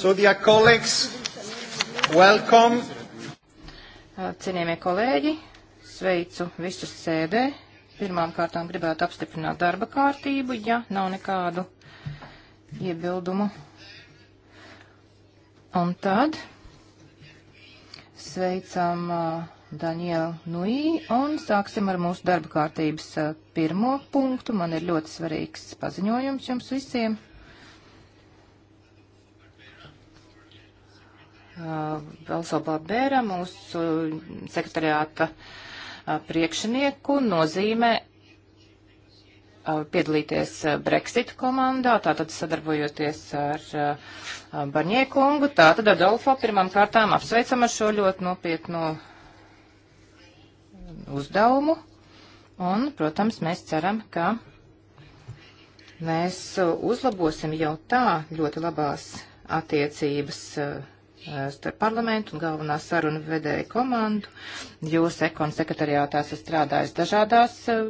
So, dear colleagues, welcome. Cienījamie kolēģi, sveicu visus sēdē. Pirmām kārtām gribētu apstiprināt darba kārtību, ja nav nekādu iebildumu. Un tad sveicam uh, Danielu Nui un sāksim ar mūsu darba kārtības uh, pirmo punktu. Man ir ļoti svarīgs paziņojums jums visiem. Velso Barbēra, mūsu uh, sekretariāta uh, priekšnieku, nozīmē uh, piedalīties Brexit komandā, tātad sadarbojoties ar Barņiekungu. Tātad Adolfo pirmām kārtām apsveicam ar šo ļoti nopietnu uzdevumu. Un, protams, mēs ceram, ka mēs uzlabosim jau tā ļoti labās attiecības Eh, starp parlamentu un galvenā saruna vedēja komandu. Jūs ekonu sekretariātā esat strādājis dažādās eh,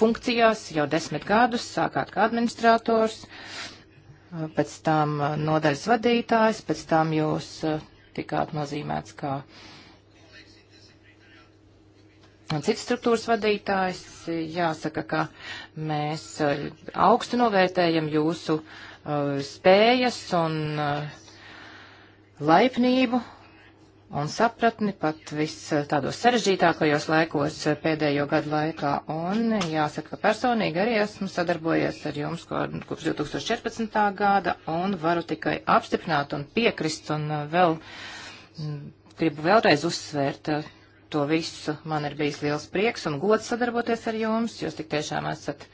funkcijās jau desmit gadus, sākāt kā administrators, eh, pēc tam nodaļas vadītājs, pēc tam jūs tikāt nozīmēts kā cits struktūras vadītājs. Jāsaka, ka mēs augstu novērtējam jūsu spējas un uh, laipnību un sapratni pat viss eh, tādos sarežģītākajos laikos eh, pēdējo gadu laikā. Un jāsaka, ka personīgi arī esmu sadarbojies ar jums kopš 2014. gada un varu tikai apstiprināt un piekrist un eh, vēl gribu vēlreiz uzsvērt to visu. Man ir bijis liels prieks un gods sadarboties ar jums. Jūs tik tiešām esat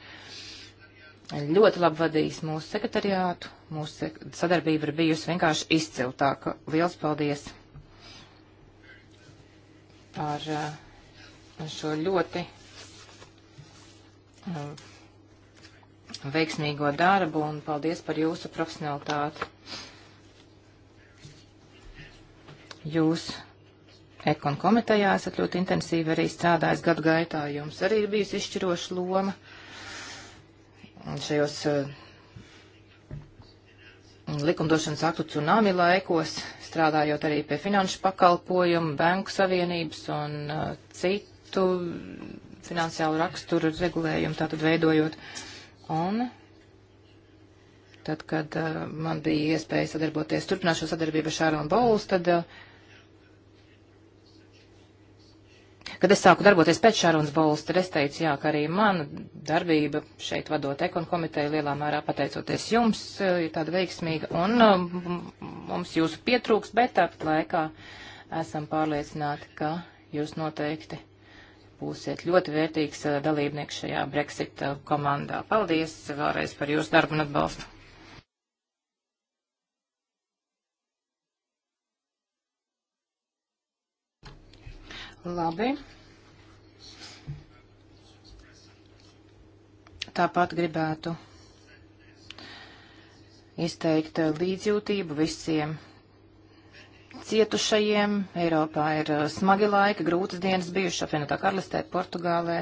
ļoti labi vadījis mūsu sekretariātu. Mūsu sadarbība ir bijusi vienkārši izciltāka. Liels paldies par eh, šo ļoti eh, veiksmīgo darbu un paldies par jūsu profesionalitāti. Jūs ekon komitejā esat ļoti intensīvi arī strādājis gadu gaitā, jums arī ir bijusi izšķiroša loma. Uh, šajos eh, likumdošanas aktu tsunami laikos, strādājot arī pie finanšu pakalpojumu, banku savienības un eh, citu finansiālu raksturu regulējumu, tātad veidojot. Un tad, kad eh, man bija iespēja sadarboties, turpināt šo sadarbību ar Šāronu Bolus, tad uh, Kad es sāku darboties pēc Šārons Bols, tad es teicu, jā, ka arī mana darbība šeit vadot ekon komiteju lielā mērā pateicoties jums eh, ir tāda veiksmīga, un eh, mums jūsu pietrūks, bet tāpat laikā esam pārliecināti, ka jūs noteikti būsiet ļoti vērtīgs eh, dalībnieks šajā Brexit komandā. Paldies vēlreiz par jūsu darbu un atbalstu. Labi. Tāpat gribētu izteikt līdzjūtību visiem cietušajiem. Eiropā ir uh, smagi laiki, grūtas dienas bijušas apvienotā karalistē, Portugālē.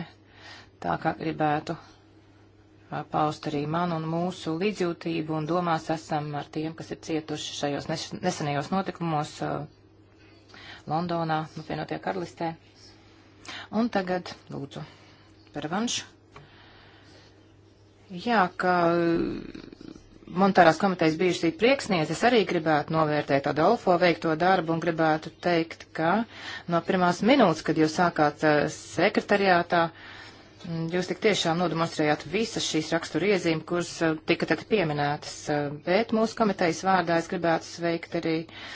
Tā kā gribētu uh, paust arī manu un mūsu līdzjūtību un domās esam ar tiem, kas ir cietuši šajos nesenajos notikumos uh, Londonā, apvienotie nu, karalistē. Un tagad lūdzu par vanšu. Jā, ka uh, monetārās komitejas bijušī prieksniece, es arī gribētu novērtēt Adolfo veikto darbu un gribētu teikt, ka no pirmās minūtes, kad jūs sākāt uh, sekretariātā, mm, Jūs tik tiešām nodemonstrējāt visas šīs rakstura iezīmes, kuras uh, tika tad pieminētas, bet mūsu komitejas vārdā es gribētu sveikt arī uh,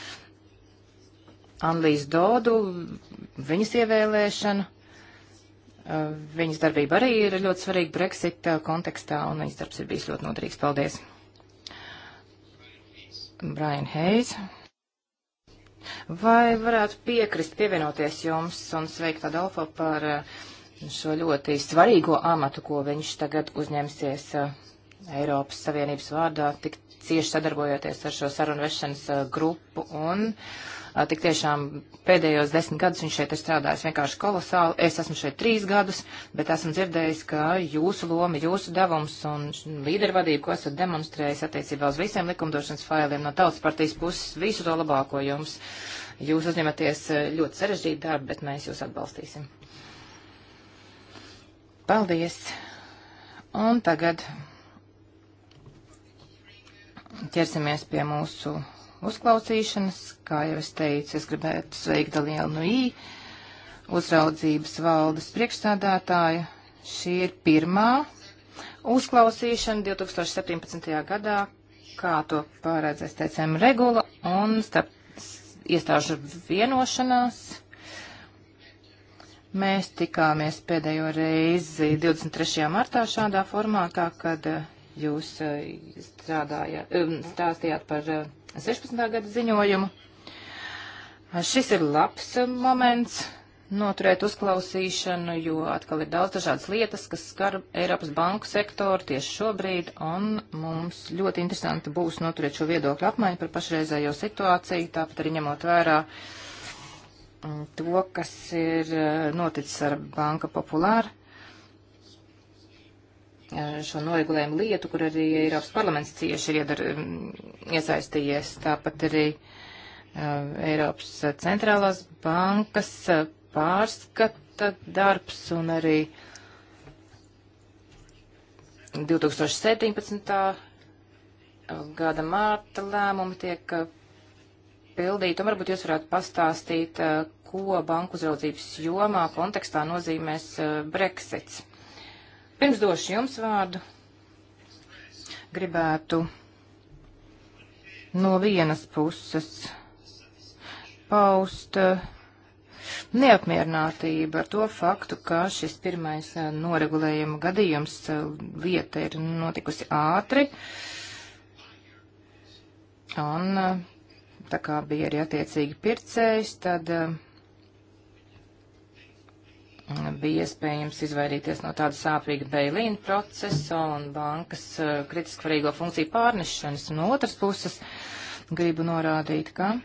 Anlīs Dodu, viņas ievēlēšanu. Uh, viņas darbība arī ir ļoti svarīga Brexit uh, kontekstā, un viņas darbs ir bijis ļoti noderīgs. Paldies! Brian Hayes. Vai varētu piekrist pievienoties jums un sveikt Adolfo par uh, šo ļoti svarīgo amatu, ko viņš tagad uzņemsies Eiropas Savienības vārdā, tik cieši sadarbojoties ar šo sarunu vešanas grupu un uh, Tik tiešām pēdējos desmit gadus viņš šeit ir strādājis vienkārši kolosāli. Es esmu šeit trīs gadus, bet esmu dzirdējis, ka jūsu loma, jūsu devums un līdervadība, ko esat demonstrējis attiecībā uz visiem likumdošanas failiem no tautas partijas puses, visu to labāko jums. Jūs uzņematies ļoti sarežģītu darbu, bet mēs jūs atbalstīsim. Paldies! Un tagad ķersimies pie mūsu uzklausīšanas. Kā jau es teicu, es gribētu sveikt Dalielu no I, uzraudzības valdes priekšstādātāju. Šī ir pirmā uzklausīšana 2017. gadā, kā to pārēdz, es teicām, regula un starp iestāžu vienošanās. Mēs tikāmies pēdējo reizi 23. martā šādā formātā, kad eh, jūs eh, strādājāt, eh, stāstījāt par 16. gada ziņojumu. Šis ir labs moments noturēt uzklausīšanu, jo atkal ir daudz dažādas lietas, kas skar Eiropas banku sektoru tieši šobrīd, un mums ļoti interesanti būs noturēt šo viedokļu apmaiņu par pašreizējo situāciju, tāpat arī ņemot vērā mm, to, kas ir eh, noticis ar Banka Populāru šo noregulējumu lietu, kur arī Eiropas parlaments cieši iedar, iesaistījies. Tāpat arī Eiropas centrālās bankas pārskata darbs un arī 2017. gada mārta lēmumi tiek pildīti. Un varbūt jūs varētu pastāstīt, ko banku uzraudzības jomā kontekstā nozīmēs Brexits. Pirms došu jums vārdu, gribētu no vienas puses paust eh, neapmierinātību ar to faktu, ka šis pirmais eh, noregulējuma gadījums eh, lieta ir notikusi ātri. Un tā kā bija arī attiecīgi pircējs, tad uh, Mm, bija iespējams izvairīties no tāda sāpīga beilīna procesa un bankas uh, kritiski varīgo funkciju pārnešanas. No otras puses, gribu norādīt, ka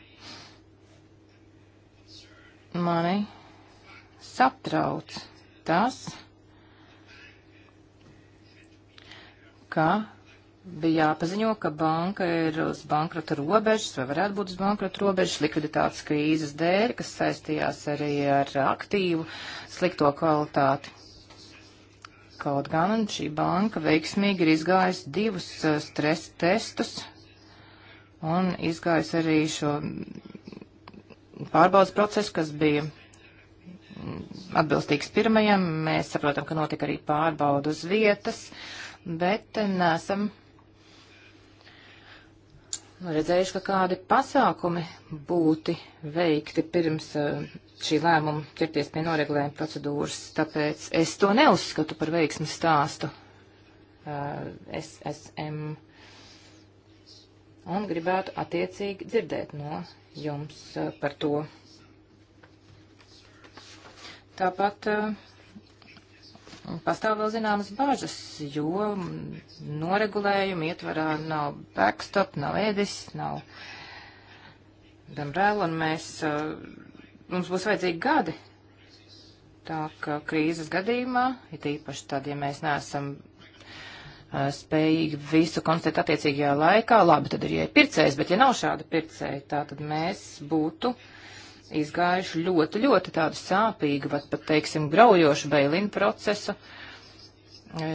mani satrauc tas, ka bija jāpaziņo, ka banka ir uz bankrota robežas, vai varētu būt uz bankrota robežas, likviditātes krīzes dēļ, kas saistījās arī ar aktīvu slikto kvalitāti. Kaut gan šī banka veiksmīgi ir izgājusi divus uh, stresa testus un izgājusi arī šo pārbaudas procesu, kas bija atbilstīgs pirmajam. Mēs saprotam, ka notika arī pārbauda uz vietas, bet uh, nesam redzējuši, ka kādi pasākumi būti veikti pirms eh, šī lēmuma ķerties pie noreglējuma procedūras, tāpēc es to neuzskatu par veiksmu stāstu eh, SSM un gribētu attiecīgi dzirdēt no jums eh, par to. Tāpat uh, pastāv vēl zināmas bažas, jo noregulējumi ietvarā nav backstop, nav ēdis, nav demrēl, un mēs, uh, mums būs vajadzīgi gadi. Tā ka krīzes gadījumā, it īpaši tad, ja mēs neesam uh, spējīgi visu konstatēt attiecīgajā laikā, labi, tad ir jāpircējs, bet ja nav šāda pircēja, tā tad mēs būtu uh, izgājuši ļoti, ļoti tādu sāpīgu, bet pat, teiksim, graujošu beilinu procesu, e,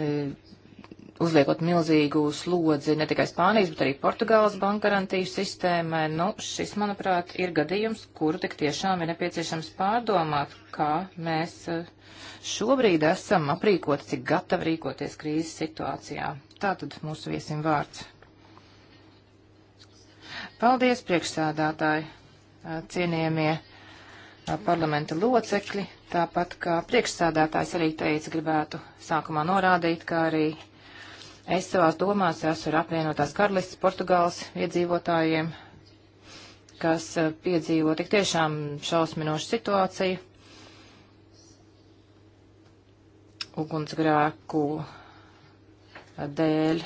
uzliekot milzīgu slodzi ne tikai Spānijas, bet arī Portugāles banka garantiju sistēmai. Nu, šis, manuprāt, ir gadījums, kuru tik tiešām ir nepieciešams pārdomāt, kā mēs e, šobrīd esam aprīkoti, cik gatavi rīkoties krīzes situācijā. Tātad mūsu viesim vārds. Paldies, priekšsēdātāji! cienījamie parlamenta locekļi. Tāpat kā priekšsādātājs arī teica, gribētu sākumā norādīt, ka arī es savās domās esmu ar apvienotās karalistas Portugāles iedzīvotājiem, kas piedzīvo tik tiešām šausminošu situāciju. Ugunsgrēku dēļ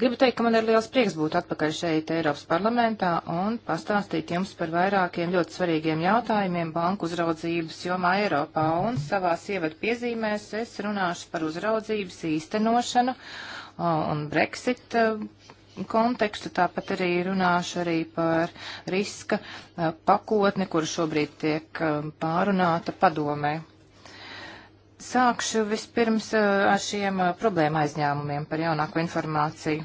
Gribu teikt, ka man ir liels prieks būt atpakaļ šeit Eiropas parlamentā un pastāstīt jums par vairākiem ļoti svarīgiem jautājumiem banku uzraudzības jomā Eiropā. Un savās ievadu piezīmēs es runāšu par uzraudzības īstenošanu un Brexit kontekstu, tāpat arī runāšu arī par riska pakotni, kur šobrīd tiek pārunāta padomē. Sākšu vispirms eh, ar šiem eh, problēma aizņēmumiem par jaunāko informāciju.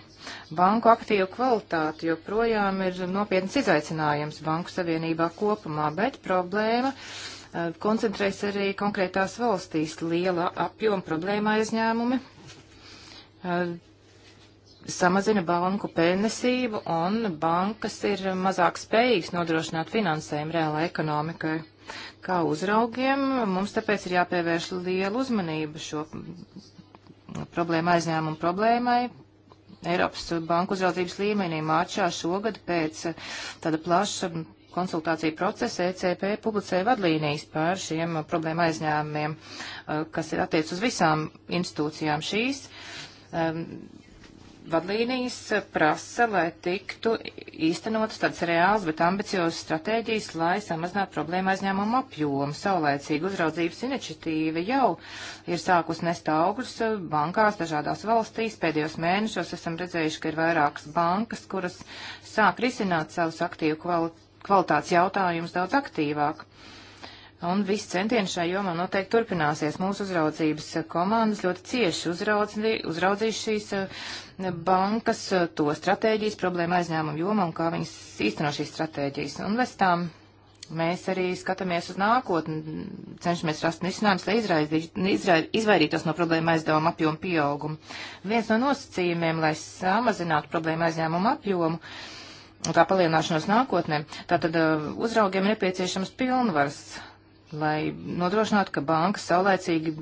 Banku aktīvu kvalitāti joprojām ir nopietnas izaicinājums Banku Savienībā kopumā, bet problēma eh, koncentrēs arī konkrētās valstīs liela apjoma problēma aizņēmumi samazina banku pelnesību un bankas ir mazāk spējīgas nodrošināt finansējumu reālai ekonomikai. Kā uzraugiem mums tāpēc ir jāpievērš liela uzmanība šo problēmu aizņēmumu problēmai. Eiropas banku uzraudzības līmenī mārčā šogad pēc eh, tāda plaša konsultāciju procesa ECP publicēja vadlīnijas par šiem problēmu aizņēmumiem, eh, kas ir attiec uz visām institūcijām šīs vadlīnijas eh, prasa, lai tiktu īstenotas tādas reāls, bet ambiciozas stratēģijas, lai samazinātu problēmu aizņēmumu apjomu. Saulēcīga uzraudzības iniciatīva jau ir sākus nest augļus eh, bankās dažādās valstīs. Pēdējos mēnešos esam redzējuši, ka ir vairākas bankas, kuras sāk risināt savus aktīvu kvalitātes jautājumus daudz aktīvāk. Uh, Un viss centieni šajā jomā noteikti turpināsies. Mūsu uzraudzības komandas ļoti cieši uzraudzīs šīs eh, bankas, eh, to stratēģijas, problēma aizņēmumu jomā un kā viņas īsteno šīs stratēģijas. Un bez tām mēs arī skatāmies uz nākotni, cenšamies rast risinājumus, lai izraiz, izraiz, izvairītos no problēma aizdevuma apjoma pieauguma. Viens no nosacījumiem, lai samazinātu problēma aizņēmuma apjomu, un tā palielināšanos nākotnē, tātad eh, uzraugiem nepieciešams pilnvars lai nodrošinātu, ka banka saulēcīgi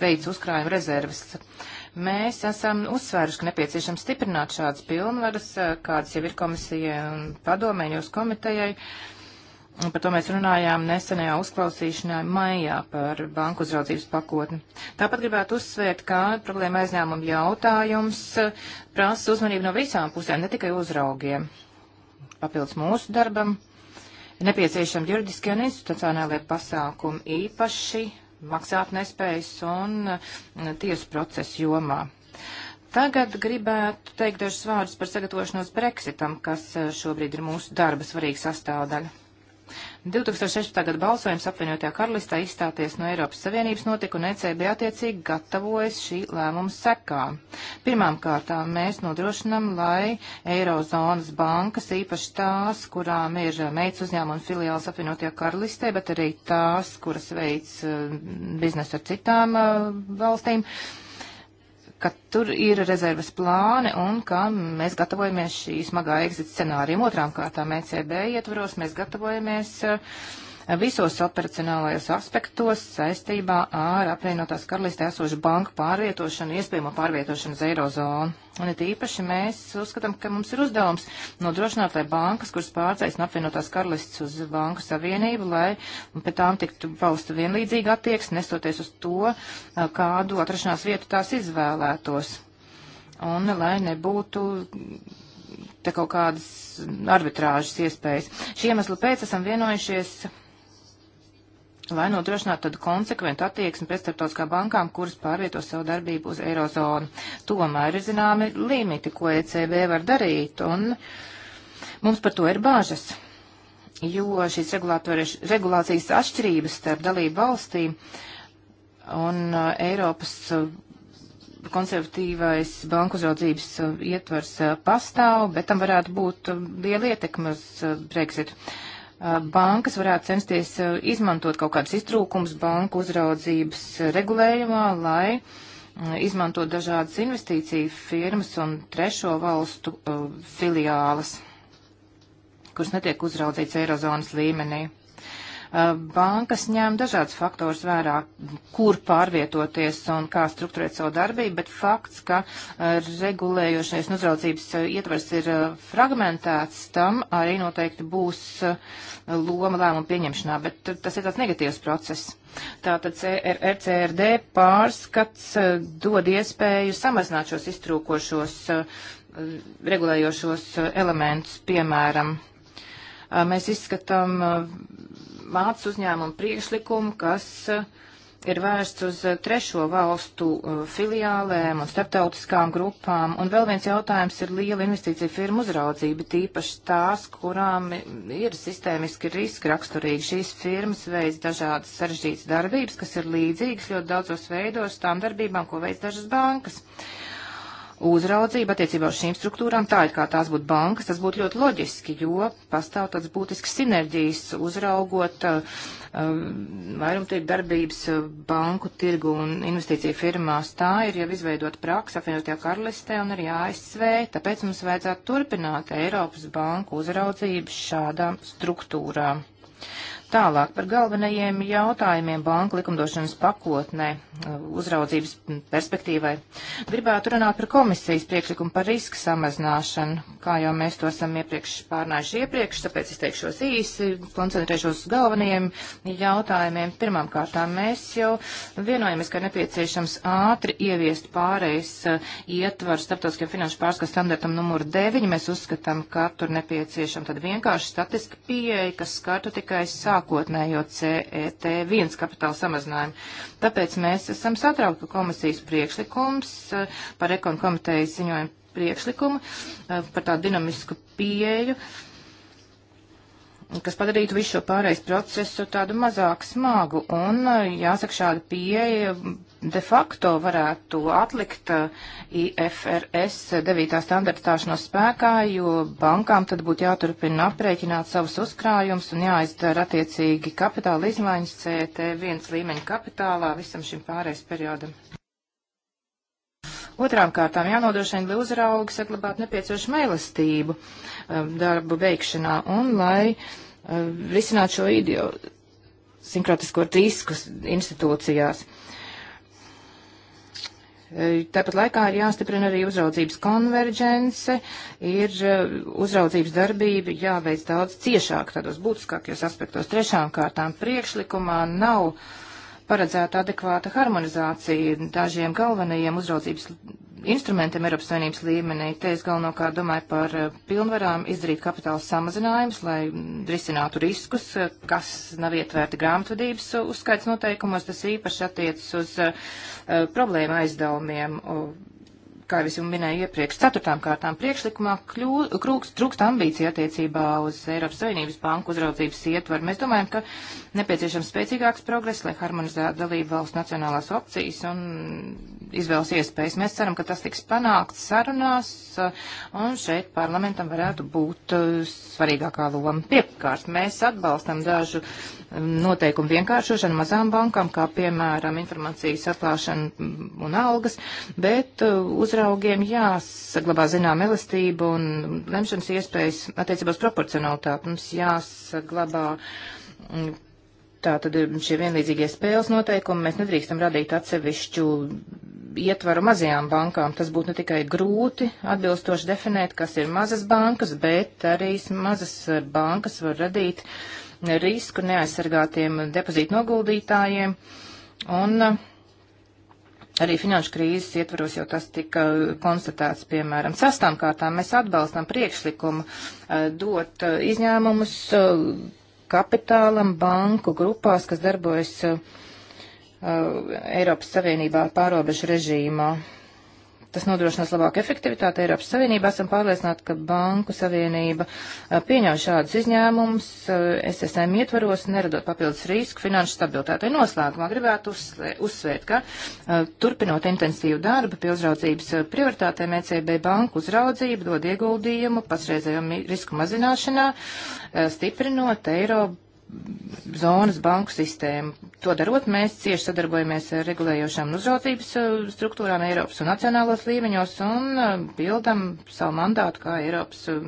veids uzkrājuma rezerves. Mēs esam uzsvēruši, ka nepieciešams stiprināt šādas pilnvaras, eh, kādas jau ir komisijai un padomējos komitejai. Un par to mēs runājām nesenajā uzklausīšanā maijā par banku uzraudzības pakotni. Tāpat gribētu uzsvērt, ka problēma aizņēmuma jautājums eh, prasa uzmanību no visām pusēm, ne tikai uzraugiem. Papildus mūsu darbam nepieciešami juridiskie un institucionālie pasākumi, īpaši maksātnespējas un eh, tiesu procesu jomā. Tagad gribētu teikt dažus vārdus par sagatavošanos Brexitam, kas eh, šobrīd ir mūsu darba svarīga sastāvdaļa. 2016. gada balsojums apvienotajā karalistā izstāties no Eiropas Savienības notika un ECB attiecīgi gatavojas šī lēmuma sekām. Pirmām kārtām mēs nodrošinam, lai Eirozonas bankas, īpaši tās, kurām ir eh, meitas uzņēmuma un filiāls apvienotajā karalistē, bet arī tās, kuras veids uh, eh, biznesu ar citām uh, valstīm, uh, ka tur ir rezerves plāni un ka mēs gatavojamies šī smagā exit scenārijam. Otrām kārtām ECB ietvaros mēs gatavojamies uh, visos operacionālajos aspektos saistībā ar apvienotās karalistē esošu banku pārvietošanu, iespējamo pārvietošanu uz eirozonu. Un it īpaši mēs uzskatām, ka mums ir uzdevums nodrošināt, lai bankas, kuras pārceļas no apvienotās karalistes uz banku savienību, lai pēc tām tiktu pausta vienlīdzīga attieksme, nestoties uz to, kādu atrašanās vietu tās izvēlētos. Un lai nebūtu te kaut kādas arbitrāžas iespējas. Šī iemesla pēc esam vienojušies lai nodrošinātu tādu konsekventu attieksmi pret starptautiskām bankām, kuras pārvieto savu darbību uz eirozonu. Tomēr ir zināmi limiti, ko ECB var darīt, un mums par to ir bāžas, jo šīs regulācijas atšķirības starp dalību valstīm un uh, Eiropas uh, konservatīvais banku uzraudzības uh, ietvars uh, pastāv, bet tam varētu būt uh, liela ietekme uz uh, Brexitu bankas varētu censties izmantot kaut kādus iztrūkums banku uzraudzības regulējumā, lai izmantot dažādas investīciju firmas un trešo valstu filiālas, kuras netiek uzraudzīts Eirozonas līmenī. Bankas ņēma dažādas faktors vērā, kur pārvietoties un kā strukturēt savu darbību, bet fakts, ka regulējošais un uzraudzības ietvers ir fragmentēts, tam arī noteikti būs loma lēmumu pieņemšanā, bet tas ir tāds negatīvs process. Tātad RCRD pārskats dod iespēju samazināt šos iztrūkošos regulējošos elementus, piemēram. Mēs izskatām vāc uzņēmumu priekšlikumu, kas eh, ir vērsts uz eh, trešo valstu eh, filiālēm un starptautiskām grupām. Un vēl viens jautājums ir liela investīcija firma uzraudzība, tīpaši tās, kurām ir sistēmiski riski raksturīgi. Šīs firmas veids dažādas sarežģītas darbības, kas ir līdzīgas ļoti daudzos veidos tām darbībām, ko veids dažas bankas. Uh, uzraudzība attiecībā uz šīm struktūrām, tā ir kā tās būtu bankas, tas būtu ļoti loģiski, jo pastāv tāds būtisks sinerģijas uzraugot uh, um, vairumtību darbības uh, banku tirgu un investīciju firmās. Tā ir jau izveidot praksa apvienotajā karalistē un arī ASV, tāpēc mums vajadzētu turpināt Eiropas banku uzraudzību šādām struktūrām. Tālāk par galvenajiem jautājumiem banku likumdošanas pakotnē uh, uzraudzības perspektīvai. Gribētu runāt par komisijas priekšlikumu par riska samazināšanu, kā jau mēs to esam iepriekš pārnājuši iepriekš, tāpēc es teikšos īsi, koncentrēšos uz galvenajiem jautājumiem. Pirmām kārtām mēs jau vienojamies, ka nepieciešams ātri ieviest pārējais uh, ietvaru starptautiskiem finanšu pārskatu standartam numuru 9. Mēs uzskatām, ka tur nepieciešama tad vienkārši statiska pieeja, kas skartu tikai sākumu sākotnējo CET1 kapitāla samazinājumu. Tāpēc mēs esam satraukti, ka komisijas priekšlikums eh, par ekonomikas komitejas ziņojumu priekšlikumu eh, par tādu dinamisku pieeju uh, kas padarītu visu šo pārējais procesu tādu mazāk smagu. Un, eh, jāsaka, šāda pieeja de facto varētu atlikt eh, IFRS 9. standarta stāšanos spēkā, jo bankām tad būtu jāturpina aprēķināt savus uzkrājumus un jāizdara attiecīgi kapitāla izmaiņas CT1 līmeņa kapitālā visam šim pārējais periodam. Otrām kārtām jānodrošina, lai uzraugi saglabātu nepieciešamo elastību um, darbu veikšanā un lai um, risinātu šo ideo sinkratisko risku institūcijās. Um, tāpat laikā ir jāstiprina arī uzraudzības konverģence, ir uzraudzības darbība jāveic daudz ciešāk tādos būtiskākajos aspektos. Trešām kārtām priekšlikumā nav uh, paredzēta adekvāta harmonizācija dažiem galvenajiem uzraudzības instrumentiem Eiropas Savienības līmenī. Te es galvenokārt domāju par eh, pilnvarām izdarīt kapitāla samazinājumus, lai risinātu riskus, eh, kas nav ietverti grāmatvedības uzskaits noteikumos. Tas īpaši attiecas uz uh, problēma aizdevumiem. Uh, kā jau es jau minēju iepriekš, ceturtām kārtām priekšlikumā trūkst ambīcija attiecībā uz Eiropas Savienības banku uzraudzības ietvaru. Mēs domājam, ka nepieciešams spēcīgāks progress, lai harmonizētu dalību valsts nacionālās opcijas un izvēles iespējas. Mēs ceram, ka tas tiks panākts sarunās, un šeit parlamentam varētu būt uh, svarīgākā loma. Piekārt, mēs atbalstam dažu um, noteikumu vienkāršošanu mazām bankām, kā piemēram informācijas atklāšana un algas, bet uh, uzraudzības uzraugiem jāsaglabā zinām elastība un lemšanas iespējas attiecībās proporcionalitāti. Mums jāsaglabā mm, tā tad šie vienlīdzīgie spēles noteikumi. Mēs nedrīkstam radīt atsevišķu ietvaru mazajām bankām. Tas būtu ne tikai grūti atbilstoši definēt, kas ir mazas bankas, bet arī mazas bankas var radīt risku neaizsargātiem depozītu noguldītājiem. Un uh, Arī finanšu krīzes ietvaros jau tas tika konstatēts, piemēram, sastām kārtām mēs atbalstam priekšlikumu eh, dot eh, izņēmumus eh, kapitālam banku grupās, kas darbojas Eiropas Savienībā pārobežu režīmā. Tas nodrošinās labāku efektivitāti Eiropas Savienībā. Esam pārliecināti, ka Banku Savienība pieņem šādus izņēmumus SSM ietvaros, neradot papildus risku finanšu stabilitātei. Noslēgumā gribētu uzsvērt, ka turpinot intensīvu darbu pie uzraudzības prioritātēm ECB banku uzraudzība dod ieguldījumu pasreizējumu risku mazināšanā, stiprinot Eiropu zonas banku sistēmu. To darot, mēs cieši sadarbojamies ar regulējošām uzraudzības uh, struktūrām Eiropas un nacionālos līmeņos un uh, bildam savu mandātu kā Eiropas uh,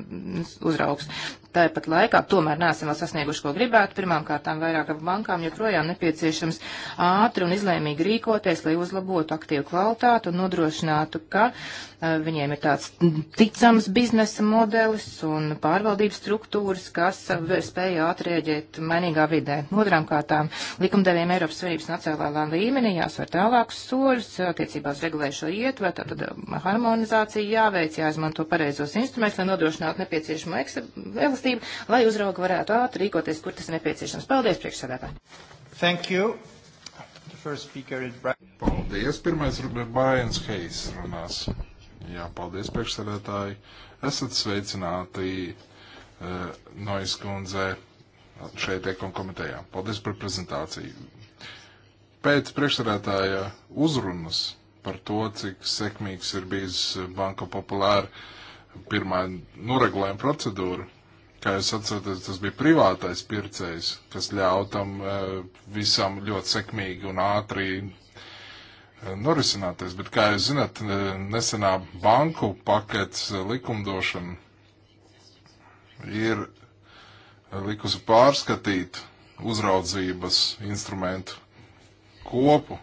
uzraugs tāpat laikā tomēr neesam vēl sasnieguši, ko gribētu. Pirmkārt, vairākām bankām joprojām nepieciešams ātri un izlēmīgi rīkoties, lai uzlabotu aktīvu kvalitāti un nodrošinātu, ka uh, viņiem ir tāds ticams biznesa modelis un pārvaldības struktūras, kas uh, spēja ātri rēģēt mainīgā vidē. Otrām kārtām likumdevējiem Eiropas Savienības nacionālā līmenī jāsver tālākus soļus attiecībās regulējušo ietveru, tātad harmonizācija jāveic, jāizmanto pareizos instrumentus, lai nodrošinātu nepieciešamo elastību, lai uzrauga varētu ātri rīkoties, kur tas ir nepieciešams. Paldies, priekšsēdētāji! Thank you. The first speaker is Brian. Paldies. Pirmais ir Brian Hayes runās. Jā, paldies, priekšsēdētāji. Esat sveicināti uh, Nois kundzei šeit Ekon komitejā. Paldies par prezentāciju. Pēc priekšsarētāja uzrunas par to, cik sekmīgs ir bijis Banka Populāra pirmā noregulējuma procedūra, kā jūs atceraties, tas bija privātais pircējs, kas ļauj tam eh, visam ļoti sekmīgi un ātri eh, norisināties. Bet, kā jūs zināt, nesenā banku pakets eh, likumdošana ir likusi pārskatīt uzraudzības instrumentu kopu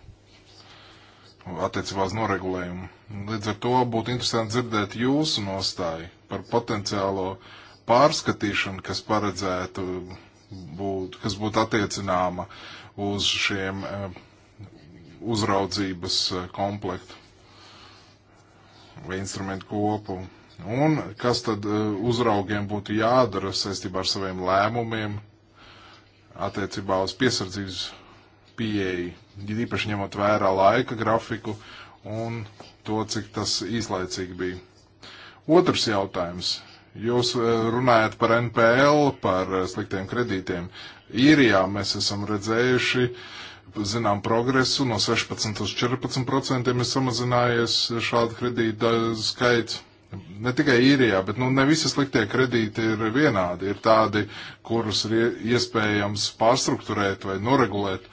attiecībā uz noregulējumu. Līdz ar to būtu interesanti dzirdēt jūsu nostāju par potenciālo uh, pārskatīšana, kas paredzētu būt, kas būtu attiecināma uz šiem eh, uzraudzības eh, komplektu vai instrumentu kopu. Un kas tad eh, uzraugiem būtu jādara saistībā ar saviem lēmumiem attiecībā uz piesardzības pieeju, īpaši ņemot vērā laika grafiku un to, cik tas īslaicīgi bija. Otrs jautājums Jūs eh, runājat par NPL, par eh, sliktiem kredītiem. Īrijā mēs esam redzējuši, zinām, progresu no 16 uz 14 procentiem ir samazinājies šādu kredītu skaits. Ne tikai īrijā, bet nu, ne visi sliktie kredīti ir vienādi. Ir tādi, kurus ir iespējams pārstruktūrēt vai noregulēt,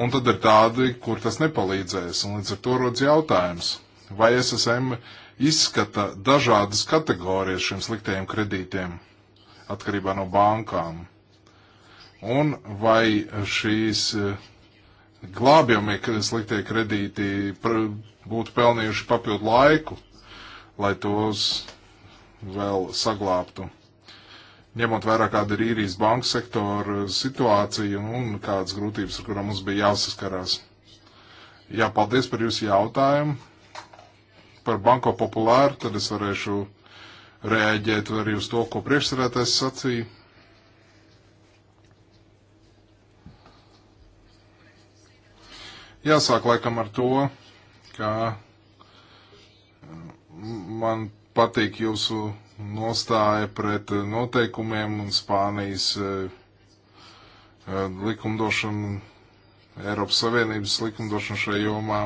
un tad ir tādi, kur tas nepalīdzēs. Un līdz ar to rodas jautājums, vai SSM izskata dažādas kategorijas šiem sliktajiem kredītiem atkarībā no bankām. Un vai šīs eh, glābjamie sliktie kredīti būtu pelnījuši papildu laiku, lai tos vēl saglābtu. Ņemot vērā, kāda ir īrijas banka sektora situācija un, un kādas grūtības, ar kurām mums bija jāsaskarās. Jā, paldies par jūsu jautājumu par Banko Populāru, tad es varēšu reaģēt arī uz to, ko priekšsarētājs sacīja. Jāsāk laikam ar to, ka mm, man patīk jūsu nostāja pret noteikumiem un Spānijas e, e, likumdošanu, Eiropas Savienības likumdošanu šajā jomā.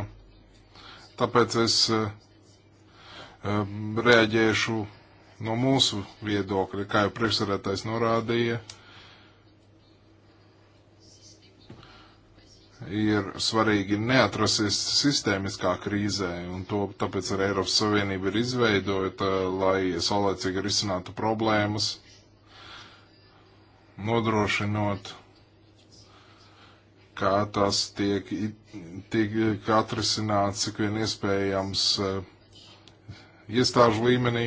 Tāpēc es e, reaģēšu no mūsu viedokļa, kā jau priekšsarētājs norādīja. Ir svarīgi neatrasties sistēmiskā krīzē, un to tāpēc arī Eiropas Savienība ir izveidota, lai saulēcīgi risinātu problēmas, nodrošinot, kā tas tiek, tiek atrisināts, cik vien iespējams, uh, iestāžu līmenī.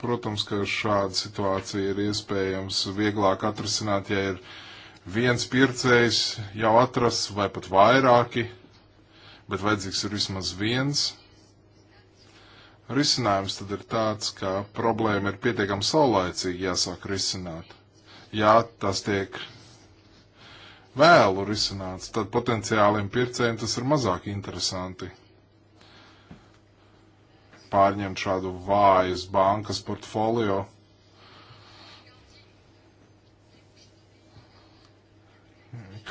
Protams, ka šāda situācija ir iespējams vieglāk atrisināt, ja ir viens pircējs jau atrasts vai pat vairāki, bet vajadzīgs ir vismaz viens. Risinājums tad ir tāds, ka problēma ir pietiekami saulaicīgi jāsāk risināt. Ja tas tiek vēlu risināts, tad potenciāliem pircējiem tas ir mazāk interesanti pārņemt šādu vājas bankas portfolio.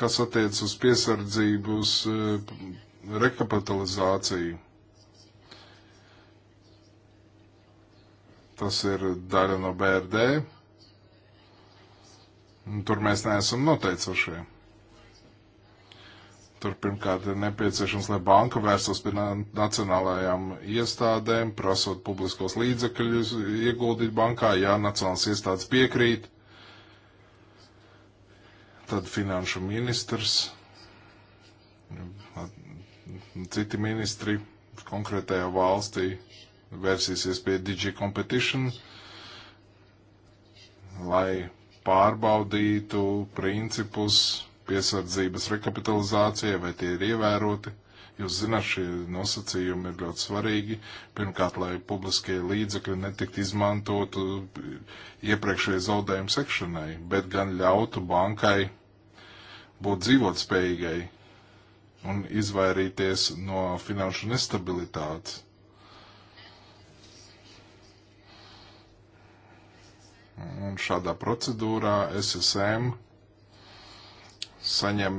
Kas attiec uz piesardzību, uz eh, rekapitalizāciju. Tas ir daļa no BRD. Tur mēs neesam noteicošie. Tur pirmkārt ir nepieciešams, lai banka vērstos pie nacionālajām iestādēm, prasot publiskos līdzekļus ieguldīt bankā, ja nacionālas iestādes piekrīt. Tad finanšu ministrs, citi ministri konkrētajā valstī vērsīsies pie DG Competition, lai pārbaudītu principus piesardzības rekapitalizācijai, vai tie ir ievēroti. Jūs zināt, šie nosacījumi ir ļoti svarīgi. Pirmkārt, lai publiskie līdzekļi netiktu izmantotu iepriekšēju zaudējumu sekšanai, bet gan ļautu bankai būt dzīvotspējīgai un izvairīties no finanšu nestabilitātes. Un šādā procedūrā SSM saņem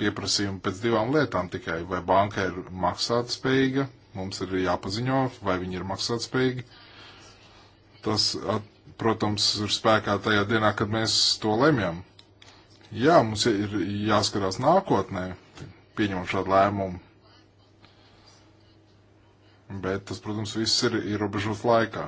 pieprasījumu pēc divām lietām tikai. Vai banka ir maksātspējīga, mums ir jāpaziņo, vai viņi ir maksātspējīgi. Tas, at, protams, ir spēkā tajā dienā, kad mēs to lemjam. Jā, mums ir jāskatās nākotnē, pieņemam šādu lēmumu. Bet tas, protams, viss ir ierobežots laikā.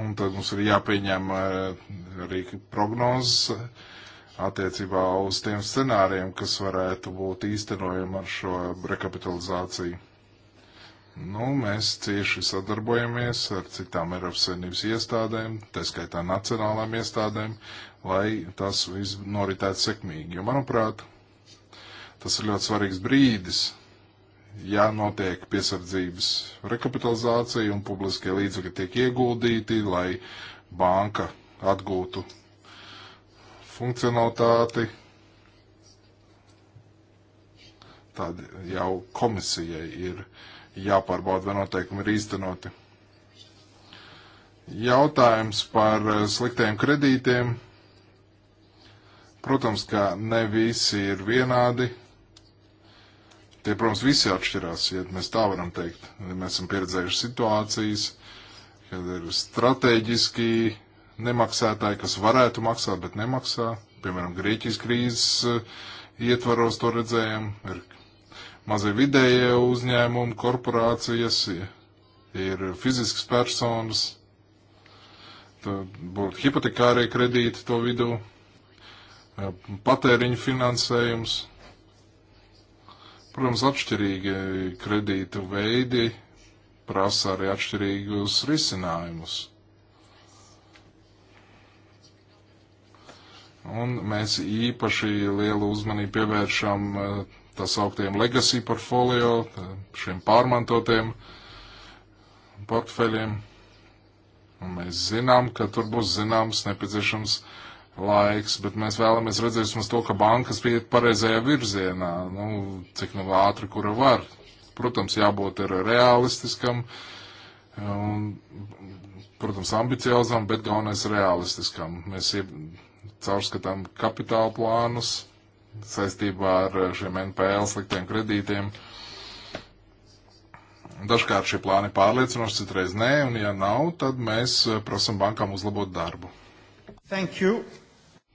Un tad mums ir jāpieņem eh, arī prognozes eh, attiecībā uz tiem scenārijiem, kas varētu būt īstenojami ar šo rekapitalizāciju. Nu, mēs cieši sadarbojamies ar citām Eiropas Savienības iestādēm, tā skaitā nacionālām iestādēm, lai tas viss noritētu sekmīgi. Jo, manuprāt, tas ir ļoti svarīgs brīdis, ja notiek piesardzības rekapitalizācija un publiskie līdzekļi tiek ieguldīti, lai banka atgūtu funkcionalitāti, tad jau komisijai ir jāpārbauda, vai noteikumi ir īstenoti. Jautājums par eh, sliktiem kredītiem. Protams, ka ne visi ir vienādi, Tie, protams, visi atšķirās, ja mēs tā varam teikt. Mēs esam pieredzējuši situācijas, kad ir strateģiski nemaksātāji, kas varētu maksāt, bet nemaksā. Piemēram, Grieķijas krīzes eh, ietvaros to redzējām. Ir mazie vidējie uzņēmumi, korporācijas, ir fizisks personas, būtu hipotekārie kredīti to vidū, eh, patēriņu finansējums. Protams, atšķirīgi kredītu veidi prasa arī atšķirīgus risinājumus. Un mēs īpaši lielu uzmanību pievēršam eh, tā sauktiem legacy portfolio, šiem pārmantotiem portfeļiem. Un mēs zinām, ka tur būs zināms nepieciešams uh, laiks, bet mēs vēlamies redzēt vismaz to, ka bankas iet pareizajā virzienā, nu, cik nu ātri, kura var. Protams, jābūt ir realistiskam, un, protams, ambiciozam, bet galvenais realistiskam. Mēs caurskatām kapitāla plānus saistībā ar šiem NPL sliktiem kredītiem. Dažkārt šie plāni pārliecinoši, citreiz nē, un ja nav, tad mēs eh, prasam bankām uzlabot darbu. Thank you.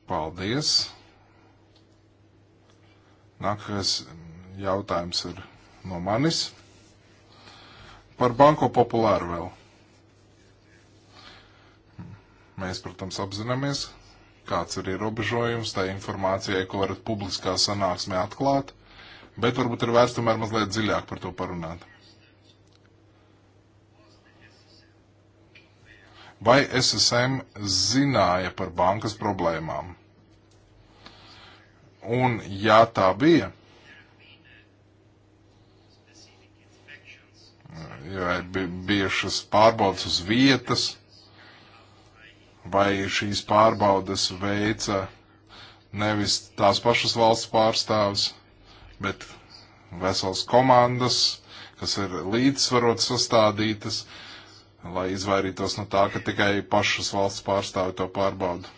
Paldies! Nākamais jautājums ir no manis. Par banko populāru vēl. Mēs, protams, apzināmies, kāds ir ierobežojums tai informācijai, ko varat publiskā sanāksmē atklāt, bet varbūt ir vērts tomēr mazliet dziļāk par to parunāt. Vai SSM zināja par bankas problēmām? Un ja tā bija, vai biešas pārbaudas uz vietas, vai šīs pārbaudas veica nevis tās pašas valsts pārstāvis, bet vesels komandas, kas ir līdzsvarot sastādītas, uh, lai izvairītos no tā, ka tikai pašas valsts pārstāvi to pārbauda.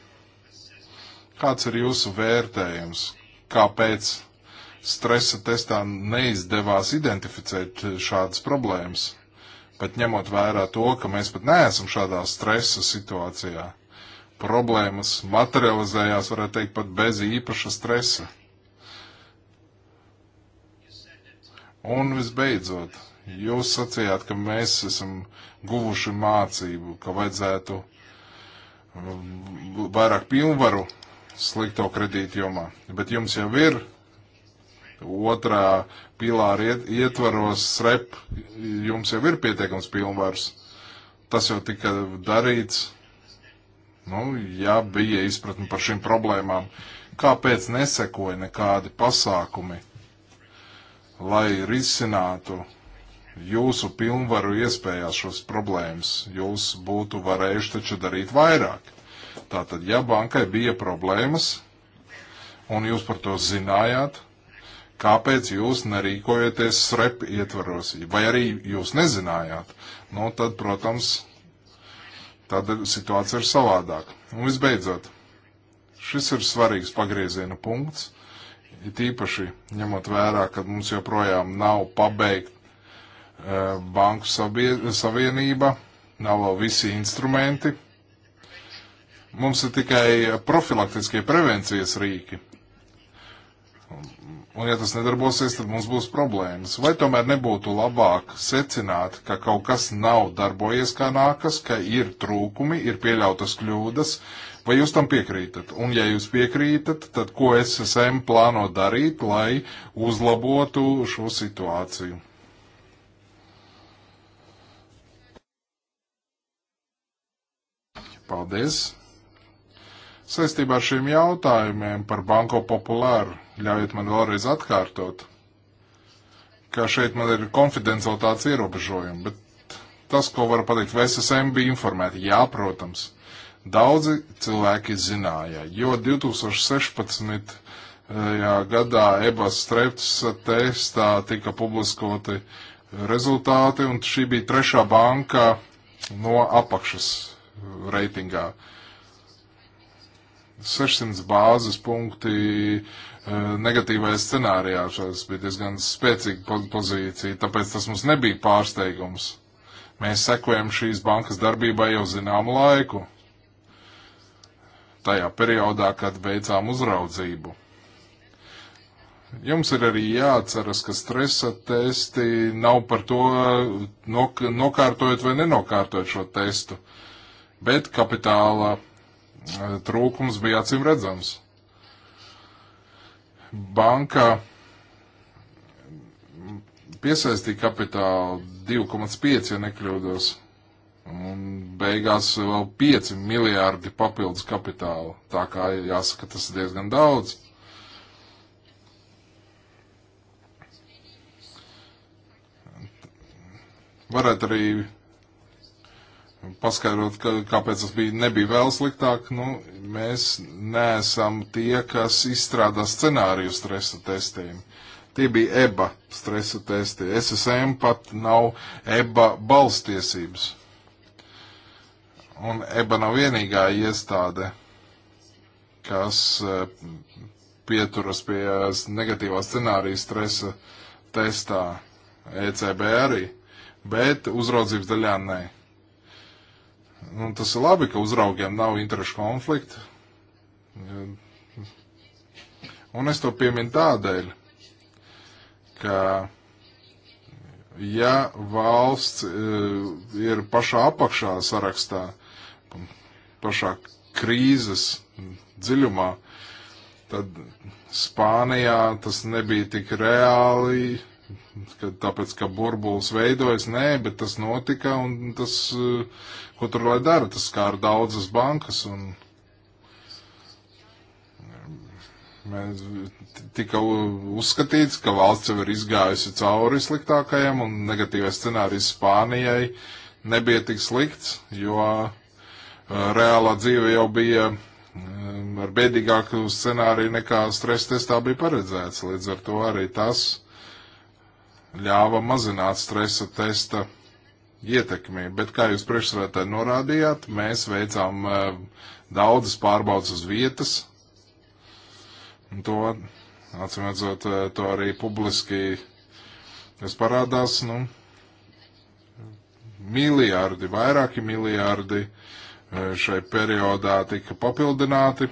Kāds ir jūsu vērtējums? Kāpēc stresa testā neizdevās identificēt šādas problēmas? Pat ņemot vērā to, ka mēs pat neesam šādā stresa situācijā, problēmas materializējās, varētu teikt, pat bez īpaša stresa. Un visbeidzot, Jūs sacījāt, ka mēs esam guvuši mācību, ka vajadzētu um, vairāk pilnvaru slikto kredītu jomā, bet jums jau ir otrā pilāra ietvaros SREP, jums jau ir pietiekams pilnvars. Tas jau tika darīts. Nu, ja bija izpratni par šīm problēmām, kāpēc nesekoja nekādi pasākumi, lai risinātu jūsu pilnvaru iespējās šos problēmas, jūs būtu varējuši taču darīt vairāk. Tātad, ja bankai bija problēmas, un jūs par to zinājāt, kāpēc jūs nerīkojaties SREP ietvaros, vai arī jūs nezinājāt, nu tad, protams, tad situācija ir savādāka. Un visbeidzot, šis ir svarīgs pagrieziena punkts, it īpaši ņemot vērā, ka mums joprojām nav pabeigt Eh, banku savienība, nav vēl visi instrumenti. Mums ir tikai profilaktiskie prevencijas rīki. Un ja tas nedarbosies, tad mums būs problēmas. Vai tomēr nebūtu labāk secināt, ka kaut kas nav darbojies kā nākas, ka ir trūkumi, ir pieļautas kļūdas, vai jūs tam piekrītat? Un ja jūs piekrītat, tad ko SSM plāno darīt, lai uzlabotu šo situāciju? Paldies! Saistībā ar šiem jautājumiem par Banko Populāru ļaujiet man vēlreiz atkārtot, ka šeit man ir konfidencialitātes ierobežojumi, bet tas, ko varu pateikt, VSSM bija informēti. Jā, protams, daudzi cilvēki zināja, jo 2016. Eh, gadā EBAS streptas testā tika publiskoti rezultāti, un šī bija trešā banka no apakšas reitingā. 600 bāzes punkti eh, negatīvajā scenārijā. Tas bija diezgan spēcīga pozīcija, tāpēc tas mums nebija pārsteigums. Mēs sekojam šīs bankas darbībai jau zināmu laiku, tajā periodā, kad veicām uzraudzību. Jums ir arī jāatceras, ka stresa testi nav par to nok nokārtojot vai nenokārtojot šo testu. Uh, bet kapitāla eh, trūkums bija acīm redzams. Banka piesaistīja kapitālu 2,5, ja nekļūdos, un beigās vēl 5 miljārdi papildus kapitāla. Tā kā jāsaka, tas ir diezgan daudz. Varētu arī paskaidrot, kāpēc tas bija, nebija vēl sliktāk, nu, mēs neesam tie, kas izstrādā scenāriju stresa testiem. Tie bija EBA stresa testi. SSM pat nav EBA balstiesības. Un EBA nav vienīgā iestāde, kas e, pieturas pie e, negatīvā scenārija stresa testā. ECB arī, bet uzraudzības daļā nē. Ne Un tas ir labi, ka uzraugiem nav interešu konflikta. Un es to pieminu tādēļ, ka ja valsts e, ir pašā apakšā sarakstā, pašā krīzes dziļumā, tad Spānijā tas nebija tik reāli ka tāpēc, ka burbulis veidojas, nē, bet tas notika un tas, eh, ko tur lai dara, tas skār daudzas bankas un mm, mēs tika uzskatīts, ka valsts jau ir izgājusi cauri sliktākajam un negatīvais scenārijs Spānijai nebija tik slikts, jo eh, reālā dzīve jau bija mm, ar bēdīgāku scenāriju nekā stresa testā bija paredzēts. Līdz ar to arī tas ļāva mazināt stresa testa ietekmi, bet, kā jūs priekšsvētāji norādījāt, mēs veicām eh, daudzas pārbaudas uz vietas. Un to, atcīmredzot, eh, to arī publiski es parādās, nu, miljardi, vairāki miljardi eh, šai periodā tika papildināti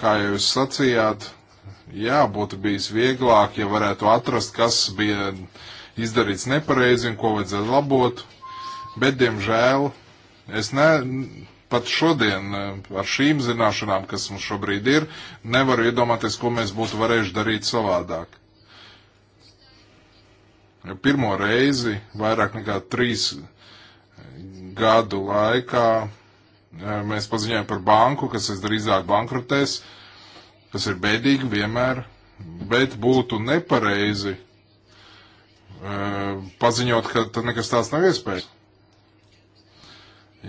kā jūs sacījāt, jā, būtu bijis vieglāk, ja varētu atrast, kas bija izdarīts nepareizi un ko vajadzētu labot, bet, diemžēl, es ne, pat šodien eh, ar šīm zināšanām, kas mums šobrīd ir, nevaru iedomāties, ko mēs būtu varējuši darīt savādāk. Pirmo reizi vairāk nekā trīs gadu laikā Mēs paziņojam par banku, kas visdrīzāk bankrotēs, kas ir bēdīgi vienmēr, bet būtu nepareizi paziņot, ka tad nekas tāds nav iespējams.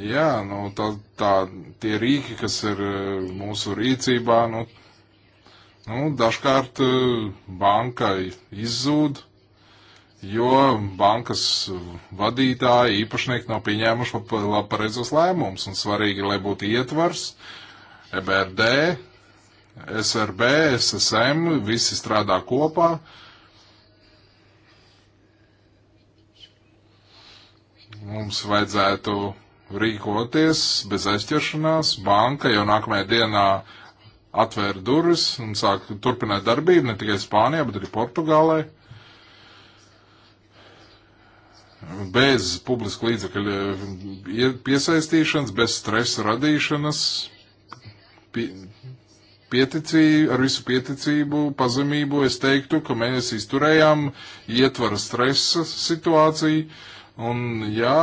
Jā, nu, tā, tā tie rīki, kas ir mūsu rīcībā, nu, nu dažkārt bankai izzūd, jo bankas vadītāji, īpašnieki nav pieņēmuši pareizos lēmumus, un svarīgi, lai būtu ietvars, EBRD, SRB, SSM, visi strādā kopā. Mums vajadzētu rīkoties bez aizķeršanās. Banka jau nākamajā dienā atvēra durvis un sāk turpināt darbību ne tikai Spānijā, bet arī Portugālē bez publiska līdzekļa eh, piesaistīšanas, bez stresa radīšanas, pie, pieticību, ar visu pieticību, pazemību es teiktu, ka mēs izturējām ietvara stresa situāciju. Un, jā,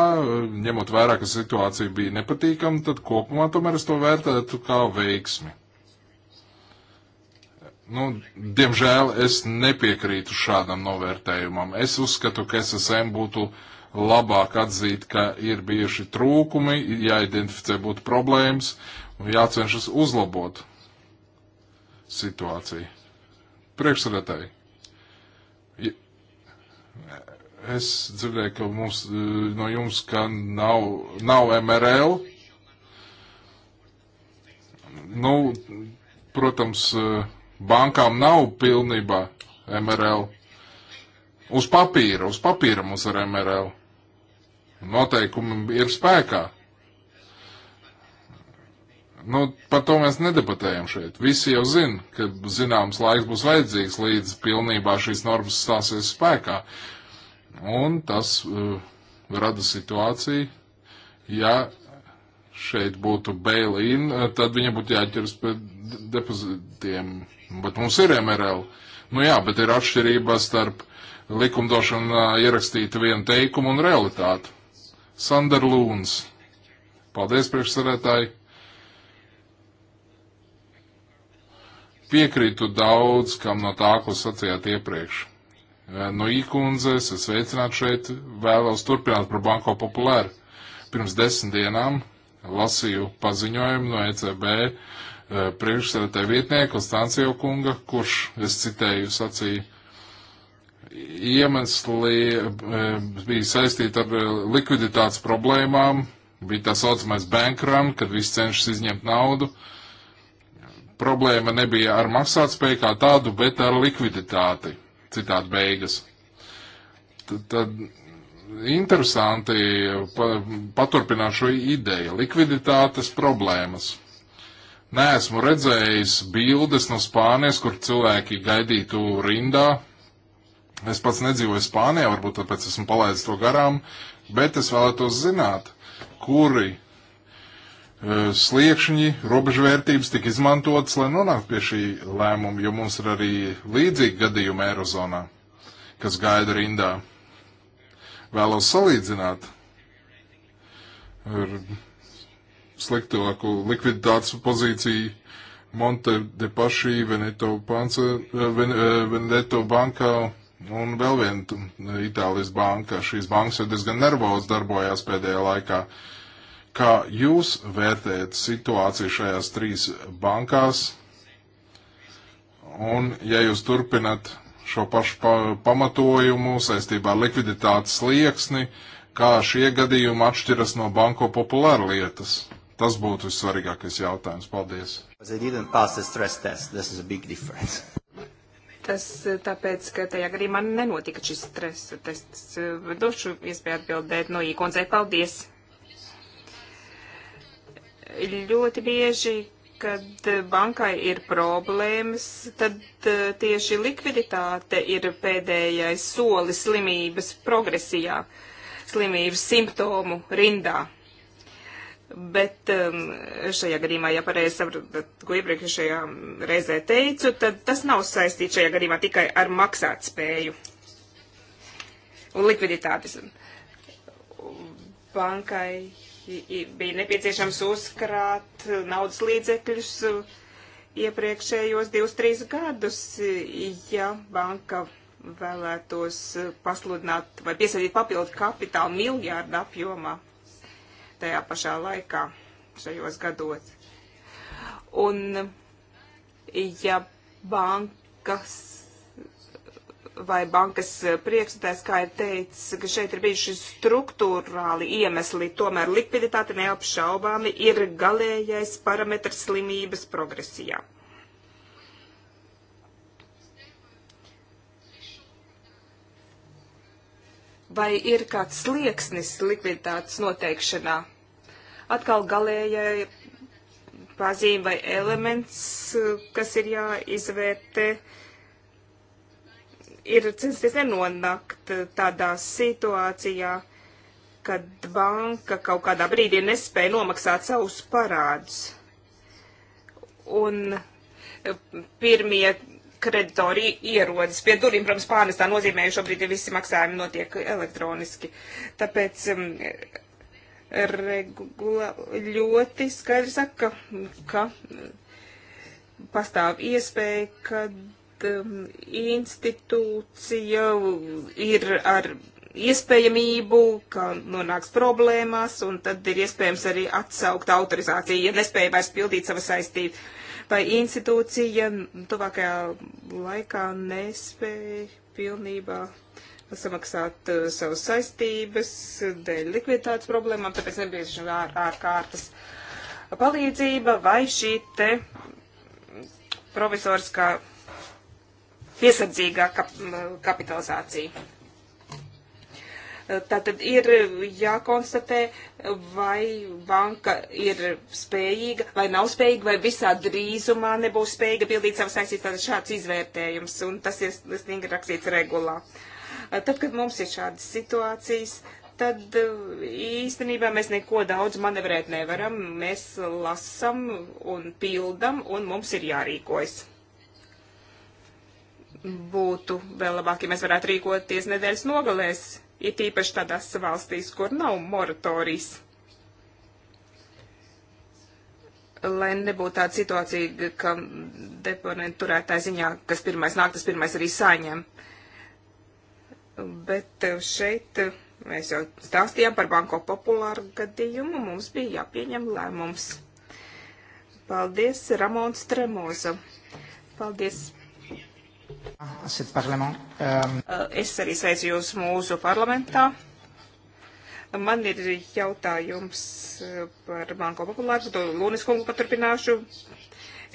ņemot vērā, ka situācija bija nepatīkama, tad kopumā tomēr es to vērtētu kā veiksmi. Nu, diemžēl es nepiekrītu šādam novērtējumam. Es uzskatu, ka SSM būtu labāk atzīt, ka ir bijuši trūkumi, jāidentificē būtu problēmas un jācenšas uzlabot situāciju. Priekšsēdētāji, es dzirdēju, ka mums, no jums, ka nav, nav MRL. Nu, protams, uh, bankām nav pilnībā MRL. Uz papīra, uz papīra mums ir MRL. Noteikumi ir spēkā. Nu, par to mēs nedebatējam šeit. Visi jau zina, ka zināms laiks būs vajadzīgs, līdz pilnībā šīs normas stāsies spēkā. Un tas uh, rada situāciju, ja šeit būtu bail-in, uh, tad viņam būtu jāķers pie depozitiem Bet mums ir MRL. Nu jā, bet ir atšķirība starp likumdošanā ierakstīta viena teikuma un realitāte. Sander Lūns. Paldies, priekšsarētāji. Piekrītu daudz, kam no tā, ko sacījāt iepriekš. Eh, no īkundzes es sveicinātu šeit, vēlos turpināt par Banko Populāru. Pirms desmit dienām lasīju paziņojumu no ECB Eh, priekšsēdētāja vietnieku Stancijo kunga, kurš, es citēju, sacīja, iemesli eh, bija saistīti ar eh, likviditātes problēmām, bija tā saucamais bankrun, kad viss cenšas izņemt naudu. Problēma nebija ar maksātspēju kā tādu, bet ar likviditāti. Citādi beigas. Tad, tad interesanti paturpināt šo ideju - likviditātes problēmas neesmu redzējis bildes no Spānijas, kur cilvēki gaidītu rindā. Es pats nedzīvoju Spānijā, varbūt tāpēc esmu palaidis to garām, bet es vēlētos zināt, kuri uh, sliekšņi, robežvērtības tika izmantotas, lai nonāktu pie šī lēmuma, jo mums ir arī līdzīgi gadījumi Eirozonā, kas gaida rindā. Vēlos salīdzināt sliktāku likviditātes pozīciju Monte de Paši, Veneto, Panca, eh, Ven, eh, Veneto bankā un vēl viena eh, Itālijas banka. Šīs bankas jau diezgan nervozas darbojās pēdējā laikā. Kā jūs vērtējat situāciju šajās trīs bankās? Un ja jūs turpinat šo pašu pa pamatojumu saistībā ar likviditātes slieksni, kā šie gadījumi atšķiras no banko populāra lietas? Tas būtu vissvarīgākais jautājums. Paldies! Tas eh, tāpēc, ka tajā gadījumā nenotika šis stresa tests. Eh, došu iespēju atbildēt no nu, īkonzē. Paldies! Ļoti bieži, kad eh, bankai ir problēmas, tad tieši likviditāte ir pēdējais solis slimības progresijā, slimības simptomu rindā. Bet um, šajā gadījumā, ja pareizi saprotat, ko iepriekšējā reizē teicu, tad tas nav saistīts šajā gadījumā tikai ar maksāt spēju un likviditātes. Bankai bija nepieciešams uzkrāt naudas līdzekļus iepriekšējos divus, trīs gadus, ja banka vēlētos pasludināt vai piesaistīt papildu kapitālu miljārdu apjomā tajā pašā laikā šajos gados. Un ja bankas vai bankas priekšstādājs, kā ir teicis, ka šeit ir bijuši struktūrāli iemesli, tomēr likviditāte neapšaubāmi ir galējais parametrs slimības progresijā. vai ir kāds slieksnis likviditātes noteikšanā. Atkal galējai pazīme vai elements, eh, kas ir jāizvērtē, ir censties nenonākt eh, tādā situācijā, kad banka kaut kādā brīdī nespēja nomaksāt savus parādus. Un eh, pirmie kreditori ierodas pie durvīm. Protams, pārnestā nozīmē, jo šobrīd visi maksājumi notiek elektroniski. Tāpēc um, regula ļoti skaidri saka, ka um, pastāv iespēja, kad um, institūcija ir ar iespējamību, ka nonāks problēmās, un tad ir iespējams arī atsaukt autorizāciju, ja nespēja vairs pildīt savas saistības vai institūcija tuvākajā laikā nespēja pilnībā samaksāt uh, savas saistības dēļ likviditātes problēmām, tāpēc nepieciešama ār, ārkārtas palīdzība vai šī te provizoriskā piesardzīgā kap, kapitalizācija. Tātad ir jākonstatē, vai banka ir spējīga, vai nav spējīga, vai visā drīzumā nebūs spējīga pildīt savas saistības. Tātad šāds izvērtējums, un tas ir stingri rakstīts regulā. Tad, kad mums ir šādas situācijas, tad uh, īstenībā mēs neko daudz manevrēt nevaram. Mēs lasam un pildam, un mums ir jārīkojas būtu vēl labāk, ja mēs varētu rīkoties nedēļas nogalēs, it īpaši tādās valstīs, kur nav moratorijas. Lai nebūtu tāda situācija, ka deponentu turētāja ziņā, kas pirmais nāk, tas pirmais arī saņem. Bet eh, šeit eh, mēs jau stāstījām par banko populāru gadījumu, mums bija jāpieņem lēmums. Paldies, Ramons Tremoza. Paldies Um, eh, es arī sveicu jūs mūsu parlamentā. Man ir jautājums eh, par banko populāru, to Lūnes kungu paturpināšu.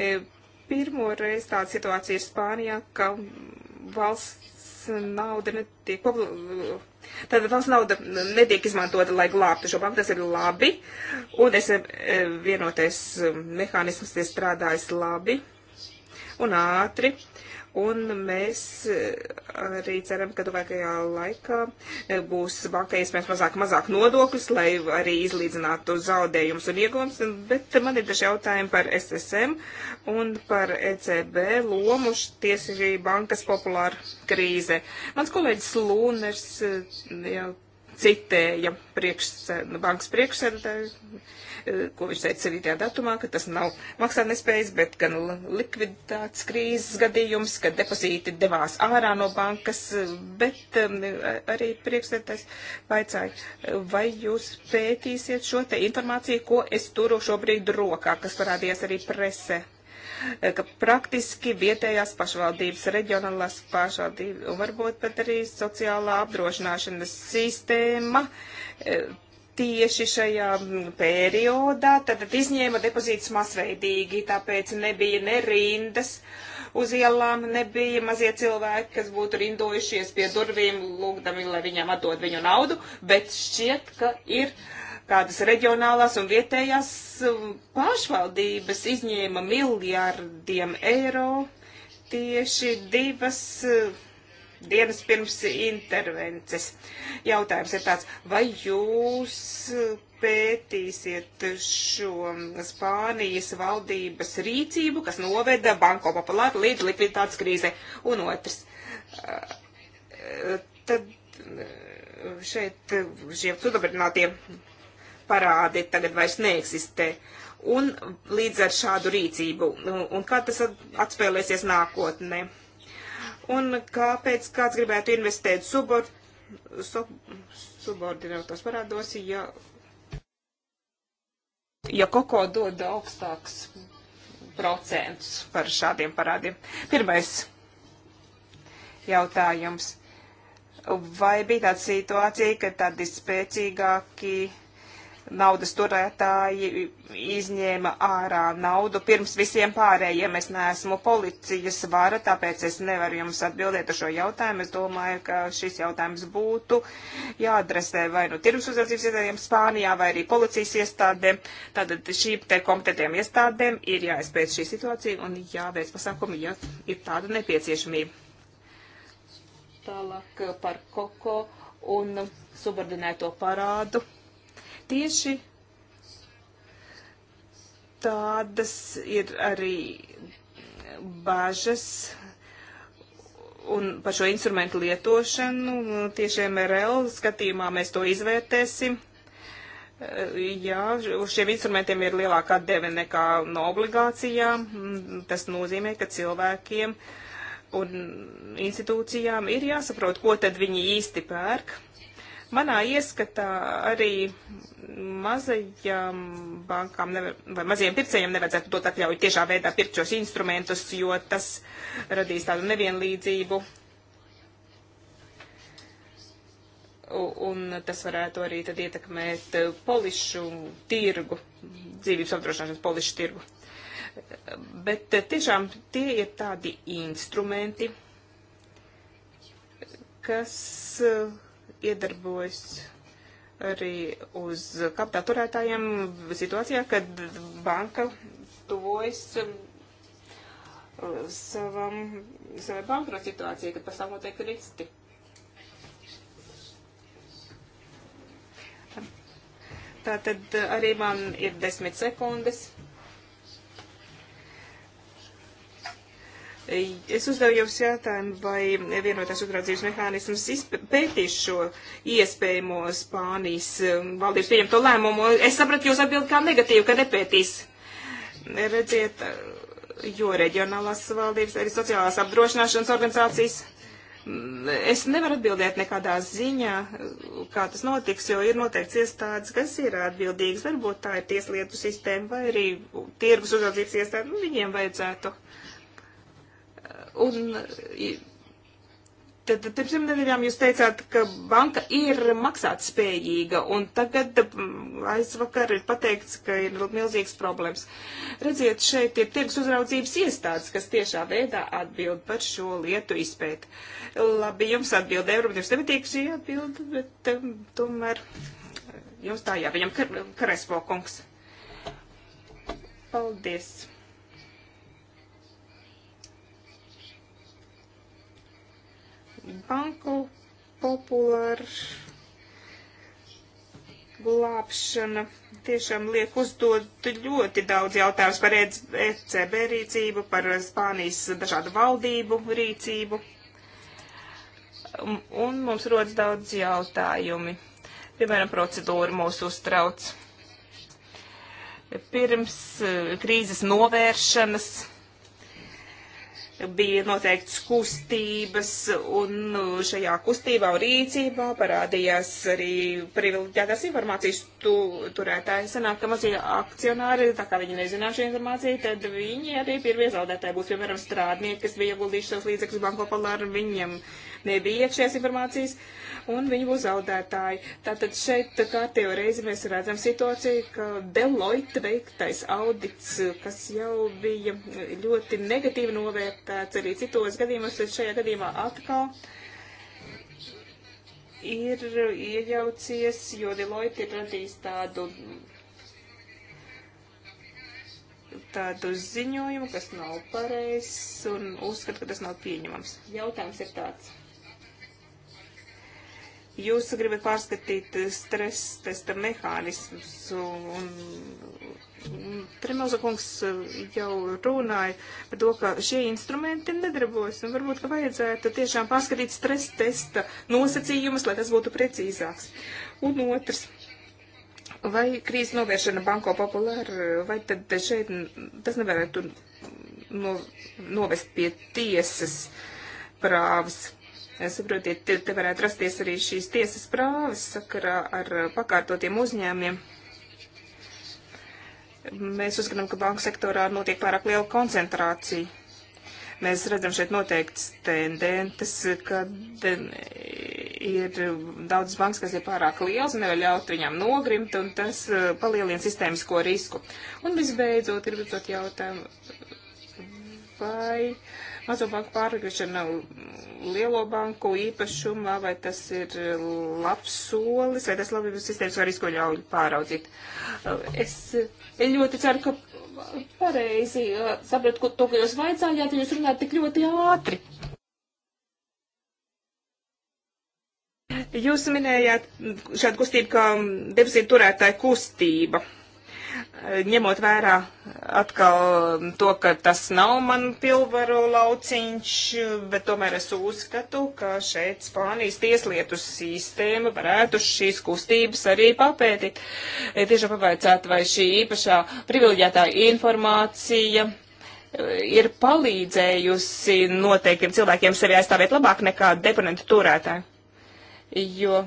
Eh, pirmo reizi tāda situācija ir Spānijā, ka valsts nauda netiek, tāda valsts nauda netiek izmantota, lai glābtu šo banku, tas ir labi, un es vienotais mehānisms ir strādājis labi un ātri Un mēs eh, arī ceram, ka tuvākajā laikā eh, būs bankai iespējams mazāk, mazāk nodokļus, lai arī izlīdzinātu zaudējumus un iegūmus. Bet man ir daži jautājumi par SSM un par ECB lomu tieši bankas populāra krīze. Mans kolēģis Lūners eh, jau citēja priekš, bankas priekšsēdētāju Eh, ko viņš teica 7. datumā, ka tas nav maksātnespējas, bet gan likviditātes krīzes gadījums, kad depozīti devās ārā no bankas, eh, bet arī priekšsēdētājs vaicāja, vai jūs pētīsiet šo te informāciju, ko es turu šobrīd rokā, kas parādījās arī presē eh, ka praktiski vietējās pašvaldības, reģionālās pašvaldības un varbūt pat arī sociālā apdrošināšanas sistēma tieši šajā mm, periodā tad izņēma depozītus masveidīgi, tāpēc nebija ne rindas uz ielām, nebija mazie cilvēki, kas būtu rindojušies pie durvīm, lūgdami, lai viņam atdod viņu naudu, bet šķiet, ka ir kādas reģionālās un vietējās mm, pašvaldības izņēma miljārdiem eiro tieši divas mm, dienas pirms intervences. Jautājums ir tāds, vai jūs pētīsiet šo Spānijas valdības rīcību, kas noveda Banko Populāru līdz likviditātes krīzē? Un otrs, eh, tad eh, šeit eh, šie sudabrinātie parādi tagad vairs neeksistē un līdz ar šādu rīcību, un kā tas atspēlēsies nākotnē un kāpēc kāds gribētu investēt subor, sub, subordinētos parādos, ja, ja koko dod augstāks procents par šādiem parādiem. Pirmais jautājums. Vai bija tāda situācija, ka tādi spēcīgāki naudas turētāji izņēma ārā naudu pirms visiem pārējiem. Es neesmu policijas vara, tāpēc es nevaru jums atbildēt ar šo jautājumu. Es domāju, ka šis jautājums būtu jāadresē vai nu no tirgus uzraudzības iestādēm Spānijā vai arī policijas iestādēm. Tātad šīm te kompetentiem iestādēm ir jāizpēc šī situācija un jāveic pasākumi, ja ir tāda nepieciešamība. Tālāk par koko un subordinēto parādu tieši tādas ir arī bažas un par šo instrumentu lietošanu. Tieši MRL skatījumā mēs to izvērtēsim. Jā, uz šiem instrumentiem ir lielāka deve nekā no obligācijām. Tas nozīmē, ka cilvēkiem un institūcijām ir jāsaprot, ko tad viņi īsti pērk Manā ieskatā arī mazajām bankām nevar, vai mazajiem pircējiem nevajadzētu dot atļauju tiešā veidā pirkt šos instrumentus, jo tas radīs tādu nevienlīdzību. Un tas varētu arī tad ietekmēt uh, polišu tirgu, dzīvības apdrošināšanas polišu tirgu. Bet uh, tiešām tie ir tādi instrumenti, kas uh, iedarbojas arī uz kapitāla turētājiem situācijā, kad banka tuvojas um, savam, savai bankrota situācijai, kad pastāv noteikti riski. Tātad uh, arī man ir desmit sekundes. Es uzdevu jums jautājumu, vai vienotās uzraudzības mehānisms pētīs šo iespējamo Spānijas um, valdības pieņemto lēmumu. Es sapratu jūs atbildi kā negatīvu, ka nepētīs. Redziet, uh, jo reģionālās valdības, arī sociālās apdrošināšanas organizācijas. Mm, es nevaru atbildēt nekādā ziņā, uh, kā tas notiks, jo ir noteikts iestādes, kas ir atbildīgas. Varbūt tā ir tieslietu sistēma vai arī tirgus uzraudzības iestāde. Nu, viņiem vajadzētu uh, Un tad pirms nedēļām jūs teicāt, ka banka ir maksāt spējīga, un tagad mm, aizvakar ir pateikts, ka ir milzīgs problēmas. Redziet, šeit ir tirgus uzraudzības iestādes, kas tiešā veidā atbild par šo lietu izpēt. Labi, jums atbild Eiropa, jums nepatīk šī atbilda, bet um, tomēr jums tā jāpaņem Krespo kungs. Paldies. banku populāra glābšana tiešām liek uzdot ļoti daudz jautājumus par ECB rīcību, par Spānijas dažādu valdību rīcību. Un mums rodas daudz jautājumi. Piemēram, procedūra mūs uztrauc. Pirms eh, krīzes novēršanas bija noteikts kustības, un uh, šajā kustībā un rīcībā parādījās arī privileģētās informācijas tu, turētāji. Sanāk, ka mazie akcionāri, tā kā viņi nezināja šo informāciju, tad viņi arī pirmie zaudētāji būs, piemēram, strādnieki, kas bija ieguldījuši savus līdzekļus banko palāru, viņiem. Uh, nebija šīs informācijas, un viņi būs zaudētāji. Tātad šeit kārtējo reizi mēs redzam situāciju, ka Deloitte veiktais audits, kas jau bija ļoti negatīvi novērtēts arī citos gadījumos, šajā gadījumā atkal ir iejaucies, jo Deloitte ir radījis tādu tādu ziņojumu, kas nav pareizs un uzskata, ka tas nav pieņemams. Jautājums ir tāds, Jūs gribat pārskatīt stresa testa mehānismus, un, un Tremoza kungs jau runāja par to, ka šie instrumenti nedarbos, un varbūt, ka vajadzētu tiešām pārskatīt stresa testa nosacījumus, lai tas būtu precīzāks. Un otrs, vai krīzes novēršana banko populāra, vai tad šeit tas nevarētu no, novest pie tiesas prāvas? Eh, saprotiet, te, te varētu rasties arī šīs tiesas prāvis sakarā ar eh, pakārtotiem uzņēmiem. Mēs uzskatām, ka banku sektorā notiek pārāk liela koncentrācija. Mēs redzam šeit noteikts tendentes, kad eh, ir daudz bankas, kas ir pārāk liels, nevar ļaut viņām nogrimt, un tas palielina sistēmisko risku. Un visbeidzot, gribot jautājumu, vai mazo banku pārgriešana lielo banku īpašumā, vai tas ir labs solis, vai tas labības sistēmas var izkoļauju pāraudzīt. Es ļoti ceru, ka pareizi uh, sapratu, ko to, ko jūs vaicājāt, ja jūs runājat tik ļoti ātri. Jūs minējāt šādu kustību kā depozītu turētāju kustība ņemot vērā atkal to, ka tas nav man pilvaru lauciņš, bet tomēr es uzskatu, ka šeit Spānijas tieslietu sistēma varētu šīs kustības arī papētīt. E, Tiešām pavaicāt, vai šī īpašā privileģētā informācija e, ir palīdzējusi noteikiem cilvēkiem sevi aizstāvēt labāk nekā deponentu turētāji. Jo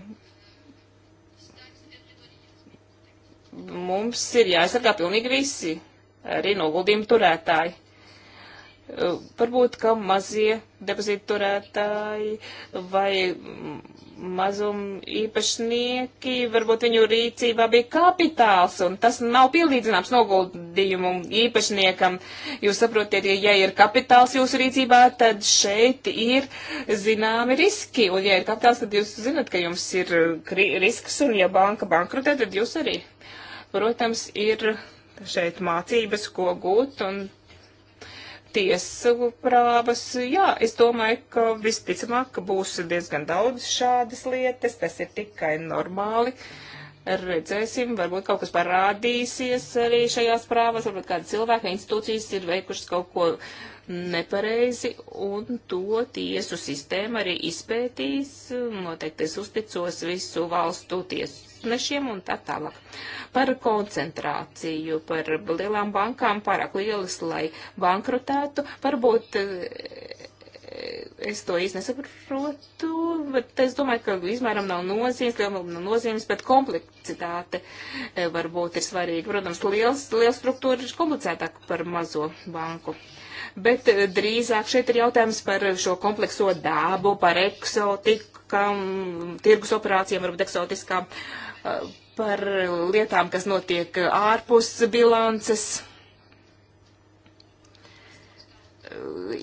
mums ir jāaizsargā pilnīgi visi, arī noguldījumu turētāji. Uh, varbūt, ka mazie depozītu turētāji vai mazuma īpašnieki, varbūt viņu rīcībā bija kapitāls, un tas nav pielīdzināms noguldījumu īpašniekam. Jūs saprotiet, ja ir kapitāls jūsu rīcībā, tad šeit ir zināmi riski, un ja ir kapitāls, tad jūs zinat, ka jums ir risks, un ja banka bankrotē, tad jūs arī. Uh, Protams, ir šeit mācības, ko gūt, un tiesu prāvas, jā, es domāju, ka visticamāk, ka būs diezgan daudz šādas lietas, tas ir tikai normāli. Redzēsim, varbūt kaut kas parādīsies arī šajās prāvas, varbūt kāda cilvēka institūcijas ir veikušas kaut ko nepareizi, un to tiesu sistēma arī izpētīs. Noteikti es uzticos visu valstu tiesu īpašniešiem un tā tālāk. Par koncentrāciju, par lielām bankām pārāk lielas, lai bankrotētu, varbūt eh, es to īsti nesaprotu, bet es domāju, ka izmēram nav nozīmes, lielam nav nozīmes, bet komplicitāte eh, varbūt ir svarīga. Protams, liels, liels struktūra ir komplicētāk par mazo banku. Bet eh, drīzāk šeit ir jautājums par šo komplekso dābu, par eksotikām, tirgus operācijām, varbūt eksotiskām par lietām, kas notiek ārpus bilances.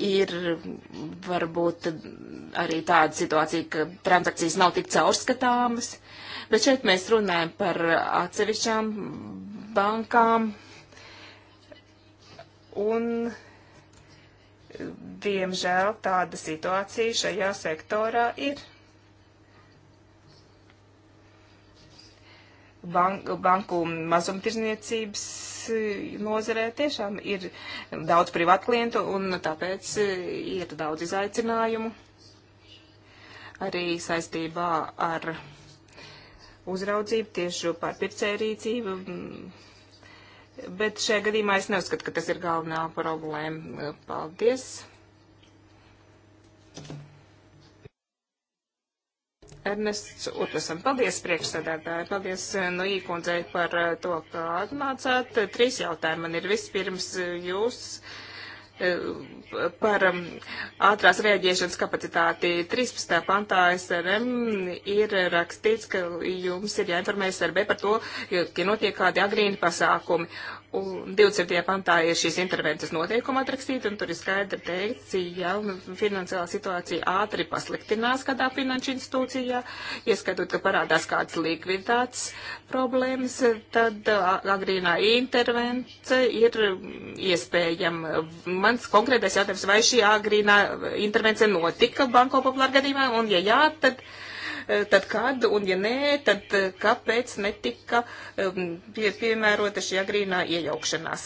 Ir varbūt arī tāda situācija, ka transakcijas nav tik caurskatāmas, bet šeit mēs runājam par atsevišķām bankām. Un diemžēl tāda situācija šajā sektorā ir. bank, banku mazumtirdzniecības e, nozarē tiešām ir daudz privātu klientu un tāpēc e, ir daudz izaicinājumu arī saistībā ar uzraudzību tieši par pircērīcību. Bet šajā gadījumā es neuzskatu, ka tas ir galvenā problēma. Paldies! Thank you. Ernests Utusam. Paldies priekšsēdētāji, paldies eh, no īkundzei par eh, to, ka atnācāt. Trīs jautājumi man ir vispirms eh, jūs par um, ātrās rēģēšanas kapacitāti. 13. pantā SRM ir rakstīts, ka jums ir jāinformē SRB par to, ka notiek kādi agrīni pasākumi. Un 20. pantā ir šīs intervences noteikuma atrakstīta, un tur ir skaidri teikts, ja finansiālā situācija ātri pasliktinās kādā finanšu institūcijā, ieskatot, ka parādās kādas likviditātes problēmas, tad agrīnā intervence ir iespējama. Mans konkrētais jautājums, vai šī agrīnā intervence notika Banko populāra gadījumā, un ja jā, tad Eh, tad kad, un ja nē, tad eh, kāpēc netika pie, piemērota šī agrīnā iejaukšanās?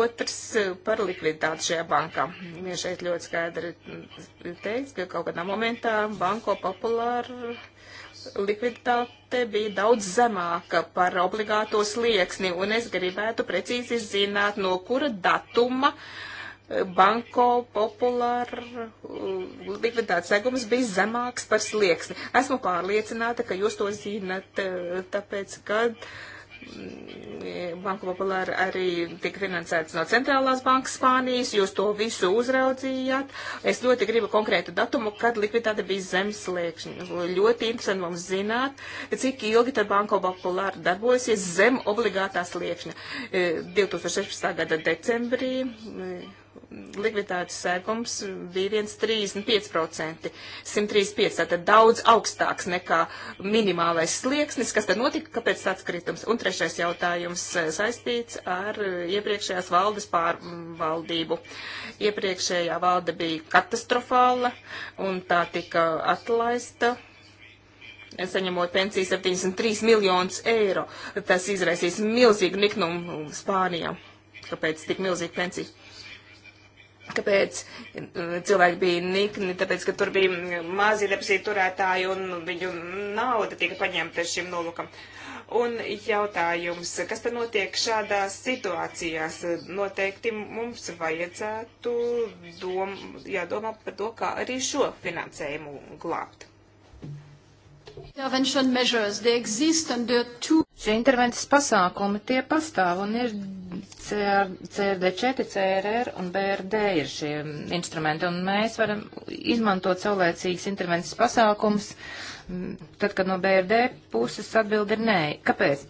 Otrs eh, par likviditāti šajā bankā. Ja šeit ļoti skaidri mm, teiks, ka kaut kādā momentā banko populāru likviditāte bija daudz zemāka par obligāto slieksni, un es gribētu precīzi zināt, no kura datuma uh, banko populāra uh, likviditātes segums bija zemāks par slieksni. Esmu pārliecināta, ka jūs to zinat, uh, tāpēc, ka mm, Banka Populāra arī tika finansēts no Centrālās bankas Spānijas, jūs to visu uzraudzījāt. Es ļoti gribu konkrētu datumu, kad likviditāte bija zemes sliekšņa. Ļoti interesanti mums zināt, cik ilgi tad Banka Populāra darbojasies zem obligātā sliekšņa. Uh, 2016. gada decembrī likviditātes sēkums bija 1,35%, 135, tātad daudz augstāks nekā minimālais slieksnis, kas tad notika, kāpēc tāds kritums. Un trešais jautājums eh, saistīts ar eh, iepriekšējās valdes pārvaldību. Iepriekšējā valde bija katastrofāla un tā tika atlaista saņemot pensiju 73 miljonus eiro. Tas izraisīs milzīgu niknumu Spānijā. Kāpēc tik milzīga pensija? Kāpēc eh, cilvēki bija nikni? Tāpēc, ka tur bija mm, mazi depresiju turētāji un viņu nauda tika paņemta šim nolūkam. Un jautājums, kas tad notiek šādās situācijās? Noteikti mums vajadzētu dom, jādomā par to, kā arī šo finansējumu glābt. Šie intervences pasākumi tie pastāv un ir CRD4, CRR un BRD ir šie instrumenti, un mēs varam izmantot saulēcīgas intervences pasākums, mm, tad, kad no BRD puses atbildi ir nē. Kāpēc?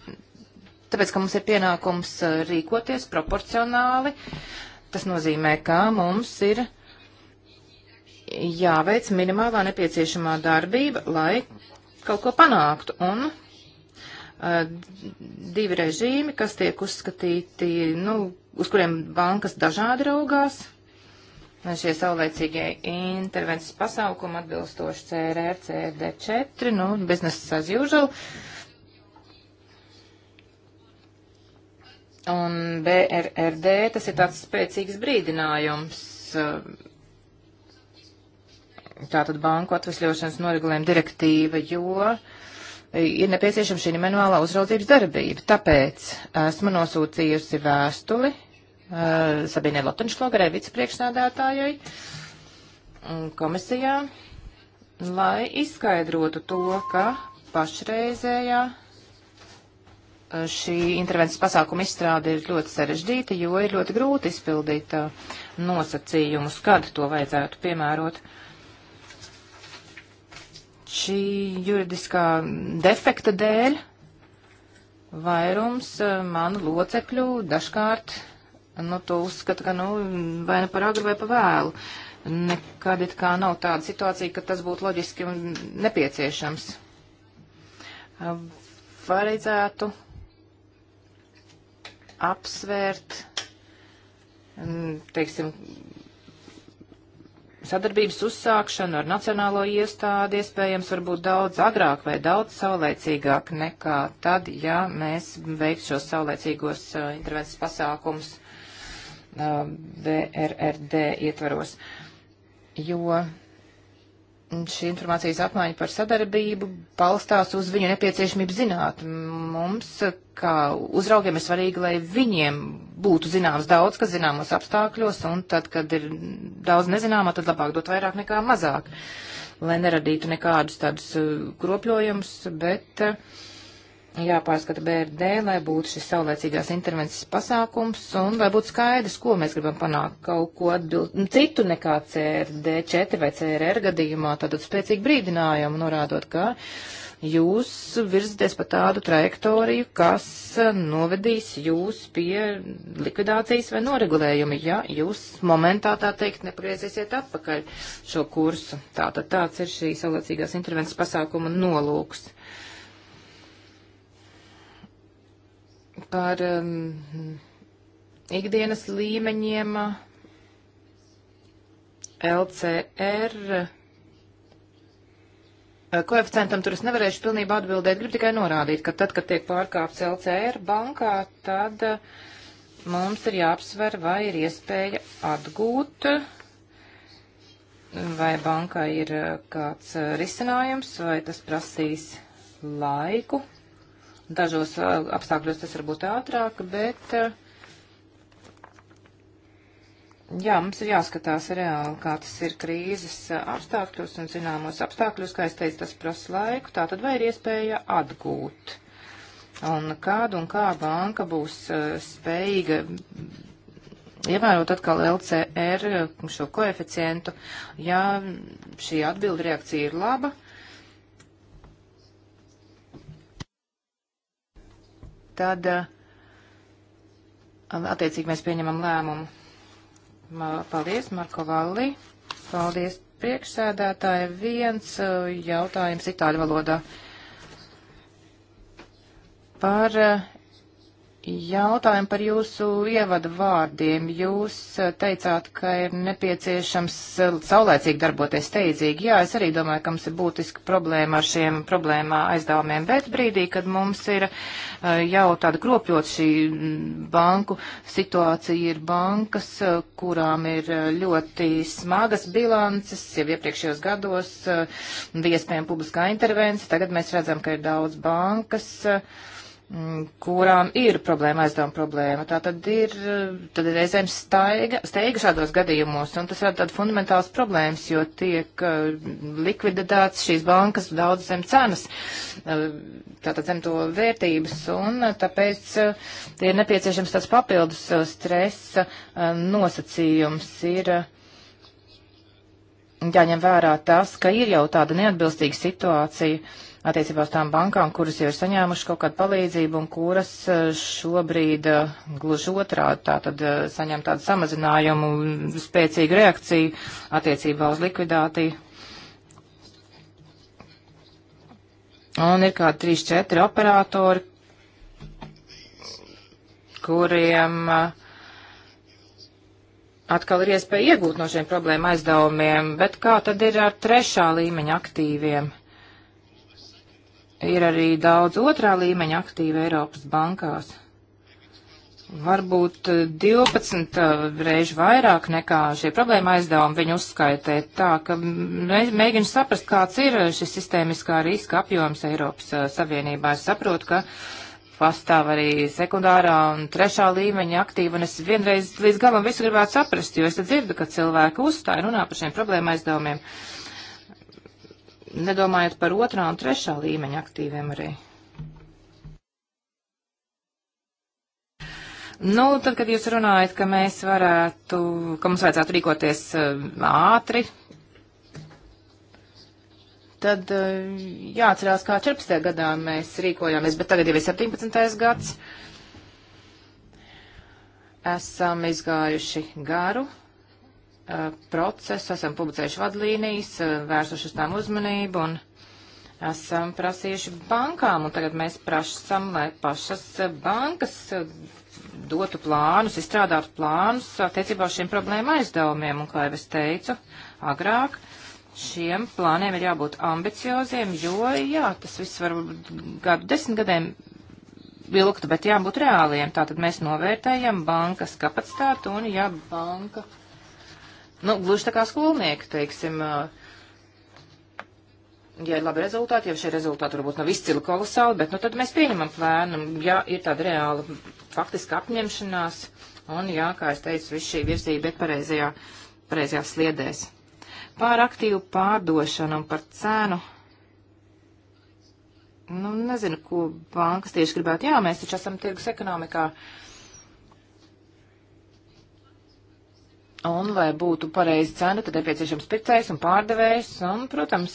Tāpēc, ka mums ir pienākums uh, rīkoties proporcionāli, tas nozīmē, ka mums ir jāveic minimālā nepieciešamā darbība, lai kaut ko panāktu, un divi režīmi, kas tiek uzskatīti, nu, uz kuriem bankas dažādi raugās. Šie saulēcīgie intervences pasaukumi atbilstoši CRR, CRD4, nu, business as usual. Un BRRD, tas ir tāds spēcīgs brīdinājums. Tātad banku atvesļošanas noregulējuma direktīva, jo uh, ir nepieciešama šī manuālā uzraudzības darbība. Tāpēc esmu nosūtījusi vēstuli uh, Sabīnē Lotenšlogarē, vicepriekšnādātājai mm, komisijā, lai izskaidrotu to, ka pašreizējā uh, šī intervences pasākuma izstrāde ir ļoti sarežģīta, jo ir ļoti grūti izpildīt uh, nosacījumus, kad to vajadzētu piemērot. Uh, šī juridiskā defekta dēļ vairums eh, manu locekļu dažkārt nu, to uzskata, ka nu, vai ne nu par agru vai par vēlu. Nekad it kā nav tāda situācija, ka tas būtu loģiski un nepieciešams. Eh, Vajadzētu apsvērt, mm, teiksim, sadarbības uzsākšanu ar nacionālo iestādi iespējams varbūt daudz agrāk vai daudz saulēcīgāk nekā tad, ja mēs veiktu šos saulēcīgos uh, intervences pasākums VRRD uh, ietvaros. Jo šī informācijas apmaiņa par sadarbību balstās uz viņu nepieciešamību zināt. Mums, kā uzraugiem, ir svarīgi, lai viņiem būtu zināms daudz, kas zināmos apstākļos, un tad, kad ir daudz nezināmā, tad labāk dot vairāk nekā mazāk, lai neradītu nekādus tādus uh, kropļojumus, bet uh, jāpārskata BRD, lai būtu šis saulēcīgās intervences pasākums un lai būtu skaidrs, ko mēs gribam panākt, kaut ko atbild, nu, citu nekā CRD4 vai CRR gadījumā, tātad spēcīgi brīdinājumu norādot, ka jūs virzaties pa tādu trajektoriju, kas novedīs jūs pie likvidācijas vai noregulējumi, ja jūs momentā, tā teikt, nepagriezīsiet atpakaļ šo kursu. Tātad tāds ir šī saulēcīgās intervences pasākuma nolūks. par um, ikdienas līmeņiem LCR. Koeficientam tur es nevarēšu pilnībā atbildēt, gribu tikai norādīt, ka tad, kad tiek pārkāpts LCR bankā, tad mums ir jāapsver, vai ir iespēja atgūt, vai bankai ir kāds risinājums, vai tas prasīs laiku, Dažos apstākļos tas varbūt ātrāk, bet jā, mums ir jāskatās reāli, kā tas ir krīzes apstākļos un zināmos apstākļos, kā es teicu, tas prasa laiku, tā tad vai ir iespēja atgūt. Un kādu un kā banka būs spējīga ievērot atkal LCR šo koeficientu, ja šī atbilda reakcija ir laba, tad eh, attiecīgi mēs pieņemam lēmumu. Paldies, Marko Valli. Paldies, priekšsēdētāji. Viens eh, jautājums itāļu valodā par eh, Jautājumu par jūsu ievadu vārdiem. Jūs eh, teicāt, ka ir nepieciešams eh, saulēcīgi darboties steidzīgi. Jā, es arī domāju, ka mums ir būtiska problēma ar šiem problēmā aizdevumiem, bet brīdī, kad mums ir eh, jau tāda kropļot šī mm, banku situācija, ir bankas, kurām ir ļoti smagas bilances, jau iepriekšējos gados bija iespējama publiskā intervencija, tagad mēs redzam, ka ir daudz bankas Mm, kurām ir problēma aizdevuma problēma. Tā tad ir, tad ir reizēm staiga, steiga šādos gadījumos, un tas rada tādas fundamentālas problēmas, jo tiek uh, mm, likvidētāts šīs bankas daudz zem cenas, uh, tātad zem to vērtības, un uh, tāpēc ir nepieciešams tāds papildus stresa nosacījums. Ir, Jāņem vērā tas, ka ir jau tāda neatbilstīga situācija, uh, attiecībā uz tām bankām, kuras jau ir saņēmušas kaut kādu palīdzību un kuras eh, šobrīd eh, gluži otrādi tātad eh, saņem tādu samazinājumu, spēcīgu reakciju attiecībā uz likvidāciju. Un ir kādi 3-4 operatori, kuriem uh, atkal ir iespēja iegūt no šiem problēmu aizdevumiem, bet kā tad ir ar trešā līmeņa aktīviem? ir arī daudz otrā līmeņa aktīvi Eiropas bankās. Varbūt 12 eh, eh, reižu vairāk nekā šie problēma aizdevumi viņu uzskaitē. Tā ka mēģinu saprast, kāds ir šis sistēmiskā riska apjoms Eiropas eh, Savienībā. Es saprotu, ka pastāv arī sekundārā un trešā līmeņa aktīva, un es vienreiz līdz galam visu gribētu saprast, jo es dzirdu, ka cilvēki uzstāja runā par šiem problēma aizdevumiem. Uh, nedomājot par otrā un trešā līmeņa aktīviem arī. Nu, tad, kad jūs runājat, ka mēs varētu, ka mums vajadzētu rīkoties uh, ātri, tad uh, jāatcerās, kā 14. gadā mēs rīkojāmies, bet tagad jau ir 17. gads. Esam izgājuši garu procesu, esam publicējuši vadlīnijas, eh, vērsuši uz tām uzmanību un esam prasījuši bankām, un tagad mēs prasam, lai pašas bankas eh, dotu plānus, izstrādātu plānus attiecībā uz šiem problēmu aizdevumiem, un kā jau es teicu agrāk, šiem plāniem ir jābūt ambicioziem, jo, jā, tas viss var gadu desmit gadiem vilkt, bet jābūt reāliem. Tātad mēs novērtējam bankas kapacitātu, un ja banka Nu, gluži tā kā skolnieki, teiksim, ja ir labi rezultāti, ja šie rezultāti varbūt nav izcili kolosāli, bet nu tad mēs pieņemam plēnu, ja ir tāda reāla faktiska apņemšanās, un jā, kā es teicu, viss šī virzība ir pareizajā, pareizajā sliedēs. Pār aktīvu pārdošanu un par cenu. Nu, nezinu, ko bankas tieši gribētu. Jā, mēs taču esam tirgus ekonomikā. Uh, Un, lai būtu pareizi cena, tad nepieciešams pircējs un pārdevējs, un, protams,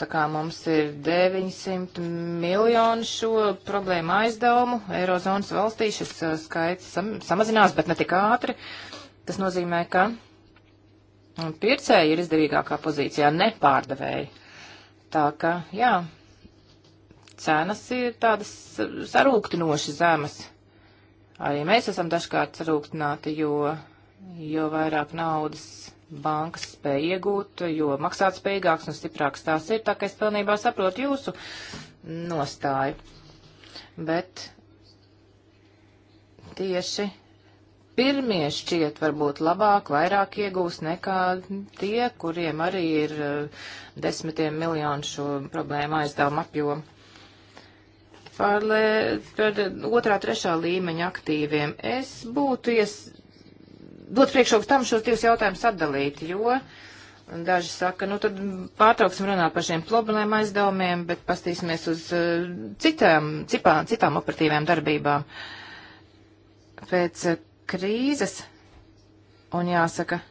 tā kā mums ir 900 miljonu šo problēmu aizdevumu, Eirozonas valstī šis uh, skaits sam samazinās, bet ne tik ātri. Tas nozīmē, ka pircēji ir izdevīgākā pozīcijā, ne pārdevēji. Tā ka, jā, cenas ir tādas sarūktinoši zemes. Arī mēs esam dažkārt sarūktināti, jo, jo vairāk naudas bankas spēja iegūt, jo maksāt spējīgāks un stiprāks tās ir, tā ka es pilnībā saprotu jūsu nostāju. Bet tieši pirmie šķiet varbūt labāk, vairāk iegūs nekā tie, kuriem arī ir eh, desmitiem miljonu šo problēmu aizdevumu apjomu. Par, lē, par otrā, trešā līmeņa aktīviem. Es būtu ies, dot priekšroku tam šos divus jautājumus atdalīt, jo daži saka, nu tad pārtrauksim runāt par šiem problēma aizdevumiem, bet pastīsimies uz eh, citām, cipā, citām operatīvām darbībām. Pēc eh, krīzes, un jāsaka,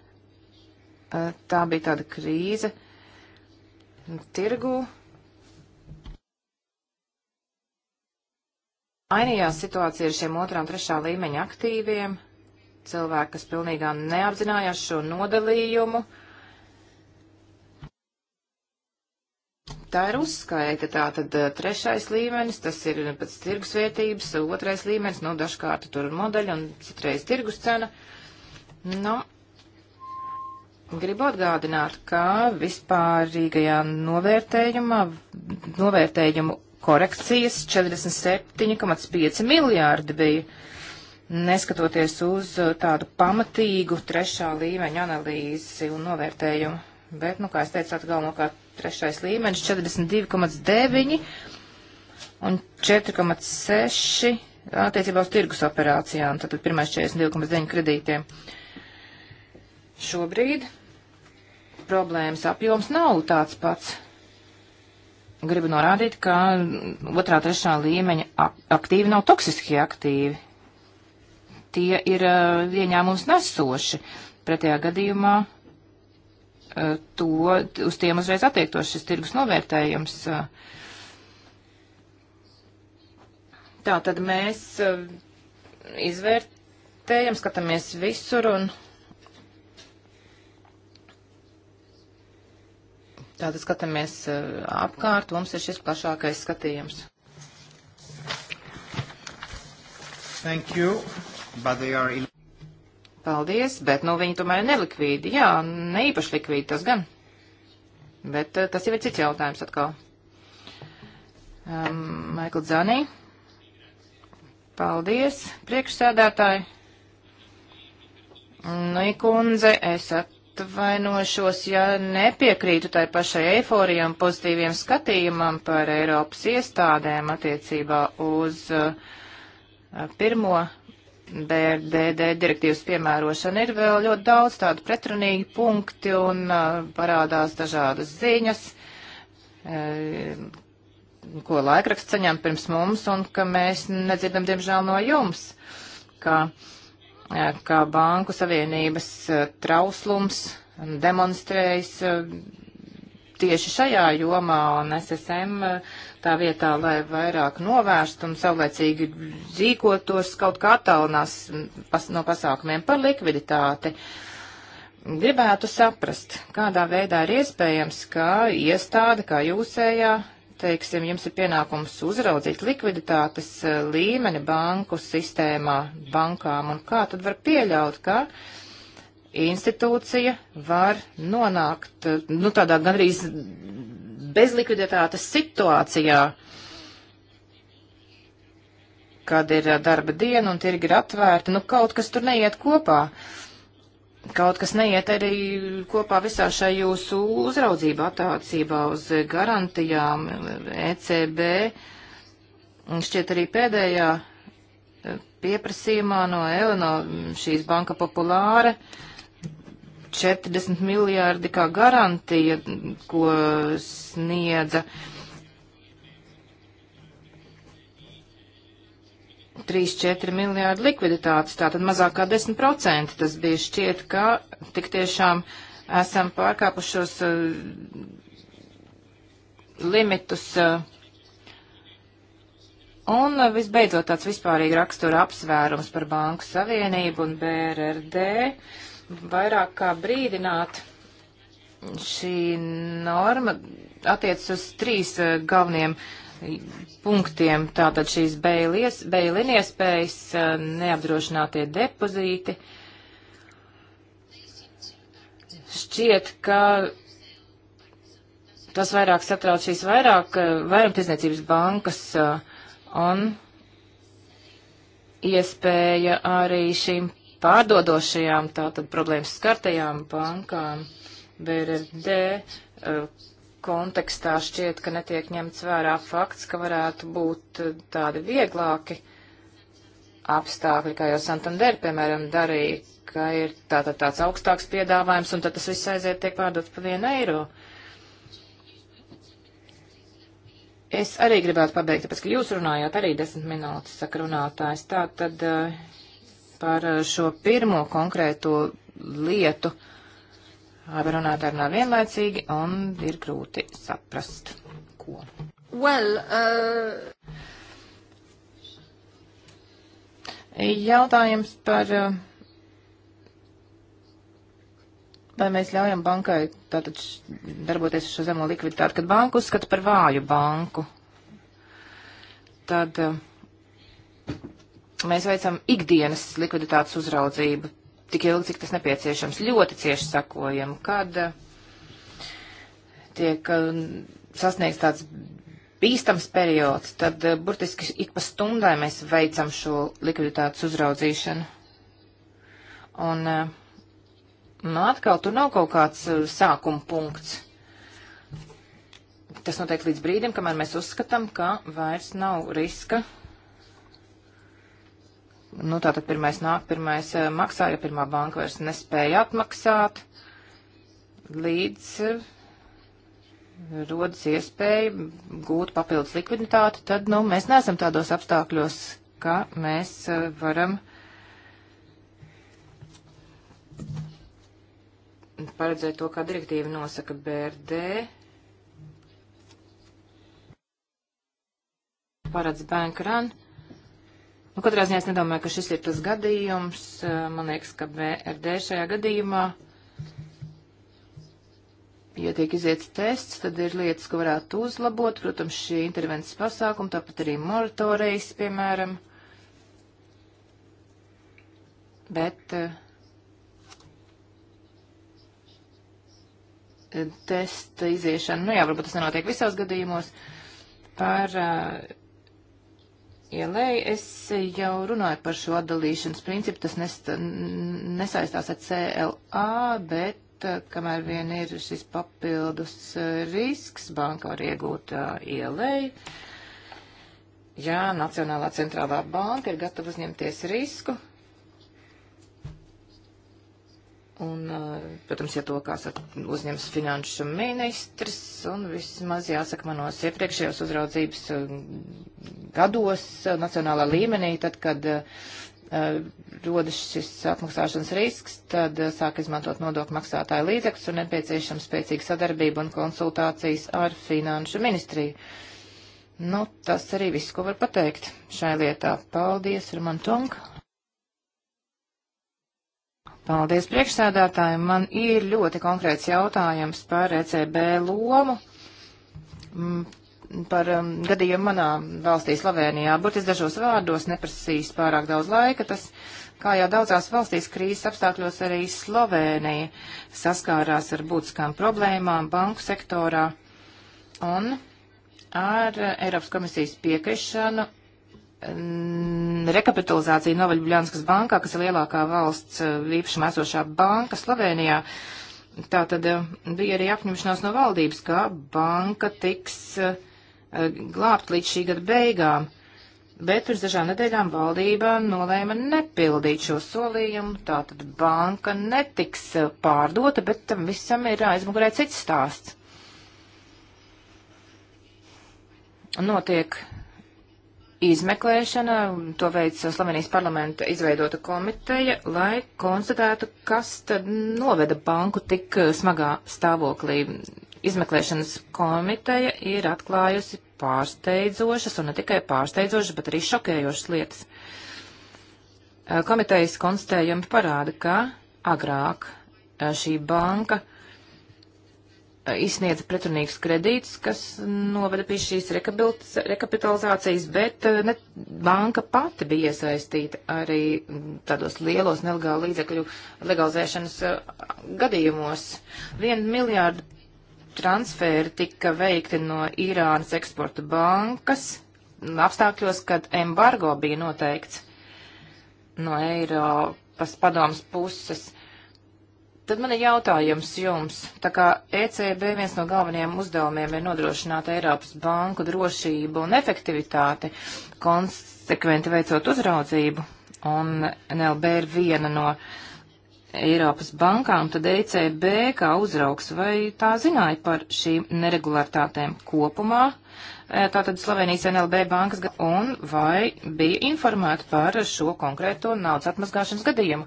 eh, tā bija tāda krīze tirgu, Mainījās situācija ar šiem otrā un trešā līmeņa aktīviem, cilvēki, kas pilnīgā neapzinājās šo nodalījumu. Tā ir uzskaita, tā tad eh, trešais līmenis, tas ir pēc tirgus vērtības, otrais līmenis, nu, dažkārt tur ir modeļa un citreiz tirgus cena. Nu, Gribu atgādināt, ka vispārīgajā novērtējumā, novērtējumu korekcijas 47,5 miljārdi bija. Neskatoties uz uh, tādu pamatīgu trešā līmeņa analīzi un novērtējumu. Bet, nu, kā es teicu, atkal no kā trešais līmenis 42,9 un 4,6 attiecībā uz tirgus operācijām. Tātad pirmais 42,9 kredītiem. Šobrīd problēmas apjoms nav tāds pats gribu norādīt, ka otrā, trešā līmeņa aktīvi nav toksiskie aktīvi. Tie ir uh, ieņēmums nesoši. Pretējā gadījumā uh, to, uz tiem uzreiz attiektos šis tirgus novērtējums. Uh. Tā tad mēs eh, izvērtējam, skatāmies visur un Tātad skatāmies eh, apkārt, mums ir šis plašākais skatījums. Thank you, but they are... Paldies, bet nu viņi tomēr ir nelikvīdi. Jā, ne īpaši likvīdi tas gan. Bet eh, tas jau ir cits jautājums atkal. Um, ehm, Maikl Dzanī. Paldies, priekšsēdētāji. Nikundze, es at atvainošos, ja nepiekrītu tai pašai eiforijam pozitīviem skatījumam par Eiropas iestādēm attiecībā uz uh, pirmo BRDD direktīvas piemērošanu. Ir vēl ļoti daudz tādu pretrunīgi punkti un uh, parādās dažādas ziņas, uh, ko laikraksts saņem pirms mums un ka mēs nedzirdam, diemžēl, no jums. Ka, uh, ka Banku Savienības trauslums demonstrējas tieši šajā jomā, un SSM tā vietā, lai vairāk novērst un saulēcīgi rīkotos, kaut kā attālinās pas, no pasākumiem par likviditāti. Gribētu saprast, kādā veidā ir iespējams, ka iestāde kā jūsējā teiksim, jums ir pienākums uzraudzīt likviditātes eh, līmeni banku sistēmā, bankām, un kā tad var pieļaut, ka institūcija var nonākt, eh, nu, tādā gandrīz bezlikviditātes situācijā, kad ir eh, darba diena un tirgi ir atvērti, nu, kaut kas tur neiet kopā. Uh, kaut kas neiet arī kopā visā šai jūsu uzraudzībā attiecībā uz garantijām ECB. Šķiet arī pēdējā e, pieprasījumā no Elno šīs banka populāra 40 miljārdi kā garantija, ko sniedza uh, 3-4 miljārdi likviditātes, tātad mazāk kā 10%. Tas bija šķiet, ka tik tiešām esam pārkāpušos uh, limitus. Uh, un uh, visbeidzot tāds vispārīgi rakstura apsvērums par Banku Savienību un BRRD vairāk kā brīdināt šī norma attiec uz trīs galveniem uh, punktiem. Tātad šīs beilin iespējas, neapdrošinātie depozīti. Šķiet, ka tas vairāk satrauc šīs vairāk vairumtirdzniecības bankas un iespēja arī šīm pārdodošajām, tātad problēmas skartajām bankām, BRD, kontekstā šķiet, ka netiek ņemts vērā fakts, ka varētu būt eh, tādi vieglāki apstākļi, kā jau Santander, piemēram, darīja, ka ir tātad tā, tāds augstāks piedāvājums, un tad tas viss aiziet tiek pārdots par vienu eiro. Es arī gribētu pabeigt, tāpēc, ka jūs runājāt arī desmit minūtes, saka runātājs. Tātad eh, par eh, šo pirmo konkrēto lietu. Uh, Abi runātāji nav vienlaicīgi un ir grūti saprast, ko. Well, uh... Jautājums par. Uh, vai mēs ļaujam bankai tātad darboties ar šo zemo likviditāti, kad banku uzskata par vāju banku? Tad uh, mēs veicam ikdienas likviditātes uzraudzību tik ilgi, cik tas nepieciešams, ļoti cieši sakojam, kad eh, tiek eh, sasniegts tāds bīstams periods, tad eh, burtiski ik pa stundai mēs veicam šo likviditātes uzraudzīšanu. Un nu, atkal tur nav kaut kāds sākuma punkts. Tas notiek līdz brīdim, kamēr mēs uzskatām, ka vairs nav riska Nu, tātad pirmais nāk, pirmais eh, maksā, ja pirmā banka vairs nespēja atmaksāt, līdz eh, rodas iespēja gūt papildus likviditāti, tad, nu, mēs neesam tādos apstākļos, ka mēs eh, varam paredzēt to, kā direktīva nosaka BRD. Paredz bankrun. Nu, katrā ziņā es nedomāju, ka šis ir tas gadījums. Eh, man liekas, ka BRD šajā gadījumā, ja tiek iziets tests, tad ir lietas, ko varētu uzlabot. Protams, šī intervences pasākuma, tāpat arī moratorijas, piemēram. Bet eh, testa iziešana, nu jā, varbūt tas nenotiek visos gadījumos, par uh, ielai. Es jau runāju par šo atdalīšanas principu, tas nes, nesaistās ar CLA, bet eh, kamēr vien ir šis papildus eh, risks, banka var iegūt eh, ielai. Ja Nacionālā centrālā banka ir gatava uzņemties risku, Un, eh, protams, ja to, kā saka, uzņems finanšu ministrs, un vismaz jāsaka manos iepriekšējos uzraudzības eh, gados eh, nacionālā līmenī, tad, kad rodas šis atmaksāšanas risks, tad sāk izmantot nodokļu maksātāju līdzekļus un nepieciešama spēcīga sadarbība un konsultācijas ar finanšu ministriju. Nu, tas arī viss, ko var pateikt šai lietā. Paldies, Roman Tonka. Paldies priekšsēdētājiem. Man ir ļoti konkrēts jautājums par ECB lomu. Mm, par um, gadījumu manā valstī Slovenijā. Burtis dažos vārdos neprasīs pārāk daudz laika. Tas, kā jau daudzās valstīs krīzes apstākļos, arī Slovenija saskārās ar būtiskām problēmām banku sektorā. Un ar Eiropas komisijas piekrišanu rekapitalizācija Novaļbļanskas bankā, kas ir lielākā valsts e, īpašumā esošā banka Slovenijā. Tā tad e, bija arī apņemšanās no valdības, ka banka tiks e, glābt līdz šī gada beigām. Bet pirms dažām nedēļām valdība nolēma nepildīt šo solījumu, tātad banka netiks pārdota, bet tam visam ir aizmugurē cits stāsts. Notiek izmeklēšana, to veic Slovenijas parlamenta izveidota komiteja, lai konstatētu, kas tad noveda banku tik eh, smagā stāvoklī. Izmeklēšanas komiteja ir atklājusi pārsteidzošas, un ne tikai pārsteidzošas, bet arī šokējošas lietas. Eh, komitejas konstatējumi parāda, ka agrāk eh, šī banka uh, izsniedza pretrunīgs kredīts, kas noveda pie šīs rekapitalizācijas, bet eh, ne, banka pati bija iesaistīta arī mm, tādos lielos nelegālu līdzekļu legalizēšanas eh, gadījumos. Vienu miljārdu transferi tika veikti no Irānas eksporta bankas apstākļos, kad embargo bija noteikts no Eiropas padomas puses. Tad man ir jautājums jums. Tā kā ECB viens no galvenajiem uzdevumiem ir nodrošināt Eiropas banku drošību un efektivitāti, konsekventi veicot uzraudzību, un NLB ir viena no Eiropas bankām, tad ECB kā uzraugs vai tā zināja par šīm neregulārtātēm kopumā, Eh, tātad Slovenijas NLB bankas un vai bija informēti par šo konkrēto naudas atmazgāšanas gadījumu.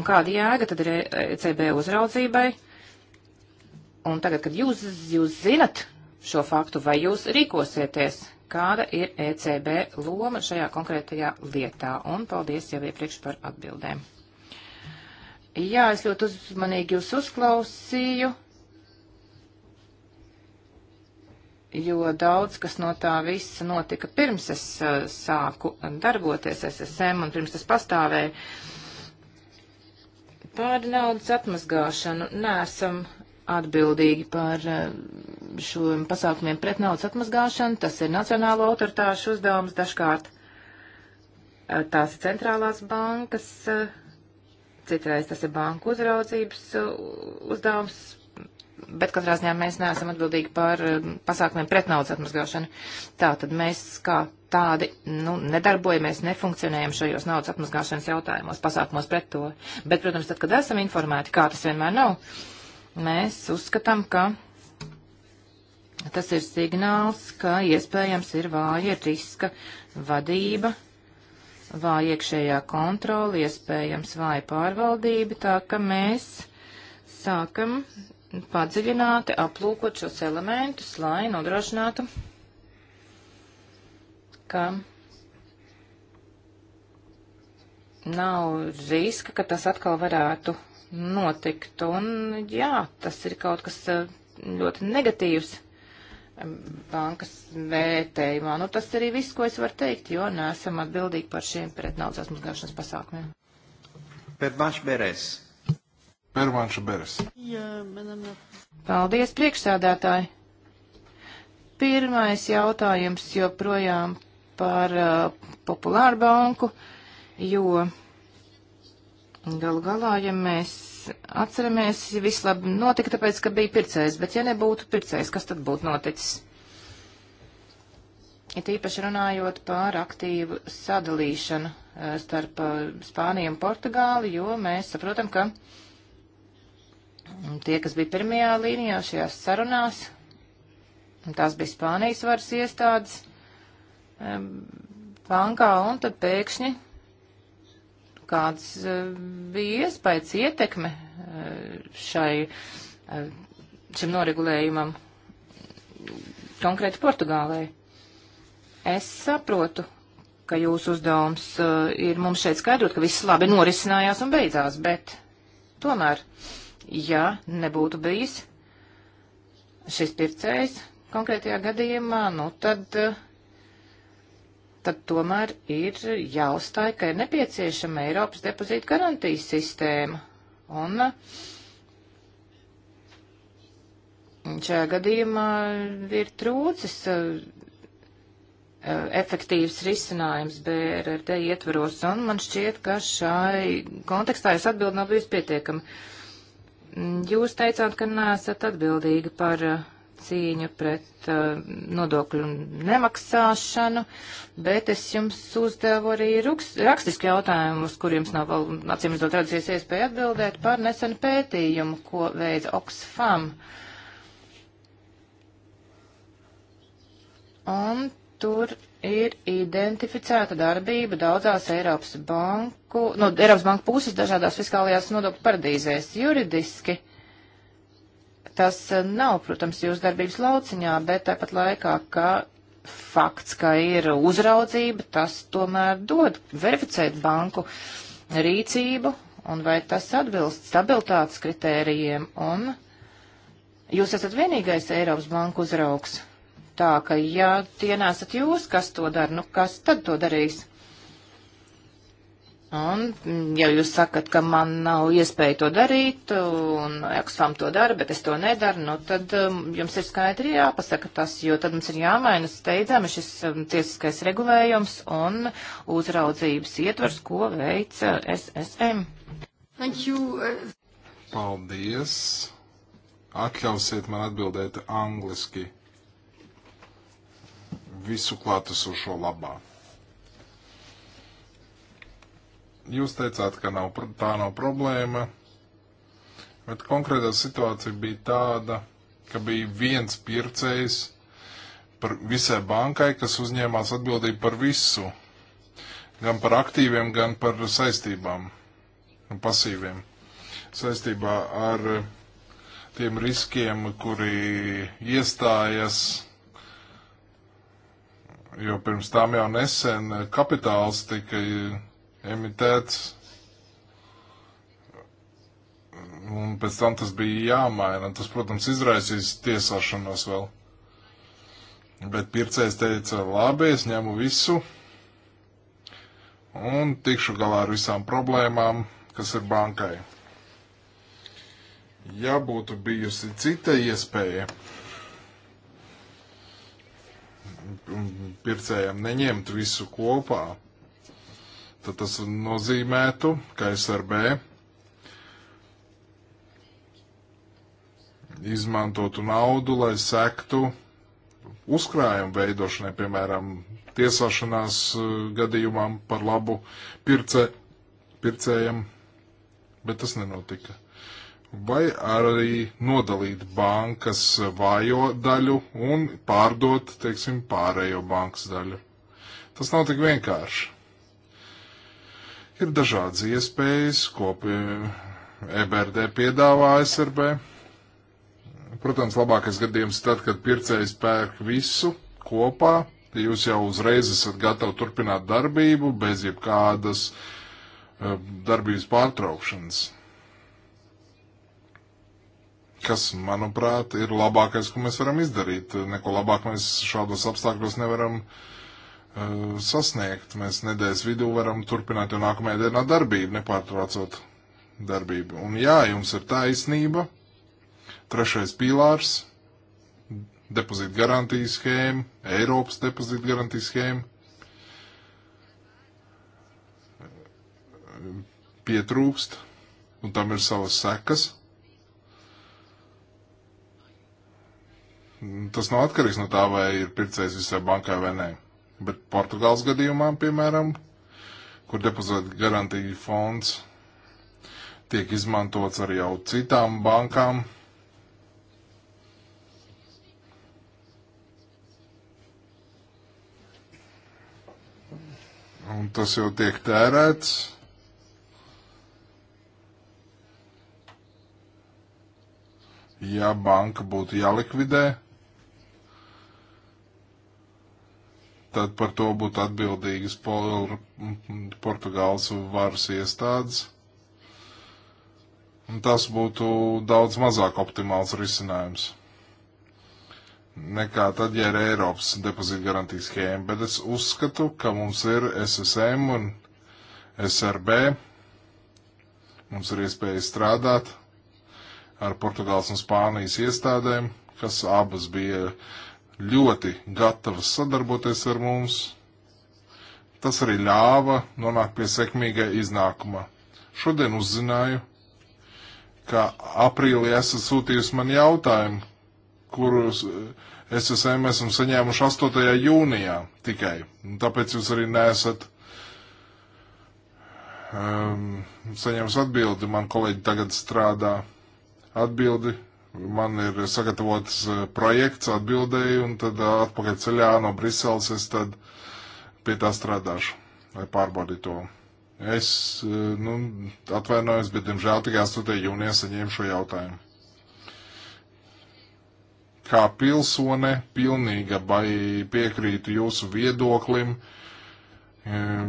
Un kāda jēga tad ir ECB e uzraudzībai? Un tagad, kad jūs, jūs zinat šo faktu, vai jūs rīkosieties, kāda ir ECB loma šajā konkrētajā lietā? Un paldies jau iepriekš par atbildēm. Jā, es ļoti uzmanīgi jūs uzklausīju. jo daudz kas no tā visa notika pirms es uh, sāku darboties SSM un pirms tas pastāvēja. Par naudas atmazgāšanu nesam atbildīgi par eh, šo pasākumiem pret naudas atmazgāšanu. Tas ir nacionālo autoritāšu uzdevums dažkārt. Eh, tās ir centrālās bankas, citreiz tas ir banku uzraudzības uzdevums bet katrā ziņā mēs neesam atbildīgi par eh, pasākumiem pret naudas atmazgāšanu. Tā tad mēs kā tādi nu, nedarbojamies, nefunkcionējam šajos naudas atmazgāšanas jautājumos, pasākumos pret to. Bet, protams, tad, kad esam informēti, kā tas vienmēr nav, mēs uzskatām, ka tas ir signāls, ka iespējams ir vāja riska vadība vāja iekšējā kontrola, iespējams vāja pārvaldība, tā ka mēs sākam padziļināti aplūkot šos elementus, lai nodrošinātu, ka nav riska, ka tas atkal varētu notikt. Un jā, tas ir kaut kas eh, ļoti negatīvs eh, bankas vērtējumā. Nu, tas arī viss, ko es varu teikt, jo neesam atbildīgi par šiem pretnaucās mazgāšanas pasākumiem. Per vaš beres. Pervanša Beres. Paldies, priekšsādātāji. Pirmais jautājums joprojām par uh, populāru banku, jo galu galā, ja mēs atceramies, viss labi notika, tāpēc, ka bija pircējs, bet ja nebūtu pircējs, kas tad būtu noticis? It īpaši runājot par aktīvu sadalīšanu uh, starp uh, Spāniju un Portugāli, jo mēs saprotam, ka uh, tie, kas bija pirmajā līnijā šajās sarunās, tās bija Spānijas varas iestādes bankā, un tad pēkšņi kāds eh, bija iespējas ietekme eh, šai, eh, šim noregulējumam konkrēti Portugālei. Es saprotu, ka jūsu uzdevums ir mums šeit skaidrot, ka viss labi norisinājās un beidzās, bet tomēr. Uh, ja nebūtu bijis šis pircējs konkrētajā gadījumā, nu tad, tad tomēr ir jāuzstāj, ka ir nepieciešama Eiropas depozīta garantijas sistēma. Un šajā gadījumā ir trūcis eh, efektīvs risinājums BRRD ietveros, un man šķiet, ka šai kontekstā es atbildu nav bijusi pietiekama. Jūs teicāt, ka neesat atbildīgi par uh, cīņu pret uh, nodokļu nemaksāšanu, bet es jums uzdevu arī ruks, rakstisku jautājumu, uz kuriem nav vēl, acīm redzot, radusies iespēja atbildēt par nesenu pētījumu, ko veica Oxfam. Un tur ir identificēta darbība daudzās Eiropas banku, no Eiropas banku puses dažādās fiskālajās nodokļu paradīzēs juridiski. Tas eh, nav, protams, jūsu darbības lauciņā, bet tāpat laikā, ka fakts, ka ir uzraudzība, tas tomēr dod verificēt banku rīcību un vai tas atbilst stabilitātes kritērijiem un jūs esat vienīgais Eiropas banku uzraugs tā, ka ja tie nesat jūs, kas to dara, nu kas tad to darīs? Un, ja jūs sakat, ka man nav iespēja to darīt, un Oxfam to dara, bet es to nedaru, nu tad um, jums ir skaidri jāpasaka tas, jo tad mums ir jāmaina steidzami šis um, tiesiskais regulējums un uzraudzības ietvars, ko veica SSM. Thank you. Uh, Paldies. Atļausiet man atbildēt angliski visu klātesošo labā. Jūs teicāt, ka nav, tā nav problēma, bet konkrētā situācija bija tāda, ka bija viens pircējs par visai bankai, kas uzņēmās atbildību par visu, gan par aktīviem, gan par saistībām, gan pasīviem, saistībā ar tiem riskiem, kuri iestājas jo pirms tām jau nesen kapitāls tika emitēts, un pēc tam tas bija jāmaina. Tas, protams, izraisīs tiesāšanos vēl. Bet pircējs teica, labi, es ņemu visu un tikšu galā ar visām problēmām, kas ir bankai. Ja būtu bijusi cita iespēja, pircējiem neņemt visu kopā, tad tas nozīmētu, ka SRB izmantotu naudu, lai sektu uzkrājumu veidošanai, piemēram, tiesāšanās eh, gadījumam par labu pirce, pircējiem, bet tas nenotika vai arī nodalīt bankas vājo daļu un pārdot, teiksim, pārējo bankas daļu. Tas nav tik vienkārši. Ir dažādas iespējas, ko pie EBRD piedāvā SRB. Protams, labākais gadījums ir tad, kad pircējs pērk visu kopā, ja jūs jau uzreiz esat gatavi turpināt darbību bez jebkādas eh, darbības pārtraukšanas kas, manuprāt, ir labākais, ko mēs varam izdarīt. Neko labāk mēs šādos apstākļos nevaram uh, sasniegt. Mēs nedēļas vidū varam turpināt jau nākamajā dienā darbību, nepārtraucot darbību. Un jā, jums ir taisnība. Trešais pīlārs - depozīta garantijas schēma, Eiropas depozīta garantijas schēma. Pietrūkst, un tam ir savas sekas. tas nav atkarīgs no tā, vai ir pircējs visai bankai vai nē. Bet Portugāles gadījumā, piemēram, kur depozīta garantija fonds tiek izmantots arī jau citām bankām. Un tas jau tiek tērēts. Ja banka būtu jālikvidē, tad par to būtu atbildīgas por, Portugāles varas iestādes. Un tas būtu daudz mazāk optimāls risinājums nekā tad, ja ir Eiropas depozīta garantijas schēma, bet es uzskatu, ka mums ir SSM un SRB, mums ir iespēja strādāt ar Portugāles un Spānijas iestādēm, kas abas bija uh, ļoti gatavas sadarboties ar mums. Tas arī ļāva nonākt pie sekmīga iznākuma. Šodien uzzināju, ka aprīlī esat sūtījusi man jautājumu, kurus eh, SSM esam saņēmuši 8. jūnijā tikai. Tāpēc jūs arī nesat um, ehm, saņēmusi atbildi. Man kolēģi tagad strādā atbildi man ir sagatavots eh, projekts atbildēji, un tad eh, atpakaļ ceļā no Briseles es tad pie tā strādāšu, lai pārbaudītu to. Es, eh, nu, atvainojos, bet, diemžēl, tikai 8. jūnijā saņēmu šo jautājumu. Kā pilsone pilnīga vai piekrītu jūsu viedoklim,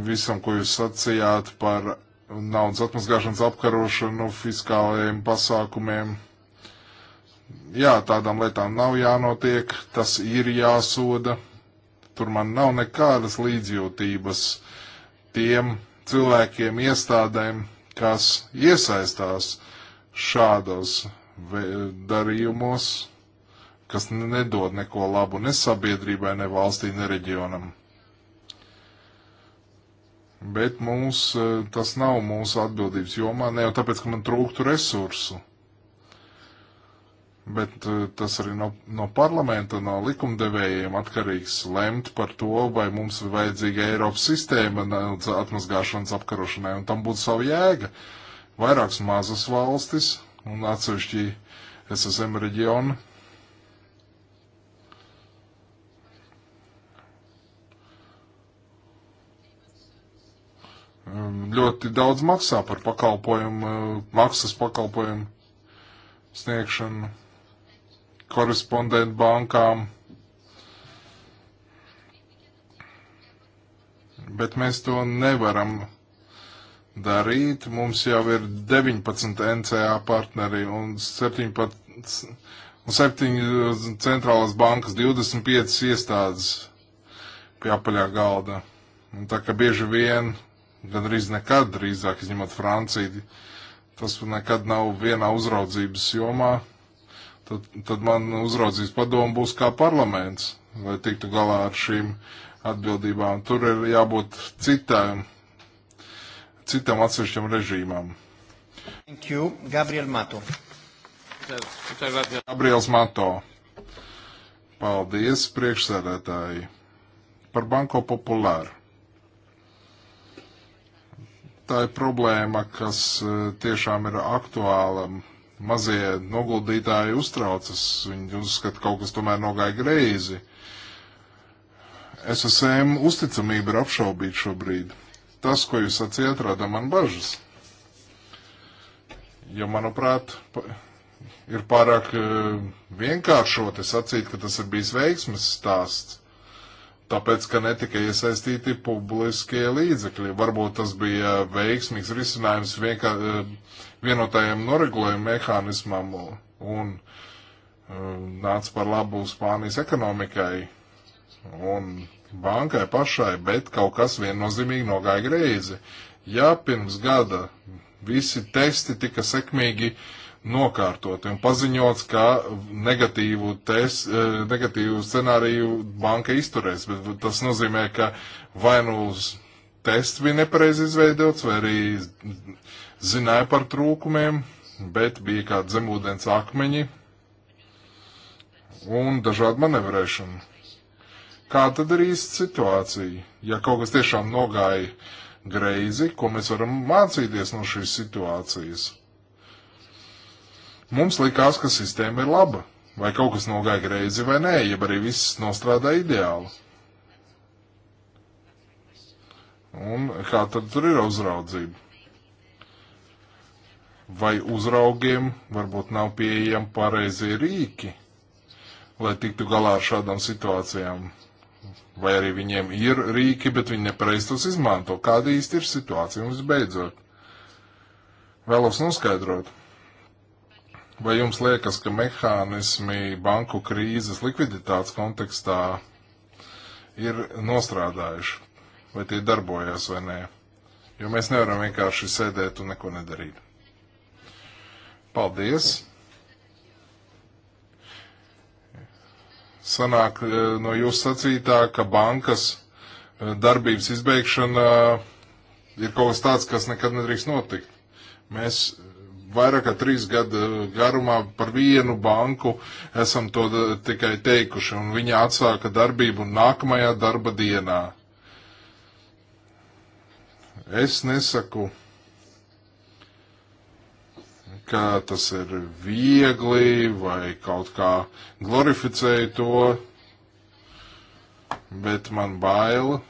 visam, ko jūs sacījāt par naudas atmazgāšanas apkarošanu, fiskālajiem pasākumiem, jā, tādām lietām nav jānotiek, tas ir jāsoda. Tur man nav nekādas līdzjūtības tiem cilvēkiem, iestādēm, kas iesaistās šādos darījumos, kas nedod neko labu ne sabiedrībai, ne valstī, ne reģionam. Bet mūs, eh, tas nav mūsu atbildības jomā, ne jau tāpēc, ka man trūktu resursu bet eh, tas arī no, no parlamenta, no likumdevējiem atkarīgs lemt par to, vai mums ir vajadzīga Eiropas sistēma atmazgāšanas apkarošanai, un tam būtu sava jēga. Vairākas mazas valstis un atsevišķi SSM reģioni. Ehm, ļoti daudz maksā par pakalpojumu, eh, maksas pakalpojumu sniegšanu korespondentu bankām. Bet mēs to nevaram darīt. Mums jau ir 19 NCA partneri un 17 un 7 centrālās bankas, 25 iestādes pie apaļā galda. Un tā kā bieži vien, gandrīz nekad, drīzāk izņemot Franciju, tas nekad nav vienā uzraudzības jomā tad, tad man uzraudzības padomu būs kā parlaments, lai tiktu galā ar šīm atbildībām. Tur ir jābūt citām, citam atsevišķam režīmām. Thank you, Gabriel Mato. Gabriels Mato. Paldies, priekšsēdētāji, par Banko Populāru. Tā ir problēma, kas eh, tiešām ir aktuāla mazie noguldītāji uztraucas, viņi uzskata, ka kaut kas tomēr nogāja greizi. SSM uzticamība ir apšaubīta šobrīd. Tas, ko jūs sacījāt, rada man bažas. Jo, manuprāt, ir pārāk e, vienkāršoti sacīt, ka tas ir bijis veiksmes stāsts tāpēc, ka netika iesaistīti publiskie līdzekļi. Varbūt tas bija veiksmīgs risinājums vienkār, e, vienotajam noregulējuma mehānismam un um, nāca par labu Spānijas ekonomikai un bankai pašai, bet kaut kas viennozīmīgi nogāja greizi. Ja pirms gada visi testi tika sekmīgi nokārtoti un paziņots, ka negatīvu, test, eh, negatīvu scenāriju banka izturēs, bet tas nozīmē, ka vai nu uz tests bija nepareizi izveidots, vai arī zināja par trūkumiem, bet bija kādi zemūdens akmeņi un dažādi manevrēšana. Kā tad ir īsta situācija? Ja kaut kas tiešām nogāja greizi, ko mēs varam mācīties no šīs situācijas? Mums likās, ka sistēma ir laba, vai kaut kas nogāja greizi vai nē, jeb arī viss nostrādā ideāli. Un kā tad tur ir uzraudzība? vai uzraugiem varbūt nav pieejami pareizie rīki, lai tiktu galā ar šādām situācijām. Vai arī viņiem ir rīki, bet viņi nepareiz tos izmanto. Kāda īsti ir situācija? Un visbeidzot, vēlos noskaidrot, vai jums liekas, ka mehānismi banku krīzes likviditātes kontekstā ir nostrādājuši, vai tie darbojas vai nē. Jo mēs nevaram vienkārši sēdēt un neko nedarīt. Paldies! Sanāk eh, no jūsu sacītā, ka bankas eh, darbības izbeigšana eh, ir kaut kas tāds, kas nekad nedrīkst notikt. Mēs vairāk kā trīs gadu garumā par vienu banku esam to tikai teikuši, un viņa atsāka darbību nākamajā darba dienā. Es nesaku, ka tas ir viegli vai kaut kā glorificēja to, bet man baila.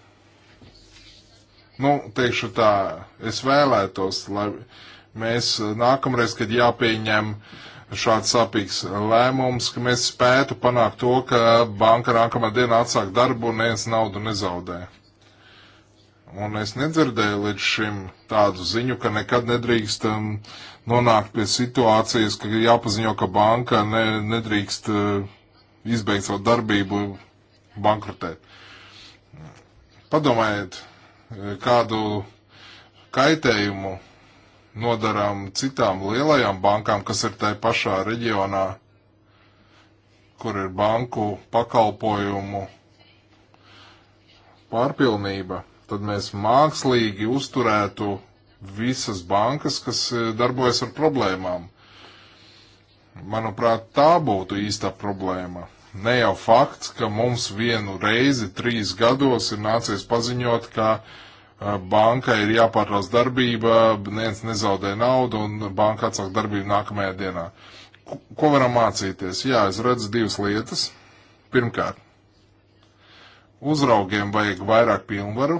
Nu, teikšu tā, es vēlētos, lai mēs nākamreiz, kad jāpieņem šāds sapīgs lēmums, ka mēs spētu panākt to, ka banka nākamā diena atsāk darbu un neviens naudu nezaudē. Un es nedzirdēju līdz šim tādu ziņu, ka nekad nedrīkstam um, nonākt pie situācijas, ka jāpaziņo, ka banka ne, nedrīkst eh, izbeigt savu darbību, bankrotēt. Padomājiet, eh, kādu kaitējumu nodarām citām lielajām bankām, kas ir tajā pašā reģionā, kur ir banku pakalpojumu pārpilnība, tad mēs mākslīgi uzturētu visas bankas, kas e, darbojas ar problēmām. Manuprāt, tā būtu īstā problēma. Ne jau fakts, ka mums vienu reizi trīs gados ir nācies paziņot, ka e, bankai ir jāpārtrauc darbība, neviens nezaudē naudu un banka atsāk darbību nākamajā dienā. Ko varam mācīties? Jā, es redzu divas lietas. Pirmkārt, uzraugiem vajag vairāk pilnvaru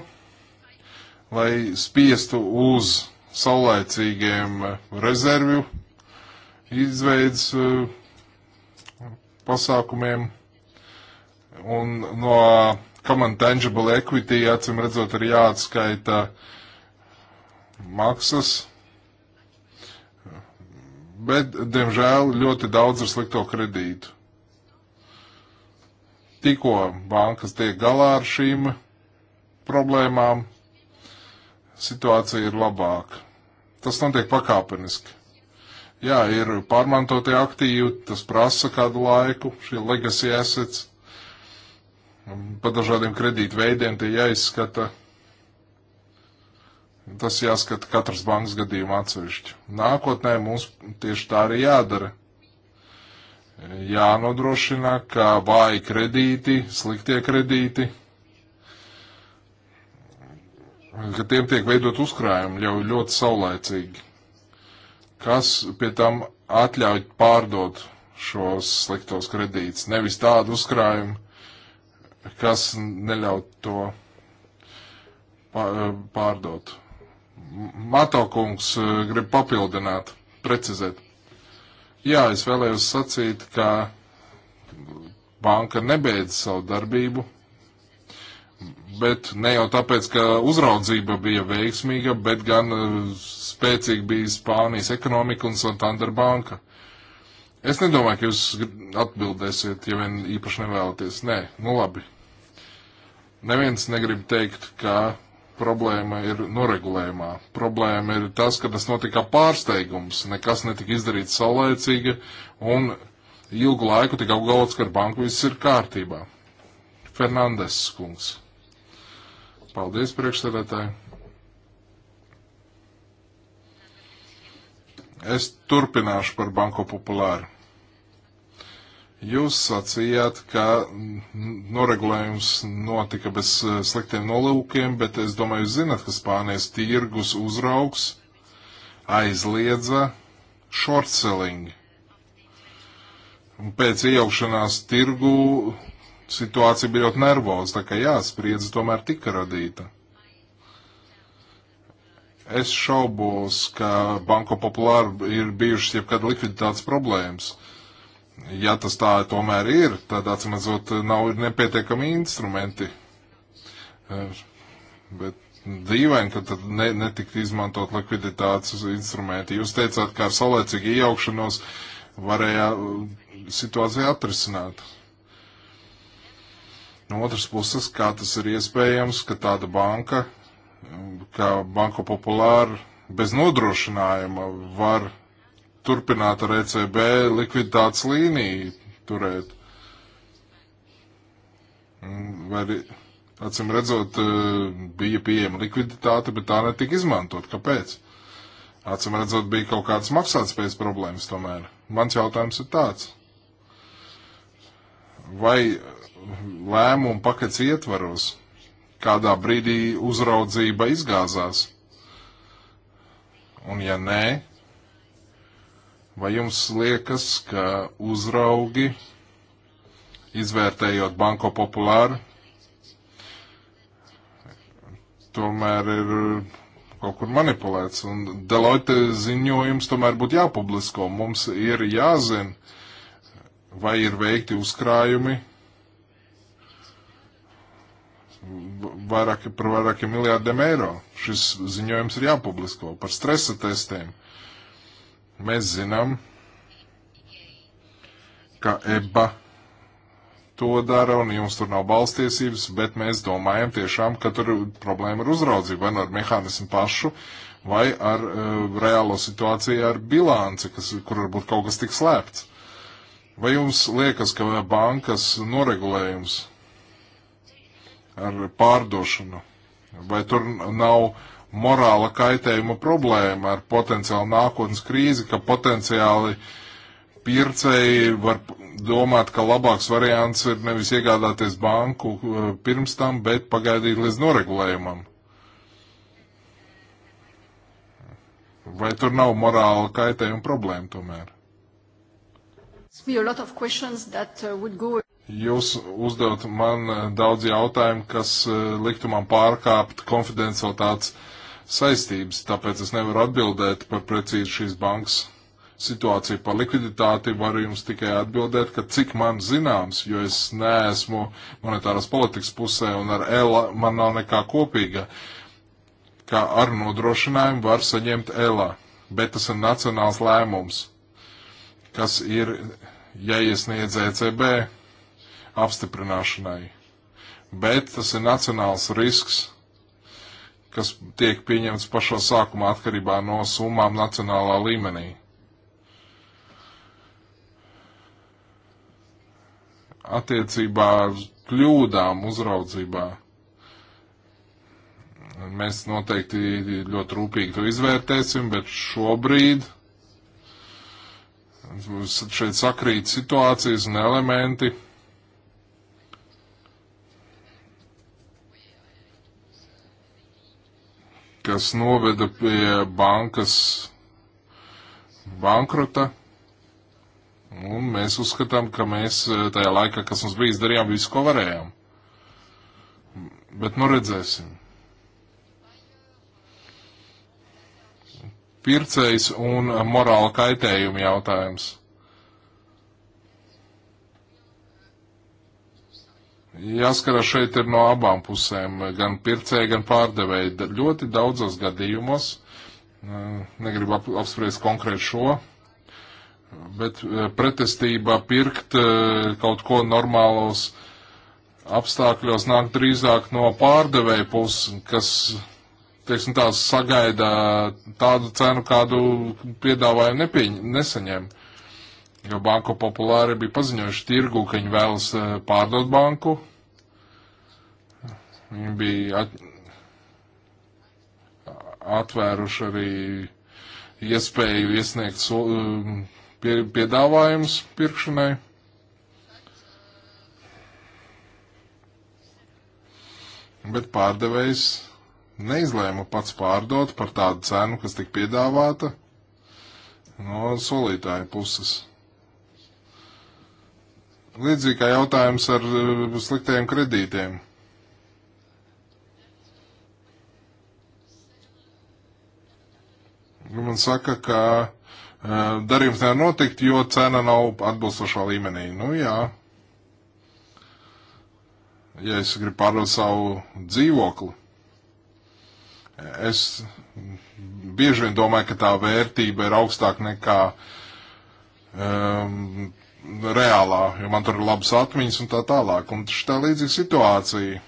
lai spiestu uz saulēcīgiem rezervju izveids eh, pasākumiem un no common tangible equity, acim redzot, ir jāatskaita maksas, bet, diemžēl, ļoti daudz ir slikto kredītu. Tikko bankas tiek galā ar šīm problēmām, situācija ir labāka. Tas notiek pakāpeniski. Jā, ir pārmantotie aktīvi, tas prasa kādu laiku, šie legacy assets. Pa dažādiem kredītu veidiem tie jāizskata. Tas jāskata katras bankas gadījuma atsevišķi. Nākotnē mums tieši tā arī jādara jānodrošina, ka vāji kredīti, sliktie kredīti ka tiem tiek veidot uzkrājumi jau ļoti saulēcīgi. Kas pie tam atļauj pārdot šos sliktos kredītus, nevis tādu uzkrājumu, kas neļauj to pārdot. Mato kungs eh, grib papildināt, precizēt. Jā, es vēlējos sacīt, ka banka nebeidz savu darbību, bet ne jau tāpēc, ka uzraudzība bija veiksmīga, bet gan eh, spēcīgi bija Spānijas ekonomika un Santander banka. Es nedomāju, ka jūs atbildēsiet, ja vien īpaši nevēlaties. Nē, nu labi. Neviens negrib teikt, ka problēma ir noregulējumā. Problēma ir tas, ka tas notika pārsteigums, nekas netika izdarīts saulēcīgi un ilgu laiku tika apgalvots, ka ar banku viss ir kārtībā. Fernandes kungs. Paldies, priekšsēdētāji. Es turpināšu par Banko Populāru. Jūs sacījāt, ka noregulējums notika bez eh, sliktiem nolūkiem, bet es domāju, jūs zināt, ka Spānijas tirgus uzraugs aizliedza short selling. Un pēc iejaukšanās tirgu situācija bija ļoti nervoza, tā ka jā, spriedze tomēr tika radīta. Es šaubos, ka Banko Populāra ir bijušas jebkad likviditātes problēmas. Ja tas tā tomēr ir, tad atcīmredzot, nav nepietiekami instrumenti. E, bet dīvaini, ka tad ne, netika izmantot likviditātes instrumenti. Jūs teicāt, ka ar saulēcīgu iejaukšanos varēja situāciju atrisināt. No otras puses, kā tas ir iespējams, ka tāda banka, kā Banko Populāra, bez nodrošinājuma var turpināt ar ECB likviditātes līniju turēt. Vai acīm redzot, e, bija pieejama likviditāte, bet tā netika izmantot. Kāpēc? Acīm redzot, bija kaut kādas maksātspējas problēmas tomēr. Mans jautājums ir tāds. Vai lēmumu pakets ietvaros, kādā brīdī uzraudzība izgāzās? Un ja nē, vai jums liekas, ka uzraugi, izvērtējot banko populāru, tomēr ir kaut kur manipulēts. Un Deloitte ziņojums tomēr būtu jāpublisko. Mums ir jāzina, vai ir veikti uzkrājumi vairāki, par vairākiem miljārdiem eiro. Šis ziņojums ir jāpublisko par stresa testiem. Mēs zinām, ka EBA to dara un jums tur nav balstiesības, bet mēs domājam tiešām, ka tur problēma ir uzraudzība vai nu ar mehānismu pašu, vai ar uh, reālo situāciju ar bilanci, kas, kur varbūt kaut kas tik slēpts. Vai jums liekas, ka bankas noregulējums ar pārdošanu? Vai tur nav morāla kaitējuma problēma ar potenciālu nākotnes krīzi, ka potenciāli pircēji var domāt, ka labāks variants ir nevis iegādāties banku eh, pirms tam, bet pagaidīt līdz noregulējumam? Vai tur nav morāla kaitējuma problēma tomēr? That, uh, go... Jūs uzdot man eh, daudz jautājumu, kas eh, liktu man pārkāpt konfidencialitātes saistības, tāpēc es nevaru atbildēt par precīzi šīs bankas situāciju par likviditāti. Varu jums tikai atbildēt, ka cik man zināms, jo es neesmu monetāras politikas pusē un ar ELA man nav nekā kopīga, ka ar nodrošinājumu var saņemt ELA, bet tas ir nacionāls lēmums, kas ir jāiesniedz ja e ECB apstiprināšanai. Bet tas ir nacionāls risks, kas tiek pieņemts pašā sākumā atkarībā no summām nacionālā līmenī. Attiecībā ar kļūdām uzraudzībā mēs noteikti ļoti rūpīgi to izvērtēsim, bet šobrīd šeit sakrīt situācijas un elementi, kas noveda pie bankas bankrota. Un mēs uzskatām, ka mēs eh, tajā laikā, kas mums bija, darījām visu, ko varējām. Bet nu redzēsim. Pircējs un morāla kaitējuma jautājums. Jāskara šeit ir no abām pusēm, gan pircēji, gan pārdevēji. Ļoti daudzos gadījumos, negribu ap, apspriest konkrēti šo, bet pretestībā pirkt kaut ko normālos apstākļos nāk drīzāk no pārdevēja puses, kas, teiksim tā, sagaida tādu cenu, kādu piedāvājumu nepieņ, nesaņem jo Banko Populāri bija paziņojuši tirgu, ka viņi vēlas eh, pārdot banku. Viņi bija at, atvēruši arī iespēju iesniegt so, eh, pie, piedāvājumus pirkšanai. Bet pārdevējs neizlēma pats pārdot par tādu cenu, kas tika piedāvāta no solītāja puses. Līdzīgi kā jautājums ar uh, sliktajiem kredītiem. Man saka, ka uh, darījums nevar notikt, jo cena nav atbilstošā līmenī. Nu jā. Ja es gribu pārdot savu dzīvokli, es bieži vien domāju, ka tā vērtība ir augstāka nekā um, reālā, jo man tur ir labas atmiņas un tā tālāk. Un šitā līdzīga situācija.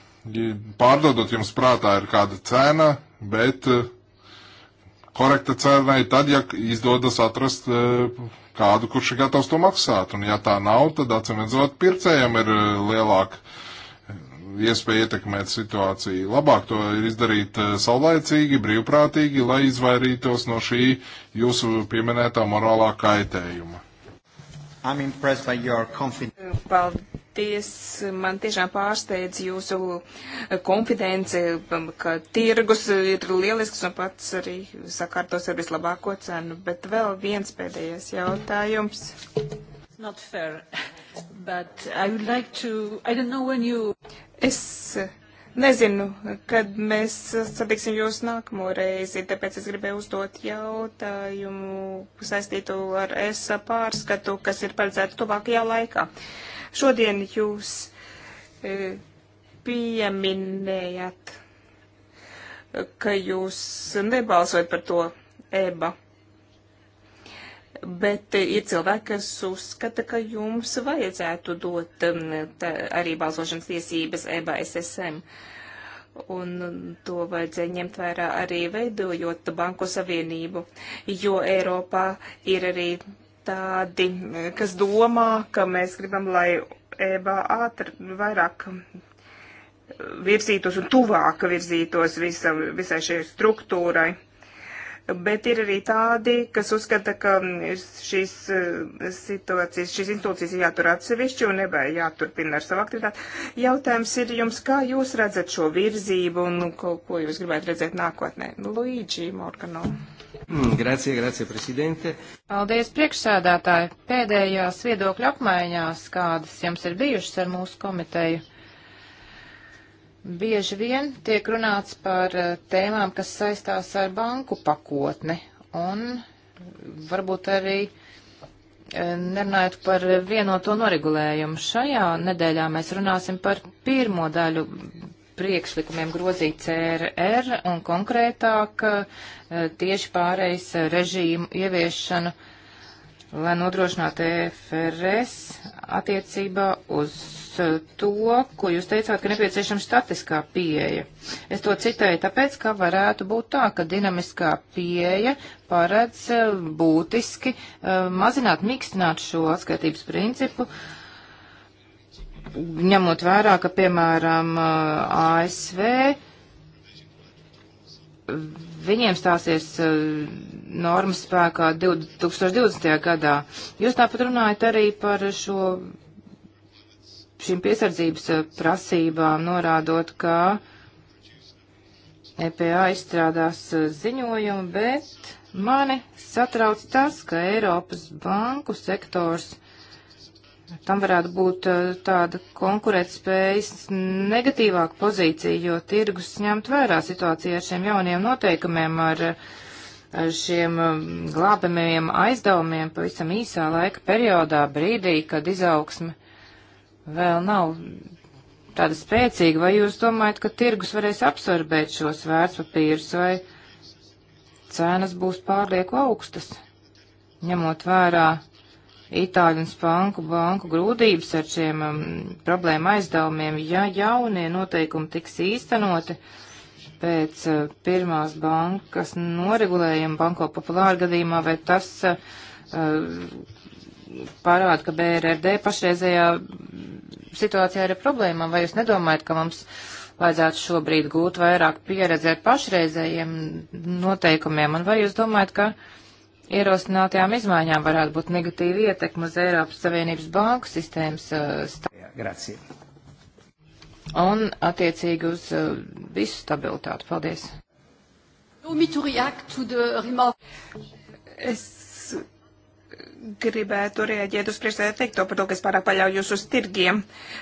Pārdodot jums prātā ir kāda cena, bet eh, korekta cenai tad, ja izdodas atrast eh, kādu, kurš ir gatavs to maksāt. Un ja tā nav, tad acīm redzot, pircējiem ir eh, lielāka iespēja ietekmēt situāciju. Labāk to ir izdarīt saulēcīgi, brīvprātīgi, lai izvairītos no šī jūsu pieminētā morālā kaitējuma. I'm impressed by your confidence. Paldies, man tiešām pārsteidz jūsu konfidence, ka tirgus ir lielisks un pats arī sakārtos ar vislabāko cenu. Bet vēl viens pēdējais jautājums. Not fair, but I would like to, I don't know when you... Es Nezinu, kad mēs satiksim jūs nākamo reizi, tāpēc es gribēju uzdot jautājumu saistītu ar ESA pārskatu, kas ir paredzēta tuvākajā laikā. Šodien jūs e, pieminējat, ka jūs nebalsojat par to EBA Bet ir cilvēki, kas uzskata, ka jums vajadzētu dot um, tā, arī balsošanas tiesības EBA SSM. Un to vajadzēja ņemt vērā arī veidojot Banku Savienību, jo Eiropā ir arī tādi, kas domā, ka mēs gribam, lai EBA ātri vairāk virzītos un tuvāk virzītos visam, visai šai struktūrai bet ir arī tādi, kas uzskata, ka šīs eh, situācijas, šīs institūcijas jātur atsevišķi un nebēja jāturpina ar savu aktivitāti. Jautājums ir jums, kā jūs redzat šo virzību un ko, ko jūs gribētu redzēt nākotnē? Luīģi Morgano. Mm, grācie, grācie, prezidente. Paldies, priekšsēdētāji. Pēdējās viedokļu apmaiņās, kādas jums ir bijušas ar mūsu komiteju Bieži vien tiek runāts par eh, tēmām, kas saistās ar banku pakotni un varbūt arī eh, nerunājot par vienoto noregulējumu. Šajā nedēļā mēs runāsim par pirmo daļu priekšlikumiem grozīt CRR un konkrētāk eh, tieši pārejas režīmu ieviešanu, lai nodrošinātu EFRS attiecībā uz to, ko jūs teicāt, ka nepieciešama statiskā pieeja. Es to citēju tāpēc, ka varētu būt tā, ka dinamiskā pieeja paredz eh, būtiski eh, mazināt, mikstināt šo atskaitības principu, ņemot vērā, ka, piemēram, eh, ASV viņiem stāsies uh, normas spēkā 2020. gadā. Jūs tāpat runājat arī par šo šīm piesardzības eh, prasībām, norādot, ka EPA izstrādās eh, ziņojumu, bet mani satrauc tas, ka Eiropas banku sektors tam varētu būt eh, tāda konkurētspējas negatīvāka pozīcija, jo tirgus ņemt vērā situācijā ar šiem jauniem noteikumiem, ar, ar šiem glābamajiem aizdevumiem pavisam īsā laika periodā, brīdī, kad izaugsme vēl nav tāda spēcīga, vai jūs domājat, ka tirgus varēs absorbēt šos vērtspapīrus, vai cenas būs pārlieku augstas, ņemot vērā Itāļu un Spanku banku grūtības ar šiem um, problēmu aizdevumiem, ja jaunie noteikumi tiks īstenoti pēc uh, pirmās bankas noregulējuma banko populāru gadījumā, vai tas uh, parāda, ka BRRD pašreizējā situācijā ir problēma, vai jūs nedomājat, ka mums vajadzētu šobrīd gūt vairāk pieredzi ar pašreizējiem noteikumiem, un vai jūs domājat, ka ierosinātajām izmaiņām varētu būt negatīva ietekma uz Eiropas Savienības banku sistēmas uh, stāvokli? Un attiecīgi uz uh, visu stabilitāti. Paldies! Es gribētu rēģēt uz priekšsēdē teikto par to, ka es pārāk paļaujos uz tirgiem.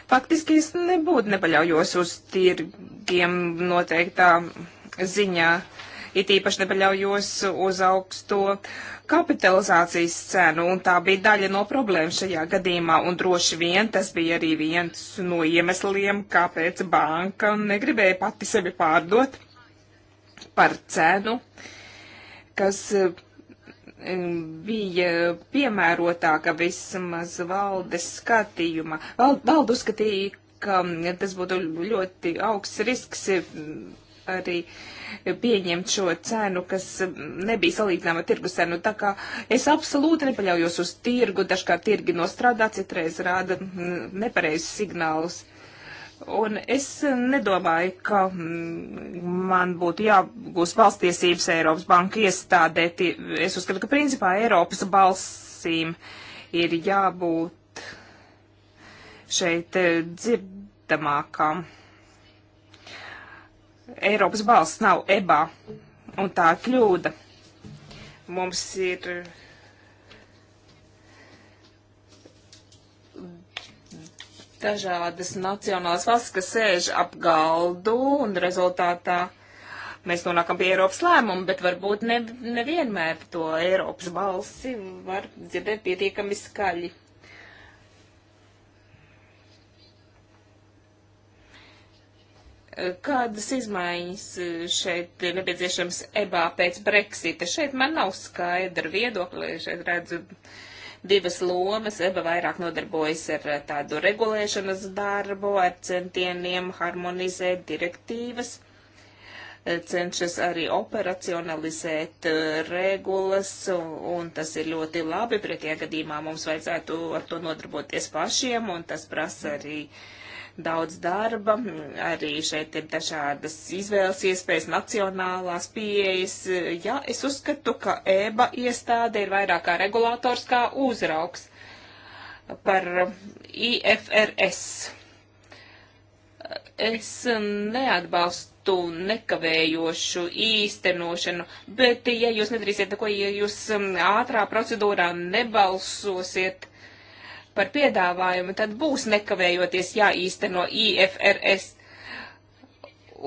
Faktiski es nebūtu nepaļaujos uz tirgiem noteiktā ziņā. It īpaši nepaļaujos uz augsto kapitalizācijas cenu, un tā bija daļa no problēmas šajā gadījumā, un droši vien tas bija arī viens no iemesliem, kāpēc banka negribēja pati sevi pārdot par cenu, kas bija piemērotāka vismaz valdes skatījuma. Vald, valda uzskatīja, ka tas būtu ļoti augsts risks e, arī pieņemt šo cenu, kas nebija salīdzināma ar tirgu cenu. Tā kā es absolūti nepaļaujos uz tirgu, dažkārt tirgi nostrādā, citreiz rāda mm, nepareizus signālus. Un es nedomāju, ka mm, man būtu jāgūst balstiesības Eiropas banka iestādē. Es uzskatu, ka principā Eiropas balsīm ir jābūt šeit eh, dzirdamākām. Eiropas balss nav EBA, un tā ir kļūda. Mums ir dažādas nacionālas valsts, kas sēž ap galdu un rezultātā mēs nonākam pie Eiropas lēmumu, bet varbūt ne, nevienmēr to Eiropas balsi var dzirdēt pietiekami skaļi. Kādas izmaiņas šeit ir nepieciešams EBA pēc Brexita? Šeit man nav skaidra viedokļa, šeit redzu uh, divas lomas. EBA vairāk nodarbojas ar eh, tādu regulēšanas darbu, ar centieniem harmonizēt direktīvas eh, cenšas arī operacionalizēt eh, regulas, un tas ir ļoti labi. Pretējā gadījumā mums vajadzētu ar to nodarboties pašiem, un tas prasa arī uh, daudz darba, arī šeit ir dažādas izvēles iespējas, nacionālās pieejas. Jā, es uzskatu, ka EBA iestāde ir vairāk kā regulators, kā uzraugs par IFRS. Es neatbalstu nekavējošu īstenošanu, bet ja jūs nedarīsiet neko, ja jūs um, ātrā procedūrā nebalsosiet, par piedāvājumu, tad būs nekavējoties jāīsteno IFRS.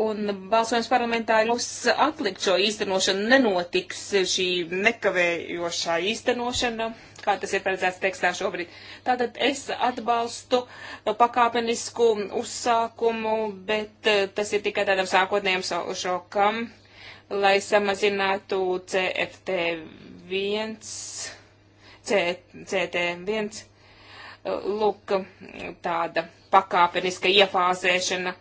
Un balsojums parlamentā jūs atlikt šo īstenošanu, nenotiks šī nekavējošā īstenošana, kā tas ir paredzēts tekstā šobrīd. Tātad es atbalstu pakāpenisku uzsākumu, bet eh, tas ir tikai tādam sākotnējam šokam, lai samazinātu CFT1, C, CT1 lūk, tāda pakāpeniska iefāzēšana,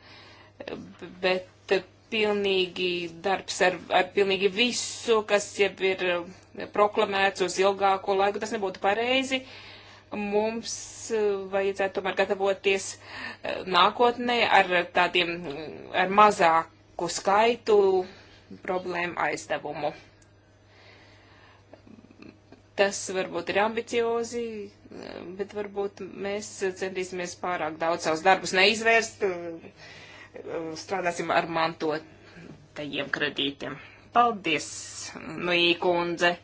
bet pilnīgi darbs ar, ar pilnīgi visu, kas jau ir proklamēts uz ilgāko laiku, tas nebūtu pareizi. Mums vajadzētu tomēr gatavoties e, nākotnē ar tādiem, ar mazāku skaitu problēmu aizdevumu. Tas varbūt ir ambiciozi, bet varbūt mēs centīsimies pārāk daudz savus darbus neizvērst, strādāsim ar mantotajiem kredītiem. Paldies, Nīkundze!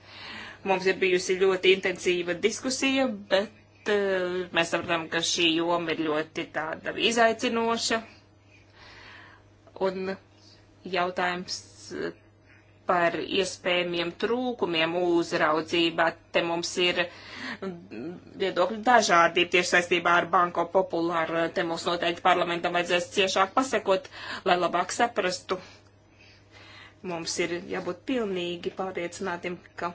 Mums ir bijusi ļoti intensīva diskusija, bet eh, mēs saprotam, ka šī joma ir ļoti tāda izaicinoša. Un jautājums, par iespējamiem trūkumiem uzraudzībā. Te mums ir viedokļu dažādība tieši saistībā ar banko populāru. Te mums noteikti parlamentam vajadzēs ciešāk pasekot, lai labāk saprastu. Mums ir jābūt pilnīgi pārliecinātiem, ka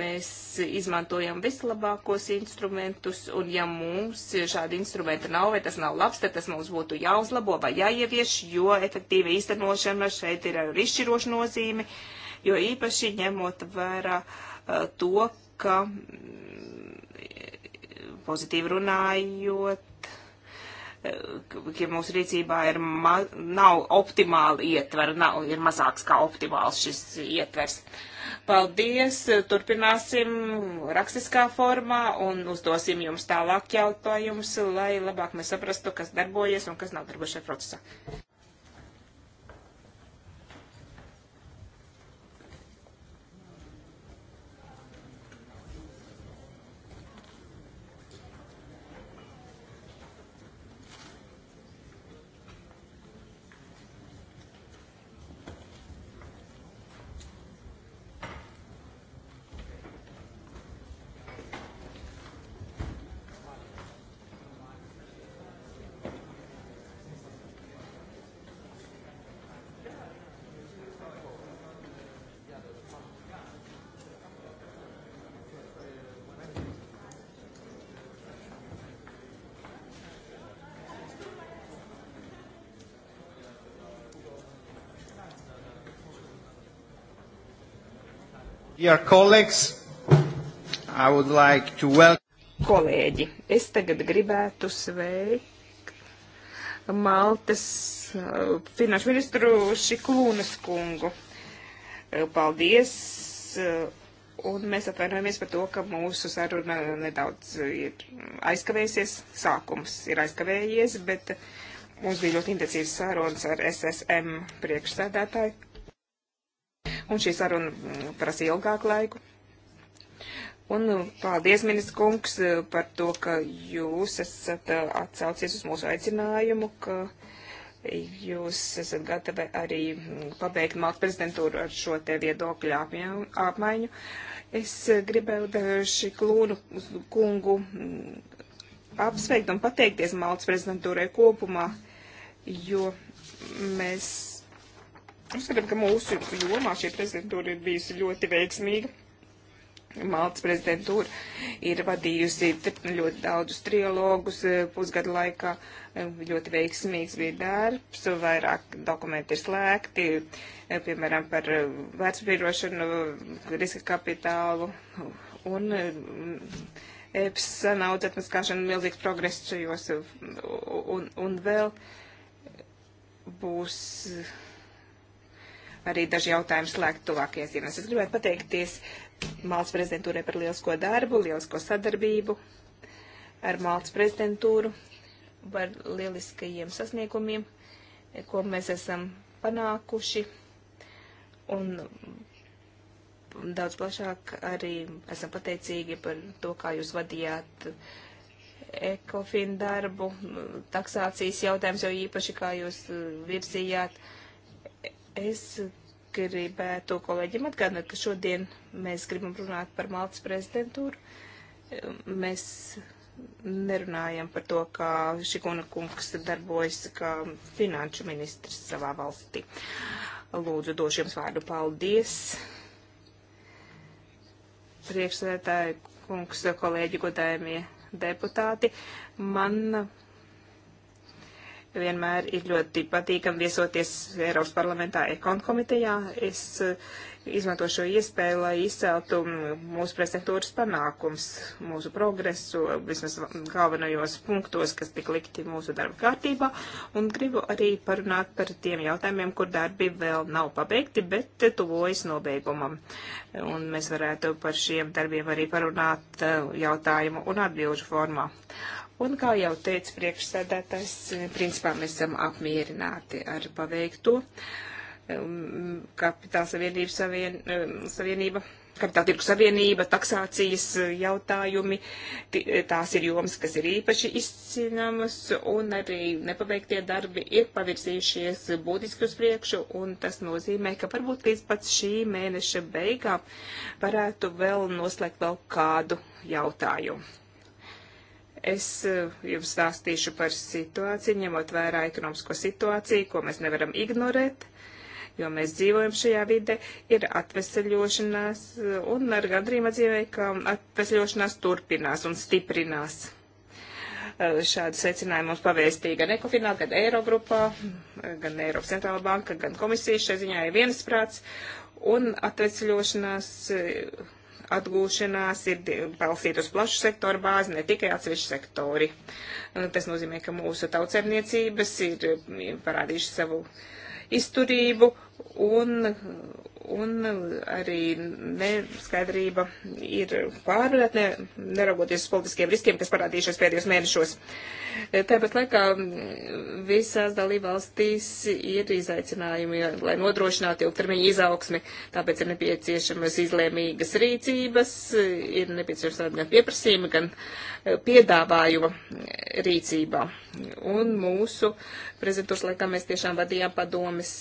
mēs izmantojam vislabākos instrumentus, un ja mums šādi instrumenti nav vai tas nav labs, tad tas mums būtu jāuzlabo vai jāievieš, jo efektīva īstenošana šeit ir ar izšķirošu nozīmi. Uh, jo īpaši ņemot vērā eh, to, ka mm, pozitīvi runājot, ja eh, mūsu rīcībā ir ma, nav optimāli ietver, nav, ir mazāks kā optimāls šis ietvers. Paldies, turpināsim rakstiskā formā un uzdosim jums tālāk jautājumus, lai labāk mēs saprastu, kas darbojas un kas nav darbojas šajā procesā. Dear colleagues, I would like to welcome. Kolēģi, es tagad gribētu sveikt Maltas uh, finanšu ministru Šiklūnas kungu. Uh, paldies, uh, un mēs atvainojamies par to, ka mūsu saruna nedaudz uh, ir aizkavējusies, sākums ir aizkavējies, bet uh, mums bija ļoti intensīvas sarunas ar SSM priekšsēdētāju Un šī saruna mm, prasīja ilgāku laiku. Un mm, paldies, ministrs kungs, mm, par to, ka jūs esat atsaucies uz mūsu aicinājumu, ka jūs esat gatavi arī pabeigt māku prezidentūru ar šo te viedokļu apmaiņu. Es gribēju šī klūnu kungu apsveikt un pateikties Maltas prezidentūrai kopumā, jo mēs Uzskatām, ka mūsu jomā šī prezidentūra ir bijusi ļoti veiksmīga. Maltas prezidentūra ir vadījusi ļoti daudzus trilogus eh, pusgadu laikā. Eh, ļoti veiksmīgs bija darbs, vairāk dokumenti ir slēgti, eh, piemēram, par vērtspīrošanu, riska kapitālu un EPS naudas atmaskāšanu milzīgs progress šajos un, un vēl būs arī daži jautājumi slēgt tuvākajās dienās. Es gribētu pateikties Maltas prezidentūrai par lielisko darbu, lielisko sadarbību ar Maltas prezidentūru, par lieliskajiem sasniegumiem, ko mēs esam panākuši. Un daudz plašāk arī esam pateicīgi par to, kā jūs vadījāt ekofin darbu, taksācijas jautājums jau īpaši, kā jūs eh, virzījāt uh, Es gribētu kolēģiem atgādināt, ka šodien mēs gribam runāt par Maltas prezidentūru. Mēs nerunājam par to, kā Šikuna kungs darbojas kā finanšu ministrs savā valstī. Lūdzu, došu jums vārdu paldies. Priekšsēdētāji kungs, kolēģi, godājumie deputāti. Man Vienmēr ir ļoti patīkami viesoties Eiropas parlamentā ekon komitejā. Es eh, izmanto šo iespēju, lai izceltu mūsu prezidentūras panākums, mūsu progresu, vismaz galvenajos punktos, kas tik likti mūsu darba kārtībā, un gribu arī parunāt par tiem jautājumiem, kur darbi vēl nav pabeigti, bet tuvojas nobeigumam. Un mēs varētu par šiem darbiem arī parunāt eh, jautājumu un atbilžu formā. Un, kā jau teica priekšsēdētājs, principā mēs esam apmierināti ar paveikto. Um, kapitāla savienība, savien, um, savienība kapitāla tirku savienība, taksācijas jautājumi, tās ir jomas, kas ir īpaši izcinamas, un arī nepabeigtie darbi ir pavirzījušies būtiski uz priekšu, un tas nozīmē, ka varbūt līdz pat šī mēneša beigām varētu vēl noslēgt vēl kādu jautājumu. Es eh, jums stāstīšu par situāciju, ņemot vērā ekonomisko situāciju, ko mēs nevaram ignorēt, jo mēs dzīvojam šajā vide, ir atveseļošanās, eh, un ar gandrīz atzīmē, ka atveseļošanās turpinās un stiprinās. Eh, šādu secinājumu mums pavēstīja gan Ekofinā, gan Eirogrupā, gan Eiropas centrāla banka, gan komisija šai ziņā ir viensprāts, un atvesļošanās atgūšanās ir balstīta uz plašu sektoru bāzi, ne tikai atsevišķi sektori. Tas nozīmē, ka mūsu tautsemniecības ir parādījuši savu izturību un, un arī neskaidrība ir pārvarēta, ne, neraugoties uz politiskiem riskiem, kas parādījušies pēdējos mēnešos. Tāpat laikā visās dalībvalstīs ir izaicinājumi, lai nodrošinātu ilgtermiņa izaugsmi, tāpēc ir nepieciešamas izlēmīgas rīcības, ir nepieciešams tāda gan pieprasījuma, gan eh, piedāvājuma rīcībā. Un mūsu prezidentūras laikā mēs tiešām vadījām padomis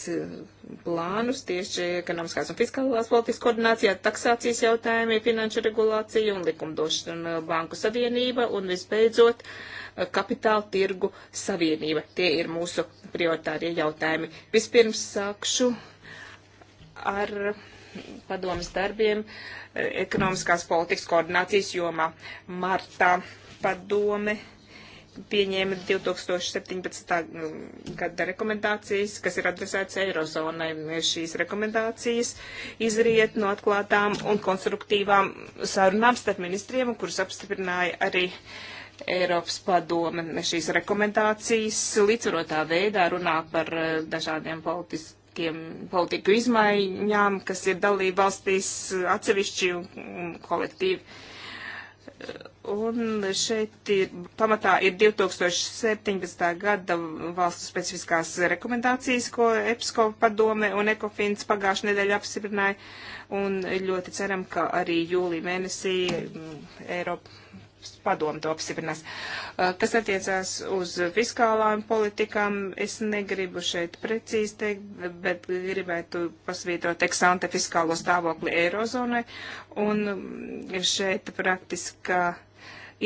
plānus tieši ekonomiskās un fiskālās politikas koordinācijā, taksācijas jautājumi, finanšu regulācija un likumdošana eh, banku savienība un visbeidzot eh, kapitāla tirgu savienība. Tie ir mūsu prioritārie jautājumi. Vispirms sākšu ar padomas darbiem eh, ekonomiskās politikas koordinācijas jomā. Martā padome pieņēma 2017. Mm, gada rekomendācijas, kas ir adresētas Eirozonai. Šīs rekomendācijas izriet no atklātām un konstruktīvām sarunām starp ministriem, kuras apstiprināja arī Eiropas padome. Šīs rekomendācijas līdzsvarotā veidā runā par eh, dažādiem politiskiem politiku izmaiņām, kas ir dalība valstīs eh, atsevišķi un kolektīvi. Un šeit ir, pamatā ir 2017. gada valstu specifiskās rekomendācijas, ko EPSCO padome un ECOFINS pagājušajā nedēļā apsiprināja. Un ļoti ceram, ka arī jūlī mēnesī mm, Eiropa padomu to apstiprinās. Kas uh, attiecās uz fiskālām politikām, es negribu šeit precīzi teikt, bet gribētu pasvītrot eksante fiskālo stāvokli Eirozonai. Un um, šeit praktiskā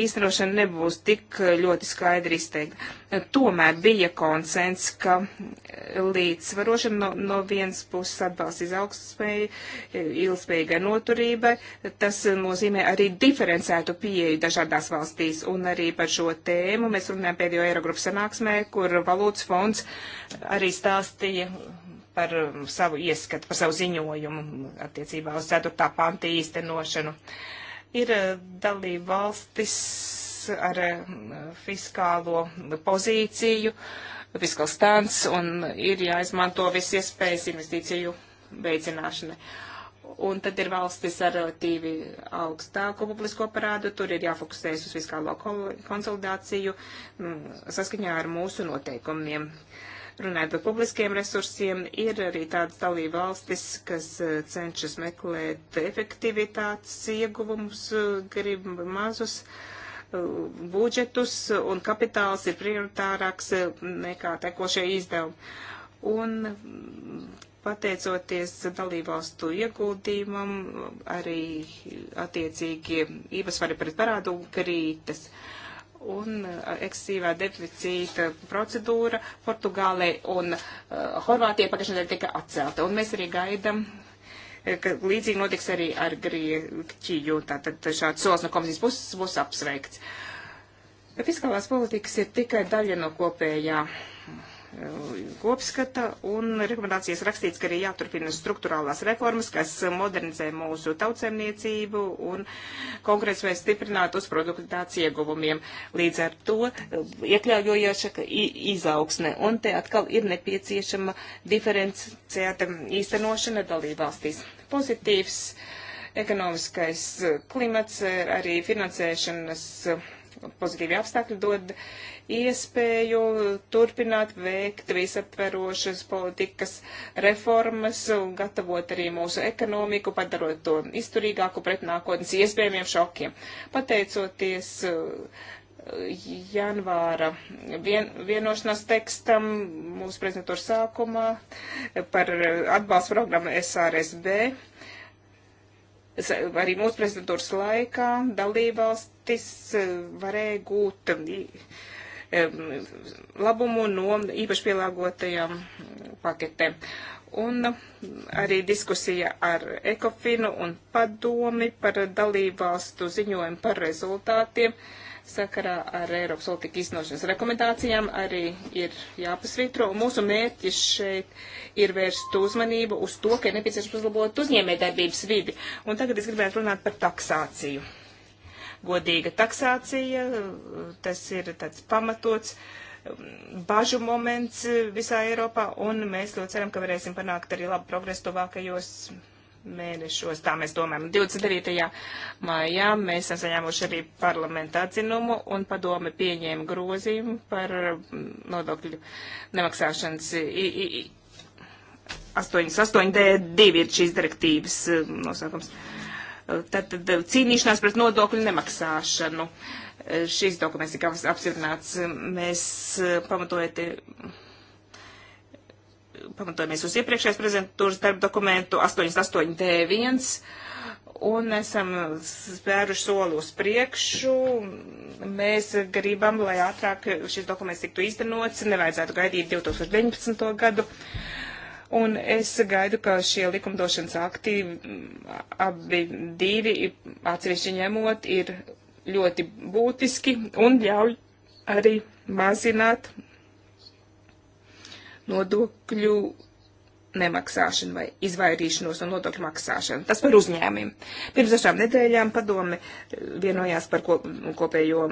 īstenošana nebūs tik ļoti skaidri izteikta. Tomēr bija konsens, ka līdzsvarošana no, no vienas puses atbalsta izaugsmēju, ilgspējīgai noturībai, tas nozīmē arī diferencētu pieeju dažādās valstīs. Un arī par šo tēmu mēs runājam pēdējo Eirogrupas sanāksmē, kur valūtas fonds arī stāstīja par savu ieskatu, par savu ziņojumu attiecībā uz 4. panta īstenošanu. Uh, Ir eh, dalība valstis eh, ar eh, fiskālo pozīciju, fiskāls stāns, un ir jāizmanto viss iespējas investīciju veicināšanai. Un tad ir valstis ar relatīvi augstāku publisko parādu, tur ir jāfokusējas uz fiskālo konsolidāciju mm, saskaņā ar mūsu noteikumiem. Uh, Runājot par publiskiem resursiem, ir arī tādas dalība valstis, kas eh, cenšas meklēt efektivitātes ieguvumus, eh, grib mazus eh, budžetus, un kapitāls ir prioritārāks nekā tekošie izdevumi. Un mm, pateicoties dalībvalstu ieguldījumam, arī attiecīgi īpašvari pret parādu krītas. Uh, un uh, ekscesīvā deficīta procedūra Portugālei un uh, Horvātijai pagājušajā nedēļā tika atcelta. Un mēs arī gaidam, uh, ka līdzīgi notiks arī ar Grieķiju. Tātad šāds solis no komisijas puses būs apsveikts. Fiskālās politikas ir tikai daļa no kopējā kopskata un rekomendācijas rakstīts, ka arī jāturpina struktūrālās reformas, kas modernizē mūsu tautsēmniecību un konkrēts mēs stiprināt uz produktivitātes ieguvumiem. Līdz ar to iekļaujojoša izaugsme. Un te atkal ir nepieciešama diferenciēta īstenošana dalībvalstīs. Pozitīvs ekonomiskais klimats, arī finansēšanas pozitīvi apstākļi dod iespēju turpināt veikt visaptverošas politikas reformas, gatavot arī mūsu ekonomiku, padarot to izturīgāku pret nākotnes iespējamiem šokiem. Pateicoties uh, janvāra vien, vienošanās tekstam mūsu prezentūras sākumā par atbalstu programmu SRSB. Arī mūsu prezidentūras laikā dalībvalsts valstis eh, varēja gūt um, labumu no īpaši pielāgotajām paketēm. Un um, arī diskusija ar Ekofinu un padomi par dalībvalstu ziņojumu par rezultātiem sakarā ar Eiropas politika iznošanas rekomendācijām arī ir jāpasvitro. Mūsu mērķis šeit ir vērst uzmanību uz to, ka ir nepieciešams uzlabot uzņēmējdarbības vidi. Un tagad es gribētu runāt par taksāciju godīga taksācija, tas ir tāds pamatots um, bažu moments uh, visā Eiropā, un mēs ļoti ceram, ka varēsim panākt arī labu progresu tuvākajos mēnešos, tā mēs domājam. 29. maijā mēs esam saņēmuši arī parlamenta atzinumu un padome pieņēma grozījumu par um, nodokļu nemaksāšanas. 88D2 ir šīs direktīvas um, nosaukums. Uh, Tātad cīnīšanās pret nodokļu nemaksāšanu. Šis dokuments tika apstiprināts. Mēs eh, pamatojot pamatojamies uz iepriekšējās prezentūras darba dokumentu 889 un esam spēruši soli uz priekšu. Mēs gribam, lai ātrāk šis dokuments tiktu īstenots, nevajadzētu gaidīt 2019. gadu. Uh, Un es gaidu, ka šie likumdošanas akti abi divi atsevišķi ņemot ir ļoti būtiski un ļauj arī mazināt nodokļu nemaksāšanu vai izvairīšanos no nodokļu maksāšanu. Tas par uzņēmumiem. Pirms dažām nedēļām padome vienojās par ko, kopējo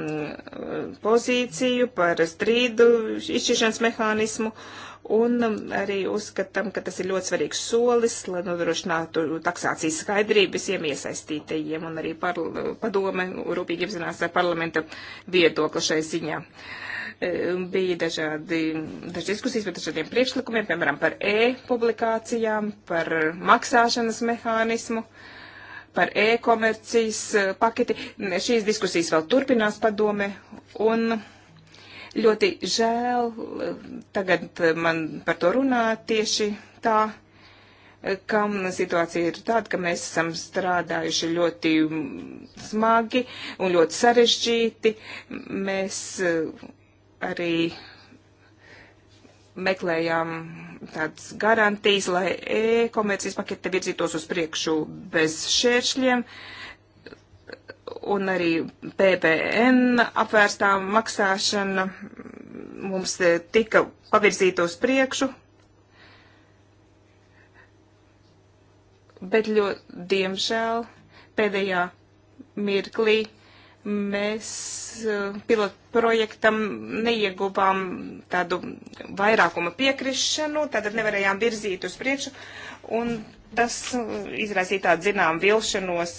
pozīciju, par strīdu izšķiršanas mehānismu. Uh, un um, arī uzskatām, ka tas ir ļoti svarīgs solis, lai nodrošinātu taksācijas skaidrību visiem iesaistītajiem, un arī par, padome rūpīgi apzinās ar parlamenta viedokli šai ziņā. E, bija dažādi, dažādi diskusijas par dažādiem priekšlikumiem, piemēram, par e-publikācijām, par maksāšanas mehānismu par e-komercijas e, paketi. Šīs diskusijas vēl turpinās padome, un Ļoti žēl tagad man par to runāt tieši tā, ka situācija ir tāda, ka mēs esam strādājuši ļoti smagi un ļoti sarežģīti. Mēs eh, arī meklējām tādas garantijas, lai e-komercijas pakete virzītos uz priekšu bez šēršļiem. Uh, un arī PPN apvērstā maksāšana mums eh, tika pavirzīta uz priekšu, bet ļoti diemžēl pēdējā mirklī mēs eh, pilotu projektam neieguvām tādu vairākuma piekrišanu, tātad nevarējām virzīt uz priekšu, un tas eh, izraisīja tādu zinām vilšanos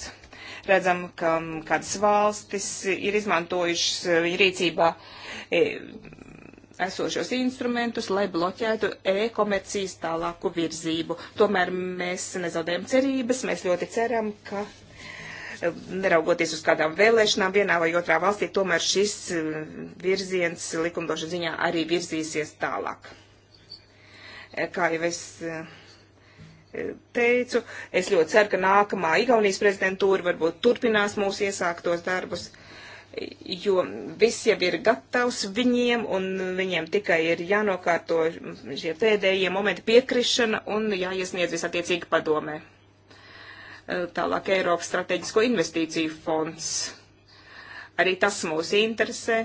redzam, ka kādas valstis ir izmantojušas eh, viņa rīcībā eh, esošos instrumentus, lai bloķētu e-komercijas tālāku virzību. Tomēr mēs nezaudējam cerības, mēs ļoti ceram, ka eh, neraugoties uz kādām vēlēšanām vienā vai otrā valstī, tomēr šis virziens likumdošanas ziņā arī virzīsies tālāk. Kā jau es E, teicu. Es ļoti ceru, ka nākamā Igaunijas prezidentūra varbūt turpinās mūsu iesāktos darbus, jo viss jau ir gatavs viņiem, un viņiem tikai ir jānokārto šie pēdējie momenti piekrišana un jāiesniedz visattiecīgi padomē. E, tālāk Eiropas strateģisko investīciju fonds. Arī tas mūs interesē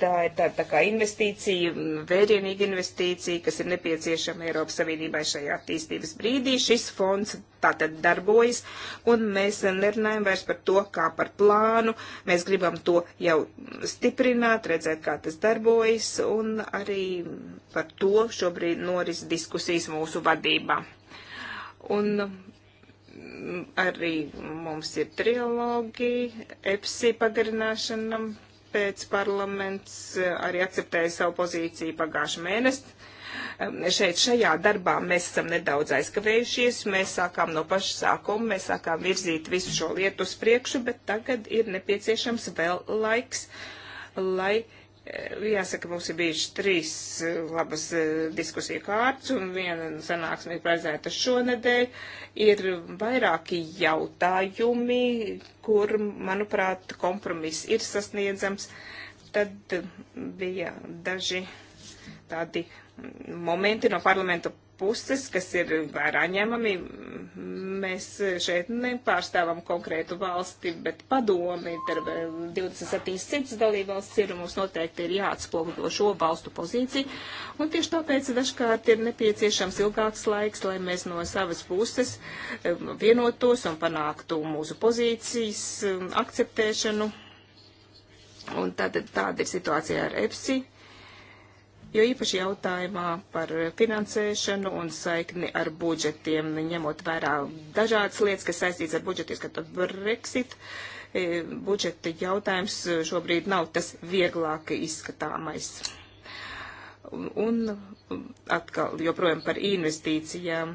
Tā ir tāda tā kā investīcija, vērienīga investīcija, kas ir nepieciešama Eiropas Savienībai šajā attīstības brīdī. Šis fonds tātad darbojas, un mēs nerunājam vairs par to, kā par plānu. Mēs gribam to jau stiprināt, redzēt, kā tas darbojas, un arī par to šobrīd noris diskusijas mūsu vadībā. Un mm, arī mums ir trilogi EPSI pagarināšanam tāpēc parlaments eh, arī akceptēja savu pozīciju pagājušā mēnesī. Šeit šajā darbā mēs esam nedaudz aizkavējušies, mēs sākām no paša sākuma, mēs sākām virzīt visu šo lietu uz priekšu, bet tagad ir nepieciešams vēl laiks, lai uh, Eh, jāsaka, mums ir bijuši trīs eh, labas eh, diskusiju kārtas, un viena sanāksme ir paredzēta šonedēļ. Ir vairāki jautājumi, kur, manuprāt, kompromiss ir sasniedzams. Tad bija daži tādi momenti no parlamenta puses, kas ir vērā ņemami. Mēs šeit nepārstāvam konkrētu valsti, bet padomi, 27 cits dalībvalsts ir, un mums noteikti ir jāatspoguļo šo valstu pozīciju. Un tieši tāpēc dažkārt ir nepieciešams ilgāks laiks, lai mēs no savas puses um, vienotos un panāktu mūsu pozīcijas um, akceptēšanu. Un tāda, tāda ir situācija ar EPSI jo īpaši jautājumā par finansēšanu un saikni ar budžetiem, ņemot vērā dažādas lietas, kas saistīts ar budžetu, skatot Brexit, e, budžeta jautājums šobrīd nav tas vieglāk izskatāmais. Un atkal joprojām par investīcijām.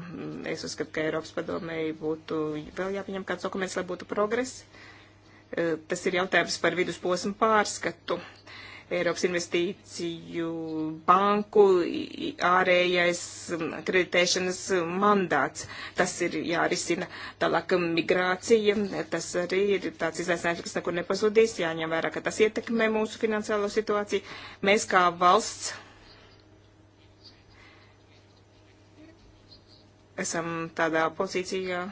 Es uzskatu, ka Eiropas padomēji būtu vēl jāpieņem kāds dokuments, lai būtu progress. E, tas ir jautājums par vidusposmu pārskatu. Uh, Eiropas investīciju banku ārējais kreditēšanas mandāts. Tas ir jārisina tālāk migrācija. Tas arī ir tāds izaicinājums, kas nekur nepazudīs. Jāņem vērā, ka tas ietekmē mūsu finansiālo situāciju. Mēs kā valsts esam tādā pozīcijā,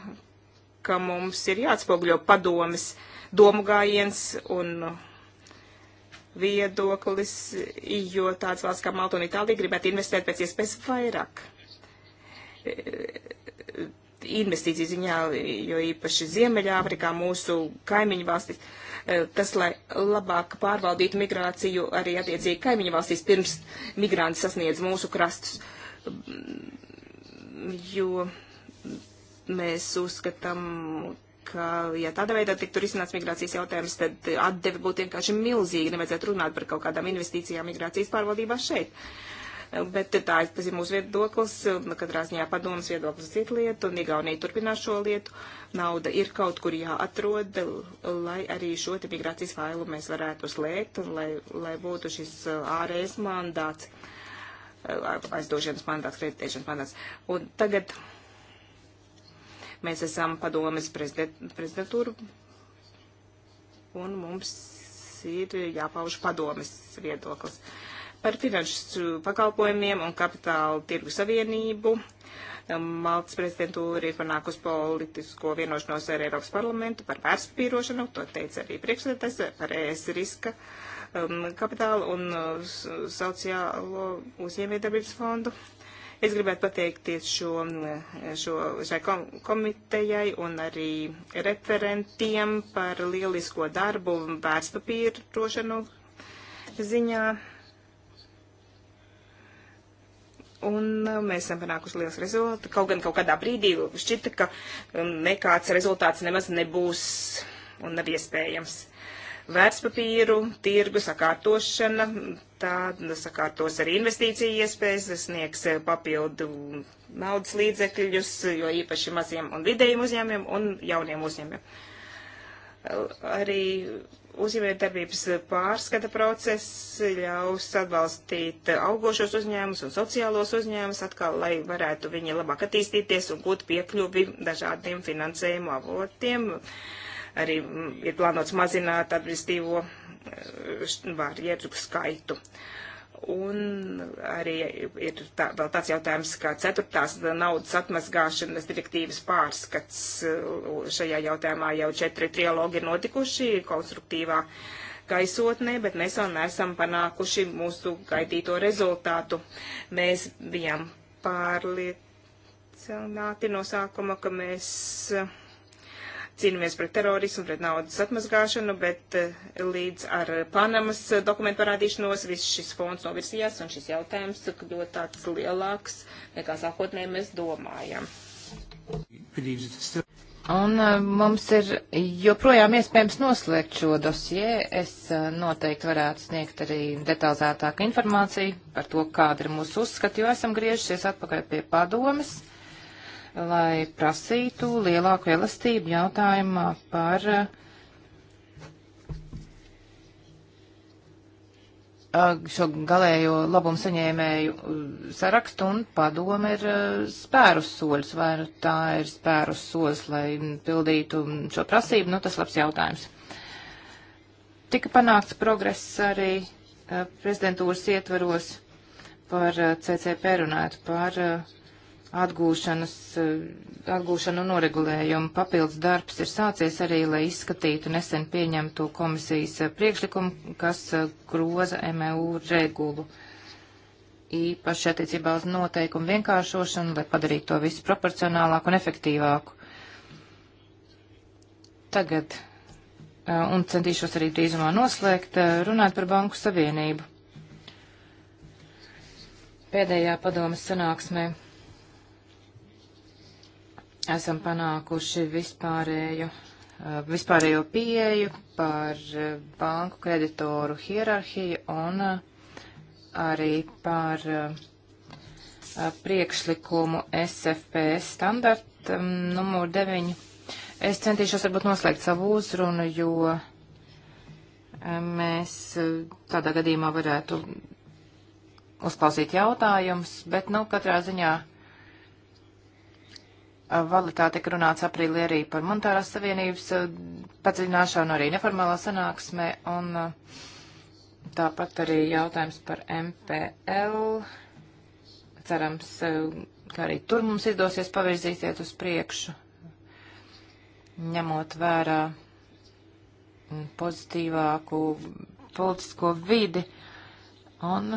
ka mums ir jāatspogļo padomis, domu gājiens un viedoklis, jo tāds valsts kā Malta un Itālija gribētu investēt pēc iespējas vairāk investīciju ziņā, jo īpaši Ziemeļāfrikā mūsu kaimiņu valstis, tas, lai labāk pārvaldītu migrāciju arī attiecīgi kaimiņu valstīs pirms migranti sasniedz mūsu krastus, jo mēs uzskatām, ka, ja tādā veidā tiktu risināts migrācijas jautājums, tad atdeve būtu vienkārši milzīga, nevajadzētu runāt par kaut kādām investīcijām migrācijas pārvaldībā šeit. Bet tā ir mūsu viedoklis, katrā ziņā padomas viedoklis cita lieta, un Igaunija turpinās šo lietu. Nauda ir kaut kur jāatrod, lai arī šo te migrācijas failu mēs varētu slēgt, un lai, lai būtu šis uh, ārējais mandāts, uh, aizdošanas mandāts, kreditēšanas mandāts. Un tagad Mēs esam padomes prezidentūra un mums ir jāpauž padomes viedoklis. Par finanšu pakalpojumiem un kapitālu tirgu savienību. Maltas prezidentūra ir panākusi politisko vienošanos ar Eiropas parlamentu par vērtspīrošanu, to teica arī priekšsēdētājs, par ES riska um, kapitālu un uh, sociālo uzņēmējdarbības fondu. Uh, Es gribētu pateikties šo, šo, šai komitejai un arī referentiem par lielisko darbu vērtspapīru tošanu ziņā. Un uh, mēs esam panākuši liels rezultāts. Kaut gan kaut kādā brīdī šķita, ka um, nekāds rezultāts nemaz nebūs un nav iespējams vērtspapīru tirgu sakārtošana, tā sakārtos arī investīcija iespējas, sniegs eh, papildu naudas līdzekļus, jo īpaši maziem un vidējiem uzņēmiem un jauniem uzņēmiem. Arī uzņēmējdarbības pārskata process ļaus atbalstīt augošos uzņēmumus un sociālos uzņēmumus atkal, lai varētu viņi labāk attīstīties un gūt piekļuvi dažādiem finansējumu avotiem. Uh, arī mm, ir plānots mazināt administīvo barjeru eh, nu, skaitu. Un arī ir tā, vēl tāds jautājums, kā ceturtās naudas atmazgāšanas direktīvas pārskats. Eh, šajā jautājumā jau četri trialogi ir notikuši konstruktīvā gaisotnē, bet mēs vēl neesam panākuši mūsu gaidīto rezultātu. Mēs bijām pārliecināti no sākuma, ka mēs. Uh, cīnāmies pret terorismu, pret naudas atmazgāšanu, bet eh, līdz ar Panamas eh, dokumentu parādīšanos viss šis fonds novirsījās un šis jautājums kļūst tāds lielāks, nekā sākotnēji mēs domājam. Un eh, mums ir joprojām iespējams noslēgt šo dosie. Es noteikti varētu sniegt arī detalizētāku informāciju par to, kāda ir mūsu uzskata, jo esam griežies atpakaļ pie padomes. Uh, lai prasītu lielāku elastību jautājumā par šo galējo labumu saņēmēju sarakstu un padomu ir spērus soļus, vai nu tā ir spērus soļus, lai pildītu šo prasību, nu tas labs jautājums. Tika panākts progress arī prezidentūras ietvaros par CCP runāt, par uh, atgūšanas, eh, atgūšanu un noregulējumu. Papildus darbs ir sācies arī, lai izskatītu nesen pieņemto komisijas eh, priekšlikumu, kas eh, groza MEU regulu. Īpaši attiecībā uz noteikumu vienkāršošanu, lai padarītu to visu proporcionālāku un efektīvāku. Tagad, un centīšos arī drīzumā noslēgt, runāt par Banku Savienību. Pēdējā padomas sanāksmē esam panākuši vispārēju, eh, vispārējo pieeju par eh, banku kreditoru hierarhiju un eh, arī par priekšlikumu SFPS standarta mm, numur 9. Es centīšos varbūt noslēgt savu uzrunu, jo mēs tādā gadījumā varētu uzklausīt jautājumus, bet, nu, katrā ziņā Valitā tika runāts aprīlī arī par monetārās savienības padziļināšanu, arī neformālā sanāksmē, un tāpat arī jautājums par MPL. Cerams, ka arī tur mums izdosies pavirzīties uz priekšu, ņemot vērā pozitīvāku politisko vidi un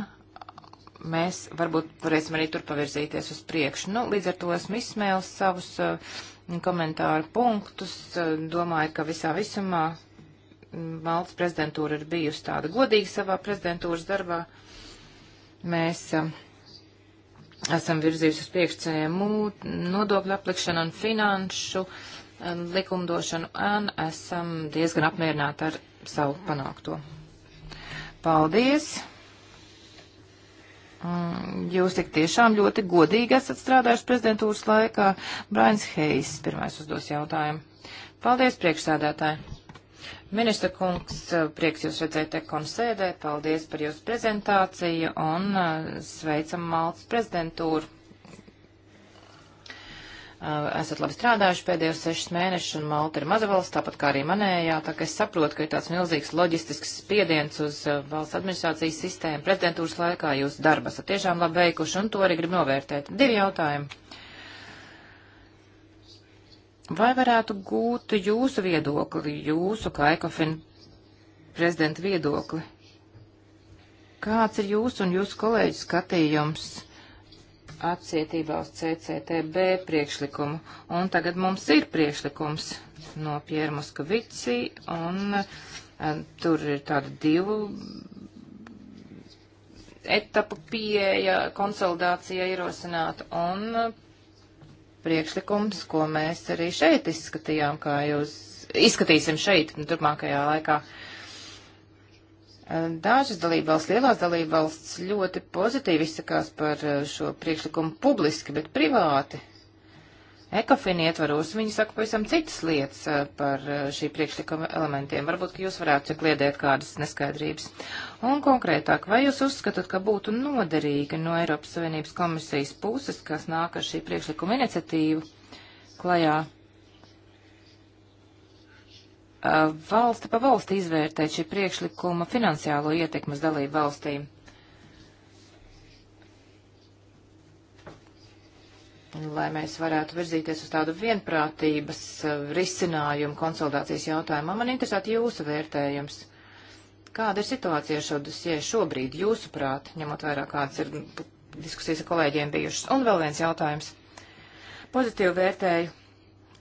mēs varbūt varēsim arī tur pavirzīties uz priekšu. Nu, līdz ar to esmu izsmēlis savus eh, komentāru punktus. Eh, domāju, ka visā visumā Maltas mm, prezidentūra ir bijusi tāda godīga savā prezidentūras darbā. Mēs eh, esam virzījusi uz priekšu CMU, nodokļu aplikšanu un finanšu likumdošanu, un esam diezgan apmierināti ar savu panākto. Paldies! Mm, jūs tik tiešām ļoti godīgi esat strādājuši prezidentūras laikā. Brains Heijs pirmais uzdos jautājumu. Paldies, priekšsēdētāji! Ministra kungs, prieks jūs redzēt ekonsēdē, paldies par jūsu prezentāciju un eh, sveicam Maltas prezidentūru esat labi strādājuši pēdējos sešus mēnešus, un Malta ir maza valsts, tāpat kā arī manējā, tā ka es saprotu, ka ir tāds milzīgs loģistisks spiediens uz valsts administrācijas sistēmu. Prezidentūras laikā jūs darba esat tiešām labi veikuši, un to arī grib novērtēt. Divi jautājumi. Vai varētu gūt jūsu viedokli, jūsu kā ekofin prezidenta viedokli? Kāds ir jūsu un jūsu kolēģu skatījums? atcietībā uz CCTB priekšlikumu. Un tagad mums ir priekšlikums no Pierre Moskavici, un, un eh, tur ir tāda divu etapu pieeja konsolidācija ierosināta, un eh, priekšlikums, ko mēs arī šeit izskatījām, kā jūs izskatīsim šeit turpmākajā laikā. Uh, Eh, dažas dalībvalsts, lielās dalībvalsts ļoti pozitīvi izsakās par eh, šo priekšlikumu publiski, bet privāti. Ekofini ietvaros viņi saka pavisam citas lietas eh, par šī priekšlikuma elementiem. Varbūt, ka jūs varētu kliedēt kādas neskaidrības. Un konkrētāk, vai jūs uzskatāt, ka būtu noderīgi no Eiropas Savienības komisijas puses, kas nāk ar šī priekšlikuma iniciatīvu klajā? Uh, valsti pa valsti izvērtēt šī priekšlikuma finansiālo ietekmes dalību valstīm. Lai mēs varētu virzīties uz tādu vienprātības uh, risinājumu konsultācijas jautājumā, man interesētu jūsu vērtējums. Kāda ir situācija šo dosie šobrīd, jūsuprāt, ņemot vērā kādas ir diskusijas ar kolēģiem bijušas? Un vēl viens jautājums. Pozitīvi vērtēju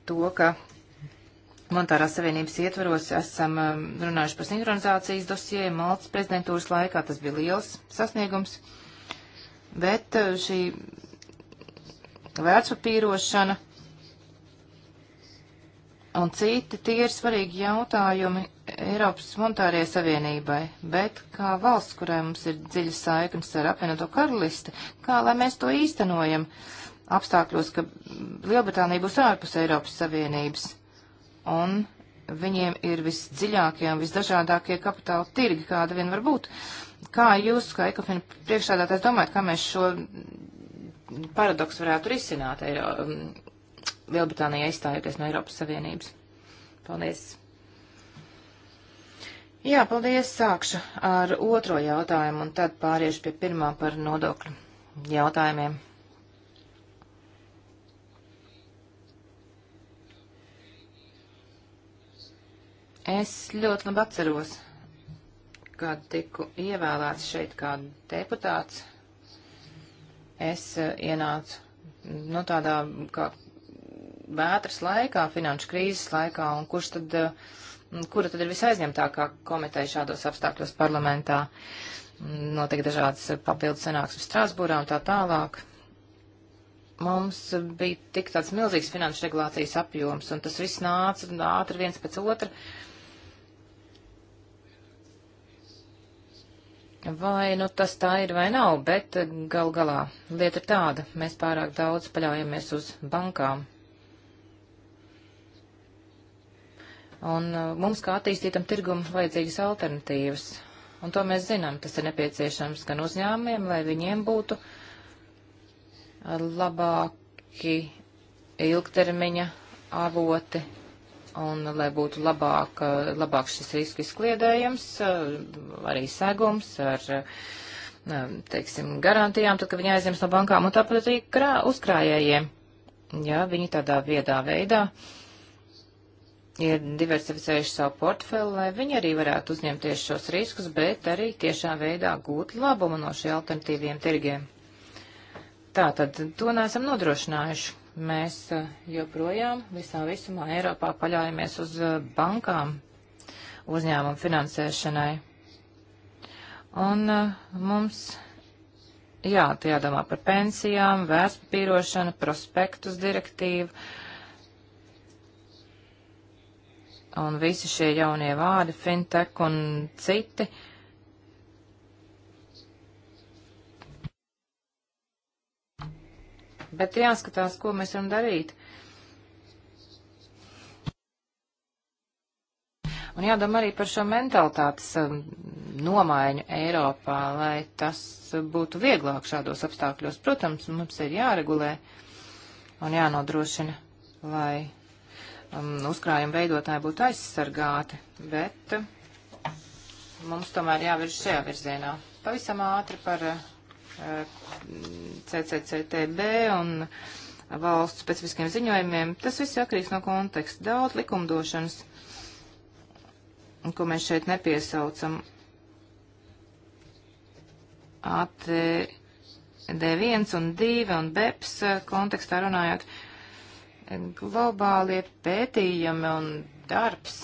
to, ka Monetārās savienības ietvaros esam um, runājuši par sinhronizācijas dosie Maltas prezidentūras laikā. Tas bija liels sasniegums. Bet uh, šī vērtspapīrošana un citi tie ir svarīgi jautājumi Eiropas monetārajai savienībai. Bet kā valsts, kurai mums ir dziļa saiknes ar apvienoto karalisti, kā lai mēs to īstenojam apstākļos, ka Lielbritānija būs ārpus Eiropas Savienības? un viņiem ir visdziļākie un visdažādākie kapitāla tirgi, kāda vien var būt. Kā jūs, kā ekofina priekšādātājs, domājat, kā mēs šo paradoksu varētu risināt Eiro, um, Lielbritānijā izstājoties no Eiropas Savienības? Paldies! Jā, paldies. Sākšu ar otro jautājumu un tad pāriešu pie pirmā par nodokļu jautājumiem. Es ļoti labi atceros, kad tiku ievēlēts šeit kā deputāts. Es e, ienācu nu, tādā kā vētras laikā, finanšu krīzes laikā, un kurš tad, e, kura tad ir visaizņemtākā komiteja šādos apstākļos parlamentā? Notiek dažādas papildu sanāksmes Strasbūrā un tā tālāk. Mums bija tik tāds milzīgs finanšu regulācijas apjoms, un tas viss nāca ātri viens pēc otra. Uh, Vai nu tas tā ir vai nav, bet eh, gal galā lieta ir tāda, mēs pārāk daudz paļaujamies uz bankām. Un eh, mums kā attīstītam tirgum vajadzīgas alternatīvas. Un to mēs zinām, tas ir nepieciešams gan uzņēmumiem, lai viņiem būtu eh, labāki ilgtermiņa avoti un lai būtu labāk, labāk šis risku izkliedējums, arī segums ar, teiksim, garantijām, tad, kad viņi aizņems no bankām, un tāpat arī krā, uzkrājējiem, ja viņi tādā viedā veidā ir diversificējuši savu portfeli, lai viņi arī varētu uzņemties šos riskus, bet arī tiešā veidā gūt labumu no šiem alternatīviem tirgiem. Tā tad to neesam nodrošinājuši mēs eh, joprojām visā visumā Eiropā paļaujamies uz eh, bankām uzņēmumu finansēšanai. Un eh, mums jā, te jādomā par pensijām, vērtspapīrošanu, prospektus direktīvu. Un visi šie jaunie vārdi, fintech un citi. Uh, bet jāskatās, ko mēs varam darīt. Un jādomā arī par šo mentalitātes um, nomaiņu Eiropā, lai tas būtu vieglāk šādos apstākļos. Protams, mums ir jāregulē un jānodrošina, lai um, uzkrājuma veidotāji būtu aizsargāti, bet uh, mums tomēr jāvirz šajā virzienā. Pavisam ātri par uh, CCCTB un valsts specifiskiem ziņojumiem. Tas viss atkarīgs no konteksta. Daudz likumdošanas, ko mēs šeit nepiesaucam, ATD1 un 2 un BEPS kontekstā runājot, globālie pētījumi un darbs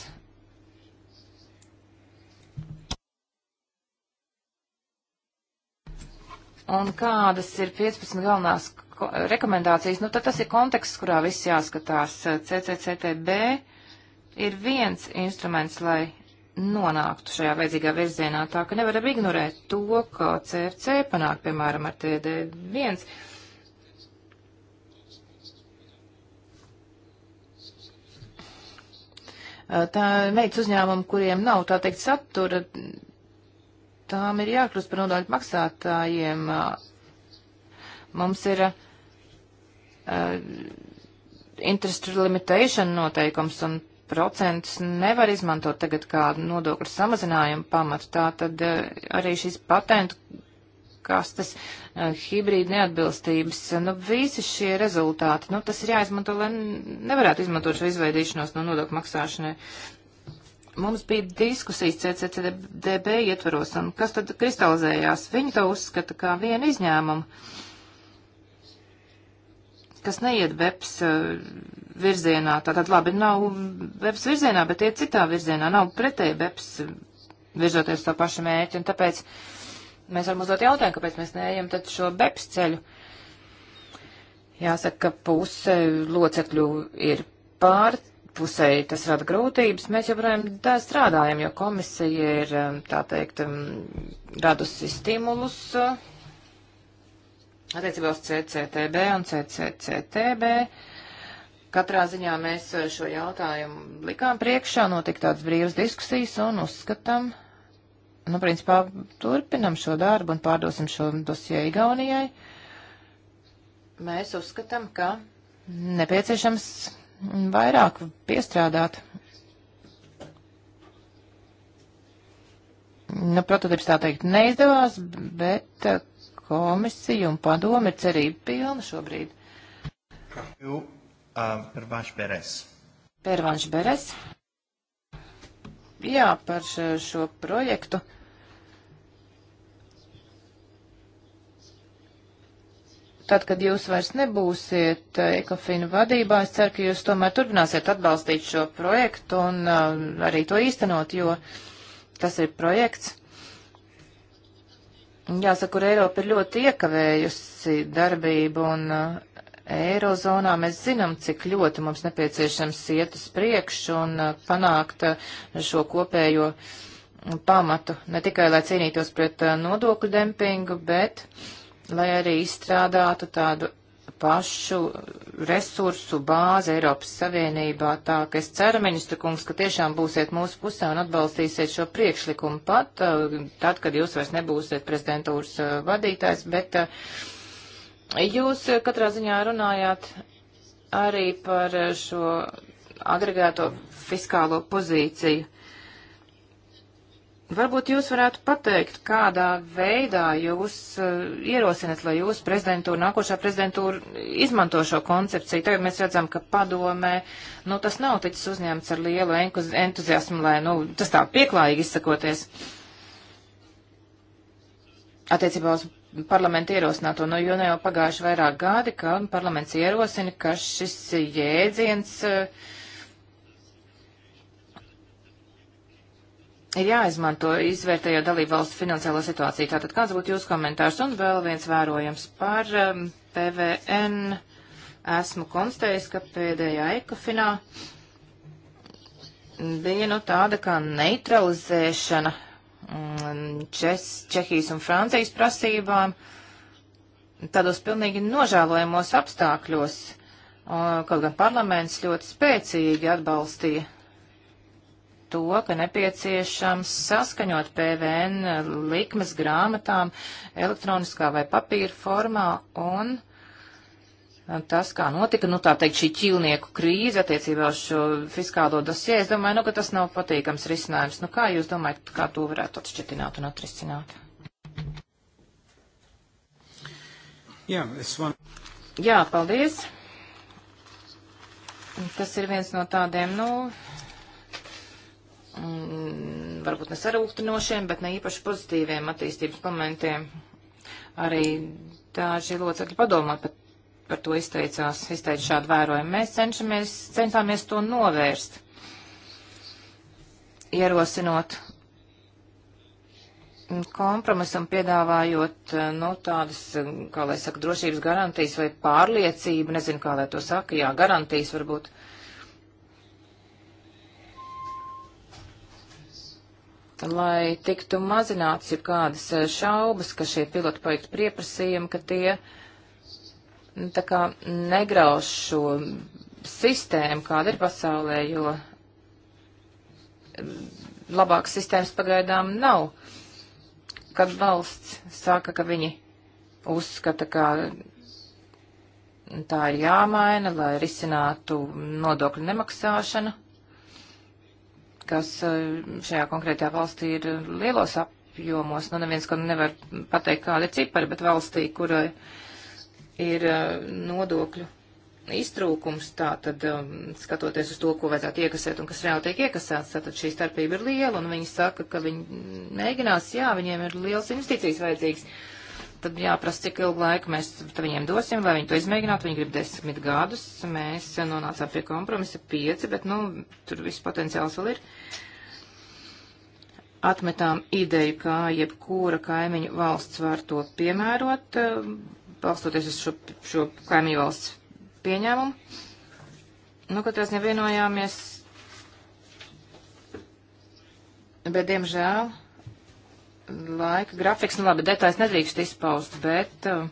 un kādas ir 15 galvenās rekomendācijas, nu tad tas ir konteksts, kurā viss jāskatās. CCCTB ir viens instruments, lai nonāktu šajā vajadzīgā virzienā, tā ka nevaram ignorēt to, ko CFC panāk, piemēram, ar TD1. Tā meitas uzņēmumu, kuriem nav, tā teikt, satura tām ir jākļūst par nodokļu maksātājiem. Mums ir uh, interest limitation noteikums un procents nevar izmantot tagad kā nodokļu samazinājumu pamatu. Tā tad uh, arī šīs patentu kastes, uh, eh, hibrīda neatbilstības, nu visi šie rezultāti, nu tas ir jāizmanto, lai nevarētu izmantot šo izvaidīšanos no nodokļu maksāšanai. Mums bija diskusijas CCCDB ietvaros, un kas tad kristalizējās? Viņi to uzskata kā vienu izņēmumu, kas neiet BEPS uh, virzienā. Tātad labi, nav BEPS virzienā, bet iet citā virzienā, nav pretēji BEPS uh, virzoties to pašu mērķi, un tāpēc mēs varam uzdot jautājumu, kāpēc mēs neejam tad šo BEPS ceļu. Jāsaka, ka puse locekļu ir pār pusē tas rada grūtības. Mēs joprojām tā strādājam, jo komisija ir, um, tā teikt, um, radusi stimulus uh, attiecībā uz CCTB un CCCTB. Katrā ziņā mēs uh, šo jautājumu likām priekšā, notika tādas brīvas diskusijas un uzskatām, nu, principā turpinam šo darbu un pārdosim šo dosie Igaunijai. Mēs uzskatām, ka nepieciešams vairāk piestrādāt. Nu, prototips tā teikt neizdevās, bet eh, komisija un padomi ir cerība pilna šobrīd. Jū, um, uh, Pervanš Beres. Pervanš Beres. Jā, par šo projektu. Uh, tad, kad jūs vairs nebūsiet eh, ekofina vadībā, es ceru, ka jūs tomēr turpināsiet atbalstīt šo projektu un uh, arī to īstenot, jo tas ir projekts. Jāsaka, kur Eiropa ir ļoti iekavējusi darbību un uh, Eirozonā mēs zinām, cik ļoti mums nepieciešams iet uz priekšu un uh, panākt šo kopējo pamatu, ne tikai lai cīnītos pret nodokļu dempingu, bet uh, lai arī izstrādātu tādu pašu resursu bāzi Eiropas Savienībā. Tā ka es ceru, ministra kungs, ka tiešām būsiet mūsu pusē un atbalstīsiet šo priekšlikumu pat uh, tad, kad jūs vairs nebūsiet prezidentūras uh, vadītājs, bet uh, jūs katrā ziņā runājāt arī par šo agregēto fiskālo pozīciju. Varbūt jūs varētu pateikt, kādā veidā jūs uh, ierosinat, lai jūs prezidentūra, nākošā prezidentūra izmanto šo koncepciju. Tagad mēs redzam, ka padomē, nu tas nav ticis uzņemts ar lielu entuziasmu, lai, nu, tas tā pieklājīgi izsakoties attiecībā uz parlamentu ierosināto, nu, jo ne jau pagājuši vairāk gadi, ka parlaments ierosina, ka šis jēdziens. Uh, ir jāizmanto, izvērtējot dalību valstu finansiālo situāciju. Tātad kāds būtu jūsu komentārs? Un vēl viens vērojums par um, PVN. Esmu konstatējis, ka pēdējā ekofinā bija nu tāda kā neutralizēšana mm, Čes, Čehijas un Francijas prasībām tādos pilnīgi nožēlojamos apstākļos. Kaut gan parlaments ļoti spēcīgi atbalstīja to, ka nepieciešams saskaņot PVN likmes grāmatām elektroniskā vai papīra formā un tas, kā notika, nu tā teikt, šī ķīlnieku krīze attiecībā uz šo fiskālo dosie, es domāju, nu, ka tas nav patīkams risinājums. Nu, kā jūs domājat, kā to varētu atšķetināt un atrisināt? Jā, es man. Jā, paldies. Tas ir viens no tādiem, nu, mm, varbūt nesarūktinošiem, bet ne īpaši pozitīviem attīstības momentiem. Arī daži locekļi padomā par, par to izteicās, izteica šādu vērojumu. Mēs cenšamies, centāmies to novērst, ierosinot kompromisam piedāvājot, eh, nu, tādas, eh, kā lai saka, drošības garantijas vai pārliecību, nezinu, kā lai to saka, jā, garantijas varbūt. Uh, lai tiktu mazināts jau kādas eh, šaubas, ka šie pilotu projektu pieprasījumi, ka tie nu, tā kā negrauž šo sistēmu, kāda ir pasaulē, jo eh, labākas sistēmas pagaidām nav. Kad valsts saka, ka viņi uzskata, ka tā ir jāmaina, lai risinātu nodokļu nemaksāšanu kas eh, šajā konkrētajā valstī ir lielos apjomos. Nu, neviens, ka nevar pateikt, kāda ir cipara, bet valstī, kurai ir eh, nodokļu iztrūkums, tā tad eh, skatoties uz to, ko vajadzētu iekasēt un kas reāli tiek iekasēts, tad šī starpība ir liela, un viņi saka, ka viņi mēģinās, jā, viņiem ir liels investīcijas vajadzīgs. Uh, tad jāprasa, cik ilgu laiku mēs viņiem dosim, lai viņi to izmēģinātu. Viņi grib desmit gadus. Mēs nonācām pie kompromisa pieci, bet, nu, tur viss potenciāls vēl ir. Atmetām ideju, kā jebkura kaimiņu valsts var to piemērot, eh, balstoties uz šo, šo kaimiņu valsts pieņēmumu. Nu, katrās nevienojāmies, bet, diemžēl, laika grafiks, nu labi, detaļas nedrīkst izpaust, bet uh,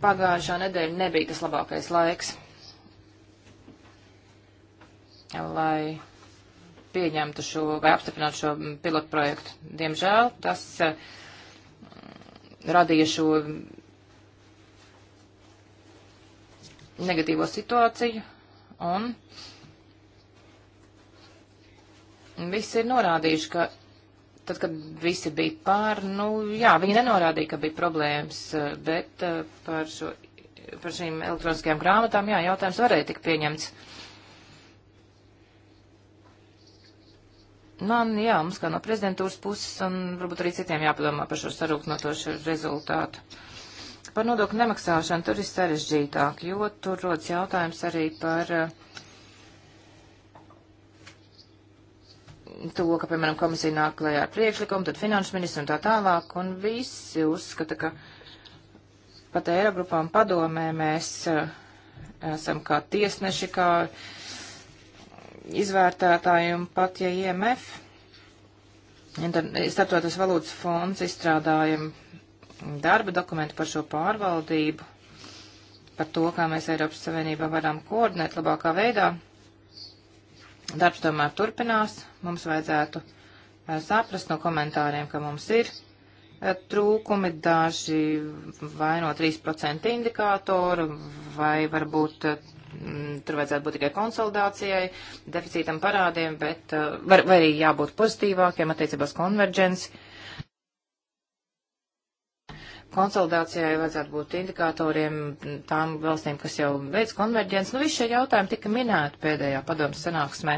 pagājušā nedēļa nebija tas labākais laiks, lai pieņemtu šo vai apstiprinātu šo pilotu projektu. Diemžēl tas uh, radīja šo negatīvo situāciju un visi ir norādījuši, ka tad, kad visi bija pār, nu jā, viņi nenorādīja, ka bija problēmas, bet eh, par, šo, par šīm elektroniskajām grāmatām, jā, jautājums varēja tik pieņemts. Man, jā, mums kā no prezidentūras puses un varbūt arī citiem jāpadomā par šo sarūknotošu rezultātu. Par nodokļu nemaksāšanu tur ir sarežģītāk, jo tur rodas jautājums arī par uh, to, ka, piemēram, komisija nāk klajā ar priekšlikumu, tad finanšu ministru un tā tālāk, un visi uzskata, ka pat Eirogrupām padomē mēs eh, esam kā tiesneši, kā izvērtētāji, un pat ja IMF, starptautās valūtas fonds izstrādājam darba dokumentu par šo pārvaldību, par to, kā mēs Eiropas Savienībā varam koordinēt labākā veidā. Darbs tomēr turpinās. Mums vajadzētu eh, saprast no komentāriem, ka mums ir eh, trūkumi, daži vai no 3% indikātoru, vai varbūt eh, tur vajadzētu būt tikai konsolidācijai, deficītam parādiem, bet, vai, vai arī jābūt pozitīvākiem attiecībās konverģenci konsolidācijai vajadzētu būt indikatoriem tām valstīm, kas jau veids konverģents. Nu, visi šie jautājumi tika minēti pēdējā padomas sanāksmē.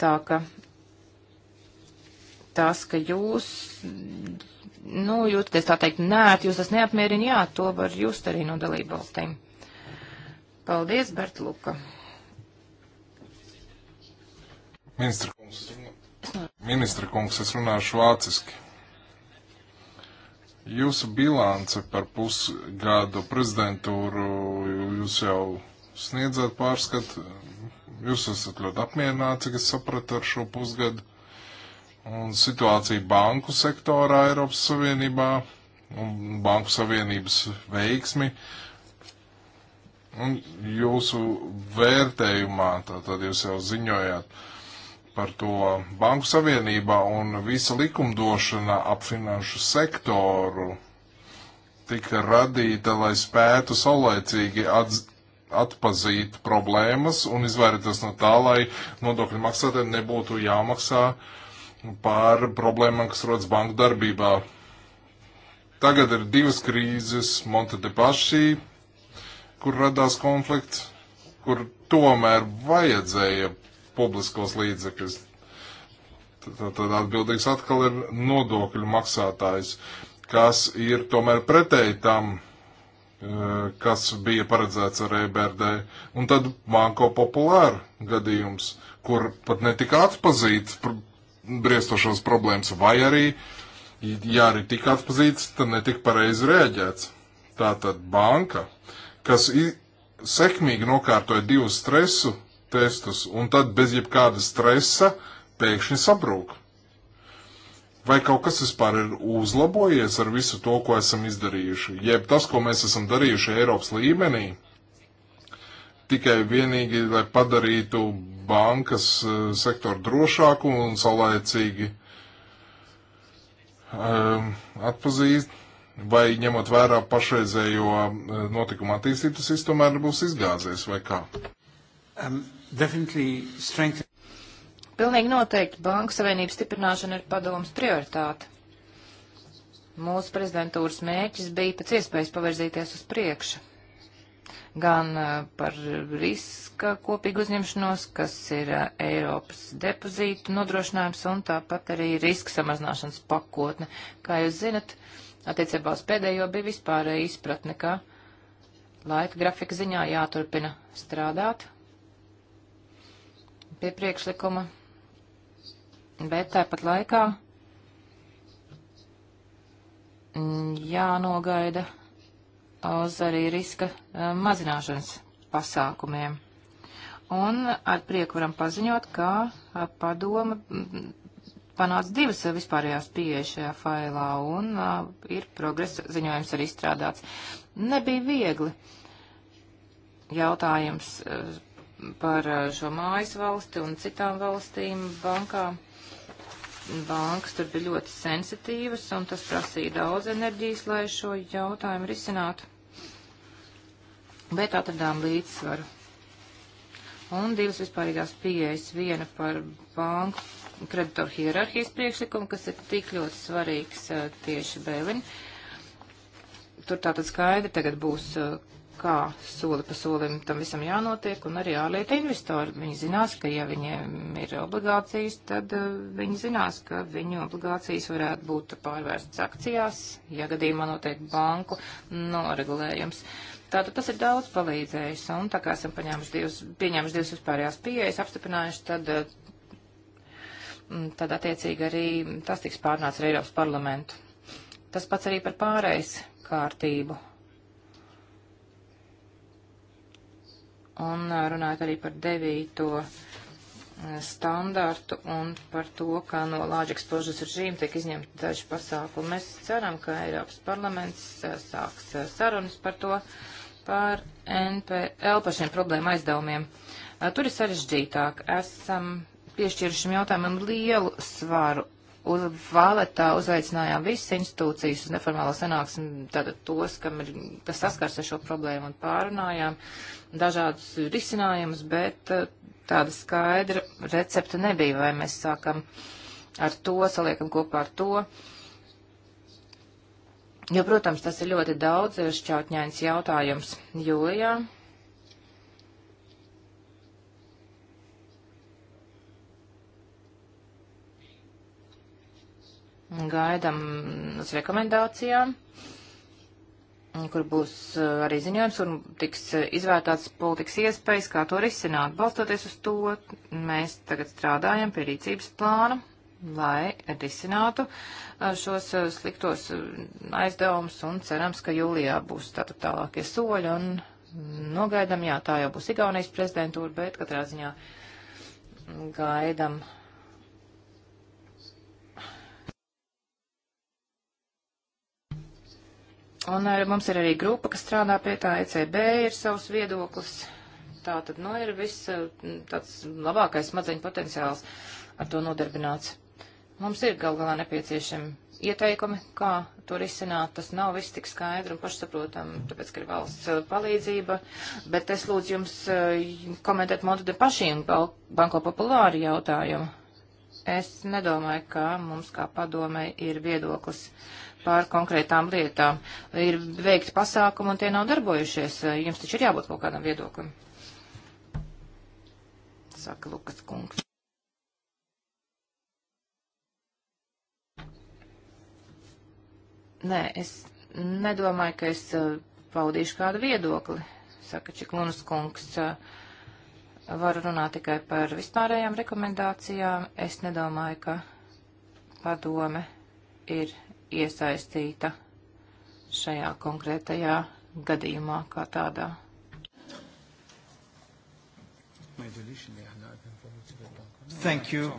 Tā ka tas, ka jūs, nu, jūtaties tā teikt, nē, jūs tas neapmierina, jā, to var just arī no dalību valstīm. Paldies, Bert Luka. Ministra kungs, ministra kungs, es runāšu vāciski. Jūsu bilance par pusgadu prezidentūru jūs jau sniedzat pārskatu. Jūs esat ļoti apmierināti, cik es sapratu ar šo pusgadu. Un situācija banku sektorā Eiropas Savienībā un banku savienības veiksmi. Un jūsu vērtējumā, tātad jūs jau ziņojāt, uh, par to Banku Savienībā un visa likumdošana ap finanšu sektoru tika radīta, lai spētu saulēcīgi atz atpazīt problēmas un izvairīties no tā, lai nodokļu maksātājiem nebūtu jāmaksā par problēmām, kas rodas banku darbībā. Tagad ir divas krīzes Montedepašī, kur radās konflikts, kur tomēr vajadzēja publiskos līdzekļus. Tad, tad atbildīgs atkal ir nodokļu maksātājs, kas ir tomēr pretēji tam, e, kas bija paredzēts ar EBRD. Un tad Manko populāra gadījums, kur pat netika atpazīts briestošos problēmas, vai arī, ja arī tika atpazīts, tad netika pareizi rēģēts. Tātad banka, kas sekmīgi nokārtoja divu stresu testus, un tad bez jebkāda stresa pēkšņi sabrūk. Vai kaut kas vispār ir uzlabojies ar visu to, ko esam izdarījuši? Jeb tas, ko mēs esam darījuši Eiropas līmenī, tikai vienīgi, lai padarītu bankas eh, sektoru drošāku un saulēcīgi um, atpazīst, vai ņemot vērā pašreizējo eh, notikumu attīstību, tas viss tomēr būs izgāzies vai kā? Um. Pilnīgi noteikti Banku Savienības stiprināšana ir padomas prioritāte. Mūsu prezidentūras mērķis bija pēc iespējas pavirzīties uz priekšu. Gan uh, par riska kopīgu uzņemšanos, kas ir uh, Eiropas depozītu nodrošinājums, un tāpat arī riska samazināšanas pakotne. Kā jūs zinat, attiecībā uz pēdējo bija vispārēja izpratne, ka laika grafika ziņā jāturpina strādāt, pie priekšlikuma, bet tāpat laikā mm, jānogaida uz arī riska e, mazināšanas pasākumiem. Un ar prieku varam paziņot, ka e, padoma mm, panāca divas e, vispārējās pieejas šajā failā un uh, ir progresa ziņojums arī izstrādāts. Nebija viegli jautājums uh, par eh, šo mājas valsti un citām valstīm bankām. Bankas tur bija ļoti sensitīvas, un tas prasīja daudz enerģijas, lai šo jautājumu risinātu. Bet atradām līdzsvaru. Un divas vispārīgās pieejas. Viena par banku kreditoru hierarhijas priekšlikumu, kas ir tik ļoti svarīgs eh, tieši Bēliņa. Tur tātad skaidri tagad būs eh, kā soli pa solim tam visam jānotiek, un arī ārlieta investori. Viņi zinās, ka ja viņiem ir obligācijas, tad uh, viņi zinās, ka viņu obligācijas varētu būt pārvērstas akcijās, ja gadījumā notiek banku noregulējums. Tātad tas ir daudz palīdzējis, un tā kā esam paņēmuši divas, pieņēmuši divas vispārējās pieejas, apstiprinājuši, tad, eh, mm, tad attiecīgi arī tas tiks pārnāts ar Eiropas parlamentu. Tas pats arī par pārējais kārtību un runājot arī par devīto standartu un par to, ka no lāģa ekspložas režīma tiek izņemta daži pasākumi. Mēs ceram, ka Eiropas parlaments sāks sarunas par to, par NPL, par šiem problēmu aizdevumiem. Tur ir sarežģītāk. Esam piešķirušam jautājumam lielu svaru uz valetā uzaicinājām visas institūcijas uz neformālo sanāksmi, tātad tos, kam ir, kas saskars ar šo problēmu un pārunājām dažādus risinājumus, bet eh, tāda skaidra recepta nebija, vai mēs sākam ar to, saliekam kopā ar to. Jo, protams, tas ir ļoti daudz šķautņains jautājums jūlijā. Ja gaidam uz rekomendācijām, kur būs uh, arī ziņojums, kur tiks uh, izvērtāts politikas iespējas, kā to risināt. Balstoties uz to, mēs tagad strādājam pie rīcības plāna, lai risinātu uh, šos sliktos aizdevumus un cerams, ka jūlijā būs tātad tālākie soļi un nogaidam, jā, tā jau būs Igaunijas prezidentūra, bet katrā ziņā gaidam Un eh, mums ir arī grupa, kas strādā pie tā, ECB ir savs viedoklis. Tā tad, nu, ir viss eh, tāds labākais smadzeņu potenciāls ar to nodarbināts. Mums ir gal galā nepieciešami ieteikumi, kā to risināt. Tas nav viss tik skaidri un pašsaprotam, tāpēc, ka ir valsts eh, palīdzība. Bet es lūdzu jums komentēt Montu de pašiem Banko Populāri jautājumu. Es nedomāju, ka mums kā padomē ir viedoklis pār konkrētām lietām. Ir veikti pasākumi un tie nav darbojušies. Jums taču ir jābūt kaut kādam viedoklim. Saka Lukas kungs. Nē, es nedomāju, ka es uh, paudīšu kādu viedokli, saka Čiklunas kungs. Uh, varu runāt tikai par vispārējām rekomendācijām. Es nedomāju, ka padome ir iesaistīta šajā konkrētajā gadījumā kā tādā. Thank you.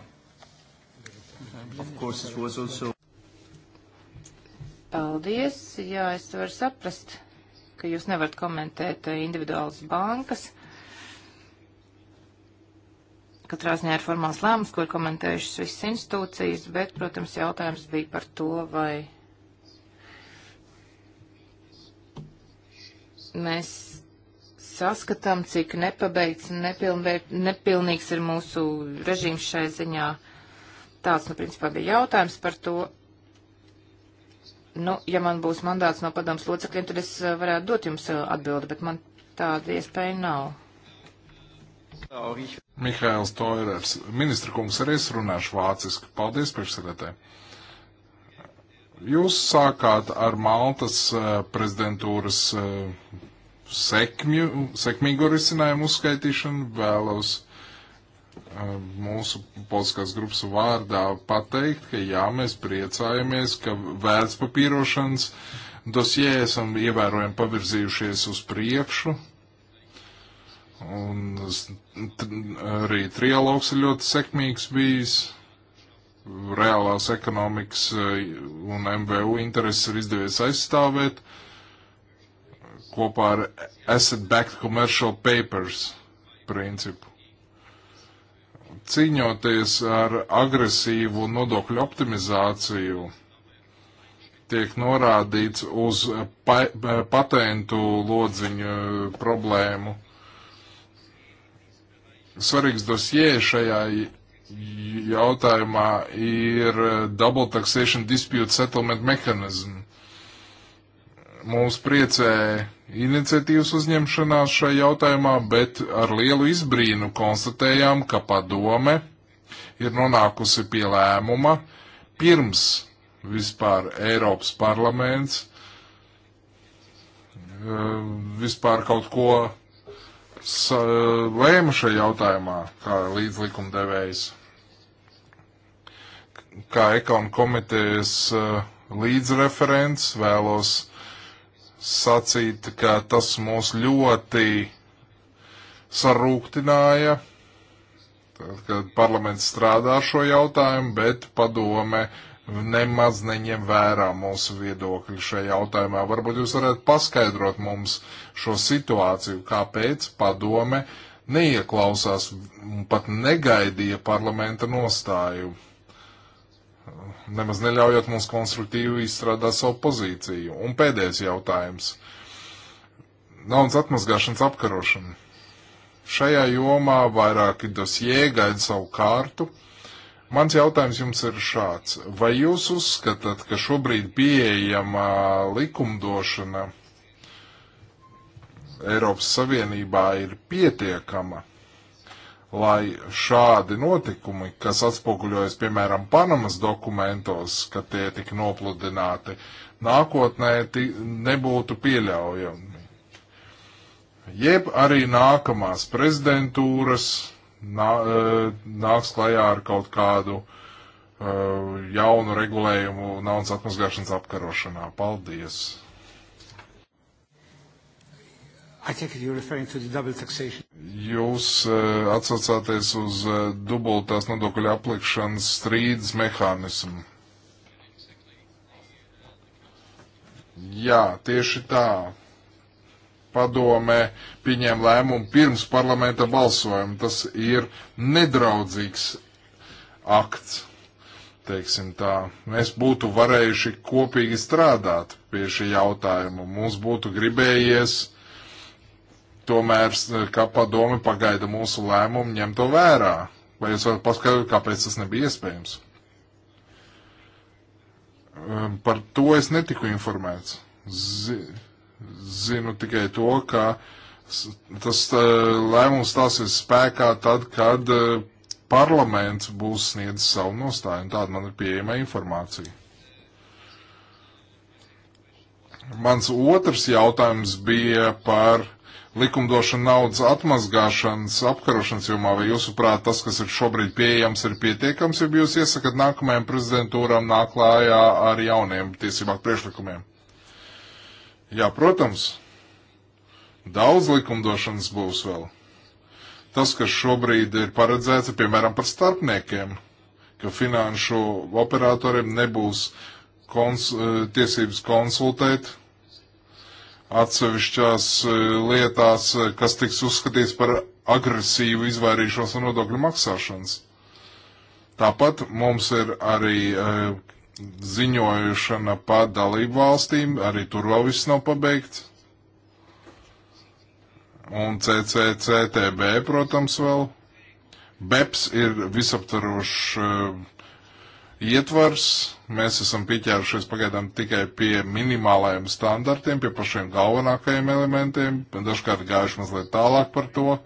Of course, it was also. Paldies. Jā, es varu saprast, ka jūs nevarat komentēt eh, individuālas bankas. Katrā ziņā ir formāls lēmums, ko ir komentējušas visas institūcijas, bet, protams, jautājums bija par to, vai mēs saskatām, cik nepabeigts un nepilnīgs ir mūsu režīms šai ziņā. Tāds, nu, principā bija jautājums par to. Nu, ja man būs mandāts no padoms locekļiem, tad es eh, varētu dot jums eh, atbildi, bet man tāda iespēja nav. Mihails Toirers. Ministra kungs, arī es runāšu vāciski. Paldies, priekšsēdētāji. Jūs sākāt ar Maltas eh, prezidentūras eh, sekmju, sekmīgu risinājumu uzskaitīšanu. Vēlos eh, mūsu polskās grupas vārdā pateikt, ka jā, mēs priecājamies, ka vērtspapīrošanas dosjē esam ievērojami pavirzījušies uz priekšu un arī trialogs ir ļoti sekmīgs bijis. Reālās ekonomikas eh, un MVU intereses ir izdevies aizstāvēt kopā ar asset-backed commercial papers principu. Cīņoties ar agresīvu nodokļu optimizāciju, tiek norādīts uz pa eh, patentu lodziņu eh, problēmu svarīgs dosie šajā jautājumā ir Double Taxation Dispute Settlement Mechanism. Mums priecē iniciatīvas uzņemšanās šajā jautājumā, bet ar lielu izbrīnu konstatējām, ka padome ir nonākusi pie lēmuma pirms vispār Eiropas parlaments eh, vispār kaut ko lēma šajā jautājumā, kā līdzlikumdevējs, kā ekonu komitejas eh, līdzreferents, vēlos sacīt, ka tas mūs ļoti sarūktināja, tad, kad parlaments strādā šo jautājumu, bet padome uh, nemaz neņem vērā mūsu viedokļu šajā jautājumā. Varbūt jūs varētu paskaidrot mums šo situāciju, kāpēc padome neieklausās un pat negaidīja parlamenta nostāju, nemaz neļaujot mums konstruktīvi izstrādāt savu pozīciju. Un pēdējais jautājums - naudas atmazgāšanas apkarošana. Šajā jomā vairāki dosie gaida savu kārtu Mans jautājums jums ir šāds. Vai jūs uzskatāt, ka šobrīd pieejama likumdošana Eiropas Savienībā ir pietiekama, lai šādi notikumi, kas atspoguļojas piemēram Panamas dokumentos, ka tie tika nopludināti, nākotnē nebūtu pieļaujami? Jeb arī nākamās prezidentūras nā, e, nāks klajā ar kaut kādu uh, jaunu regulējumu naudas atmazgāšanas apkarošanā. Paldies! Jūs uh, atsaucāties uz uh, dubultās nodokļu aplikšanas strīdas mehānismu. Jā, tieši tā padome pieņēma lēmumu pirms parlamenta balsojuma. Tas ir nedraudzīgs akts, teiksim tā. Mēs būtu varējuši kopīgi strādāt pie šī jautājuma. Mums būtu gribējies tomēr, kā padome pagaida mūsu lēmumu, ņem to vērā. Vai jūs varat paskaidrot, kāpēc tas nebija iespējams? Ehm, par to es netiku informēts. Zinu Zinu tikai to, ka tas eh, lēmums stāsies spēkā tad, kad eh, parlaments būs sniedzis savu nostāju, un tāda man ir pieejama informācija. Mans otrs jautājums bija par likumdošanu naudas atmazgāšanas apkarošanas jomā, vai jūsuprāt tas, kas ir šobrīd pieejams, ir pietiekams, ja jūs iesakat nākamajam prezidentūram nāk klājā ar jauniem tiesībāk priešlikumiem? Jā, protams, daudz likumdošanas būs vēl. Tas, kas šobrīd ir paredzēts, piemēram, par starpniekiem, ka finanšu operatoriem nebūs kons eh, tiesības konsultēt atsevišķās eh, lietās, eh, kas tiks uzskatīts par agresīvu izvairīšanos no nodokļu maksāšanas. Tāpat mums ir arī uh, ziņojušana pa dalību valstīm, arī tur vēl viss nav pabeigts. Un CCCTB, protams, vēl. BEPS ir visaptvarošs uh, ietvars. Mēs esam pieķērušies pagaidām tikai pie minimālajiem standartiem, pie pašiem galvenākajiem elementiem, dažkārt gājuši mazliet tālāk par to.